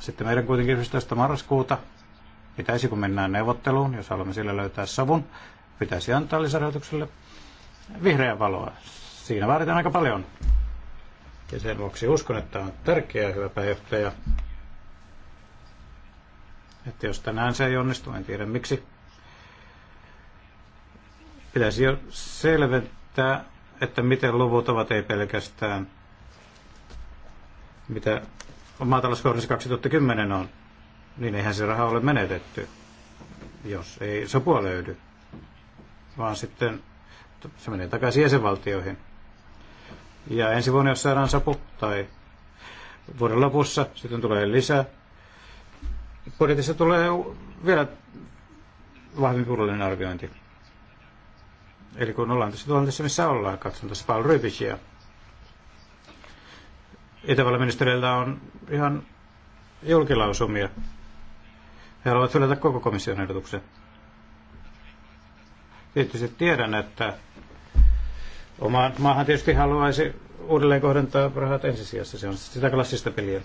Sitten meidän kuitenkin 11. marraskuuta pitäisi, kun mennään neuvotteluun, jos haluamme sille löytää savun, pitäisi antaa lisärahoitukselle vihreää valoa. Siinä vaaditaan aika paljon. Ja sen vuoksi uskon, että on tärkeää, hyvä pääjohtaja, että jos tänään se ei onnistu, en tiedä miksi, pitäisi jo selventää, että miten luvut ovat, ei pelkästään mitä maatalouskohdassa 2010 on, niin eihän se raha ole menetetty, jos ei sopua löydy vaan sitten se menee takaisin jäsenvaltioihin. Ja ensi vuonna, jos saadaan sapu tai vuoden lopussa, sitten tulee lisää. Budjetissa tulee vielä vahvempi uudelleen arviointi. Eli kun ollaan tässä tuolla, missä ollaan, katson tässä Paul Rybichia. Itävallan on ihan julkilausumia. He haluavat hylätä koko komission ehdotuksen. Tietysti tiedän, että oma maahan tietysti haluaisi uudelleen kohdentaa rahat ensisijassa. Se on sitä klassista peliä.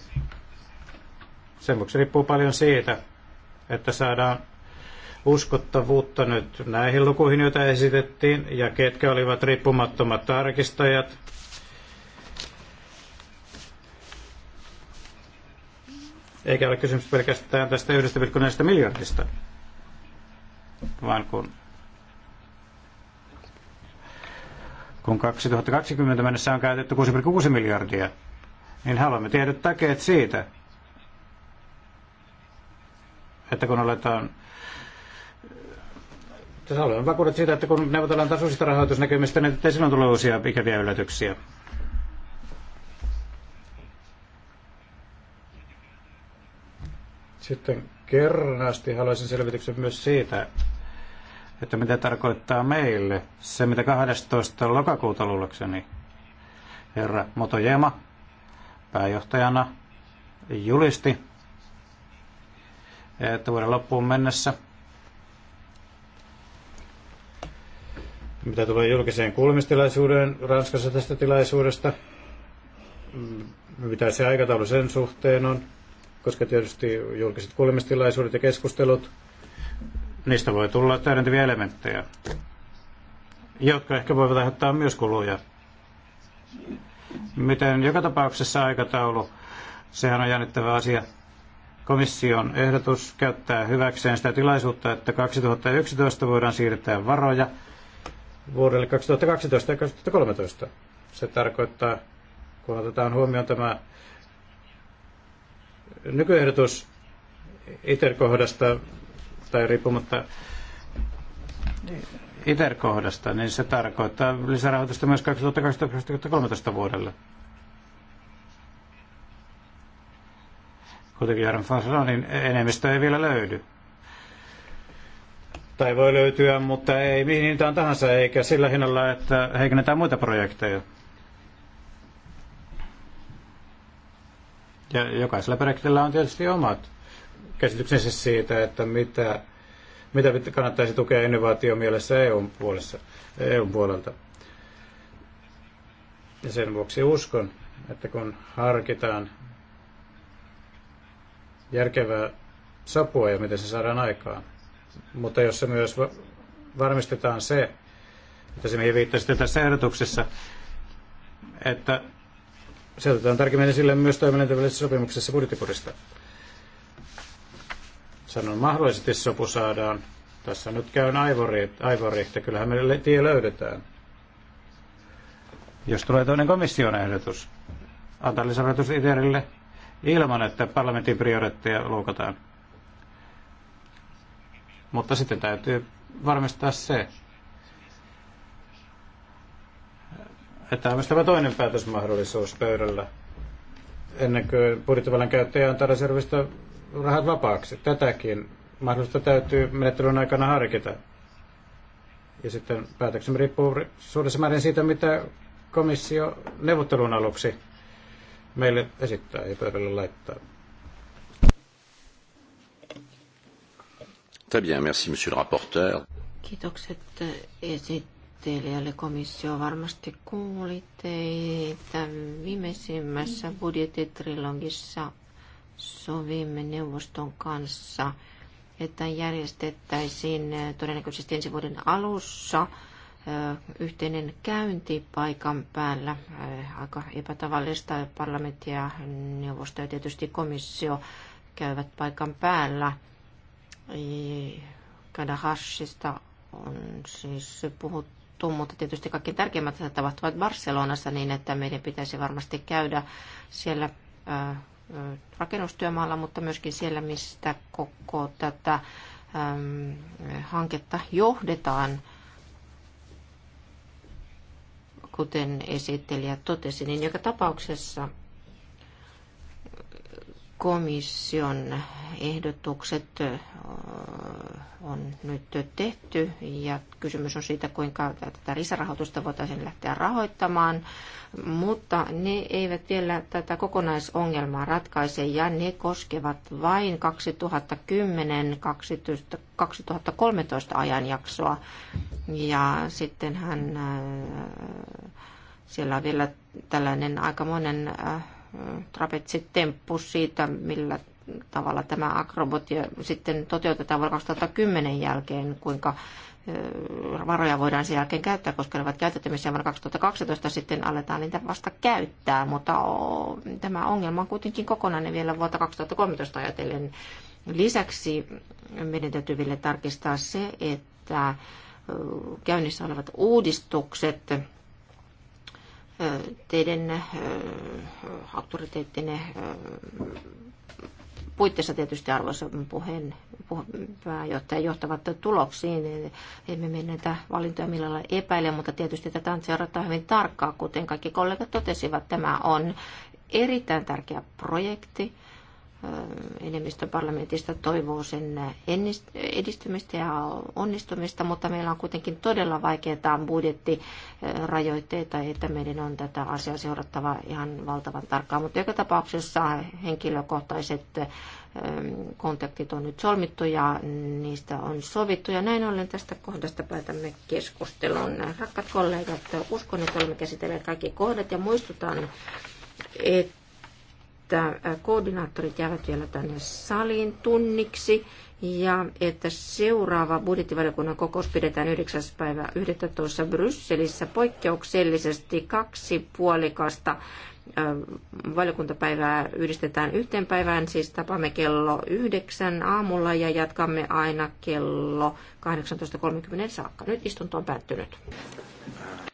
Sen vuoksi riippuu paljon siitä, että saadaan uskottavuutta nyt näihin lukuihin, joita esitettiin, ja ketkä olivat riippumattomat tarkistajat. Eikä ole kysymys pelkästään tästä 1,4 miljardista, vaan kun kun 2020 mennessä on käytetty 6,6 miljardia, niin haluamme tiedot takeet siitä, että kun aletaan tässä olen vakuudet siitä, että kun neuvotellaan tasoisista rahoitusnäkymistä, niin ettei silloin tule uusia ikäviä yllätyksiä. Sitten kernaasti haluaisin selvityksen myös siitä, että mitä tarkoittaa meille se, mitä 12. lokakuuta luulekseni herra Motojema pääjohtajana julisti, että vuoden loppuun mennessä mitä tulee julkiseen kuulemistilaisuuden Ranskassa tästä tilaisuudesta, mm, mitä se aikataulu sen suhteen on, koska tietysti julkiset kuulemistilaisuudet ja keskustelut niistä voi tulla täydentäviä elementtejä, jotka ehkä voivat aiheuttaa myös kuluja. Miten joka tapauksessa aikataulu, sehän on jännittävä asia. Komission ehdotus käyttää hyväkseen sitä tilaisuutta, että 2011 voidaan siirtää varoja vuodelle 2012 ja 2013. Se tarkoittaa, kun otetaan huomioon tämä nykyehdotus ITER-kohdasta tai riippumatta ITER-kohdasta, niin se tarkoittaa lisärahoitusta myös 2012-2013 vuodelle. Kuitenkin Jaron Faslonin enemmistö ei vielä löydy. Tai voi löytyä, mutta ei mihin hintaan tahansa, eikä sillä hinnalla, että heikennetään muita projekteja. Ja jokaisella projektilla on tietysti omat käsityksensä siis siitä, että mitä, mitä kannattaisi tukea innovaatio mielessä EUn, puolessa, EUn puolelta. Ja sen vuoksi uskon, että kun harkitaan järkevää sapua ja miten se saadaan aikaan, mutta jos se myös varmistetaan se, että se mihin viittasitte tässä ehdotuksessa, että se otetaan tarkemmin esille myös toiminnan sopimuksessa budjettipurista sanon mahdollisesti sopu saadaan. Tässä nyt käyn aivori, että kyllähän meille tie löydetään. Jos tulee toinen komission ehdotus, antaa lisärahoitus ITERille ilman, että parlamentin prioriteetteja loukataan. Mutta sitten täytyy varmistaa se, että on myös tämä toinen päätösmahdollisuus pöydällä ennen kuin budjettivallan käyttäjä antaa reservista rahat vapaaksi. Tätäkin mahdollista täytyy menettelyn aikana harkita. Ja sitten päätöksemme riippuu suuressa määrin siitä, mitä komissio neuvottelun aluksi meille esittää ja pöydälle laittaa. Très bien, merci monsieur le rapporteur. Kiitokset äh, esittelijälle. Komissio varmasti kuuli teitä viimeisimmässä budjettitrilogissa sovimme neuvoston kanssa, että järjestettäisiin eh, todennäköisesti ensi vuoden alussa eh, yhteinen käynti paikan päällä. Eh, aika epätavallista parlamentti ja neuvosto ja tietysti komissio käyvät paikan päällä. Kadahashista on siis puhuttu, mutta tietysti kaikki tärkeimmät tapahtuvat Barcelonassa niin, että meidän pitäisi varmasti käydä siellä rakennustyömaalla, mutta myöskin siellä, mistä koko tätä hanketta johdetaan kuten esittelijä totesi, niin joka tapauksessa komission ehdotukset on nyt tehty ja kysymys on siitä, kuinka tätä lisärahoitusta voitaisiin lähteä rahoittamaan, mutta ne eivät vielä tätä kokonaisongelmaa ratkaise ja ne koskevat vain 2010-2013 ajanjaksoa ja sittenhän siellä on vielä tällainen aikamoinen äh, trapezitemppu siitä, millä tavalla tämä ja sitten toteutetaan vuonna 2010 jälkeen, kuinka varoja voidaan sen jälkeen käyttää, koska ne ovat käytettävissä vuonna 2012 sitten aletaan niitä vasta käyttää, mutta tämä ongelma on kuitenkin kokonainen vielä vuotta 2013 ajatellen. Lisäksi meidän täytyy vielä tarkistaa se, että käynnissä olevat uudistukset teidän auktoriteettinen puitteissa tietysti arvoisa puheen pääjohtaja johtavat tuloksiin. Emme me näitä valintoja millään lailla epäile, mutta tietysti tätä on seurataan hyvin tarkkaan, kuten kaikki kollegat totesivat. Tämä on erittäin tärkeä projekti enemmistö parlamentista toivoo sen edistymistä ja onnistumista, mutta meillä on kuitenkin todella vaikeita budjettirajoitteita, että meidän on tätä asiaa seurattava ihan valtavan tarkkaan. Mutta joka tapauksessa henkilökohtaiset kontaktit on nyt solmittu ja niistä on sovittu. Ja näin ollen tästä kohdasta päätämme keskustelun. Rakkat kollegat, uskon, että olemme käsitelleet kaikki kohdat ja muistutan, että että äh, koordinaattorit jäävät vielä tänne saliin tunniksi ja että seuraava budjettivaliokunnan kokous pidetään 9. päivä 11. Brysselissä poikkeuksellisesti kaksi puolikasta äh, valiokuntapäivää yhdistetään yhteen päivään, siis tapamme kello yhdeksän aamulla ja jatkamme aina kello 18.30 saakka. Nyt istunto on päättynyt.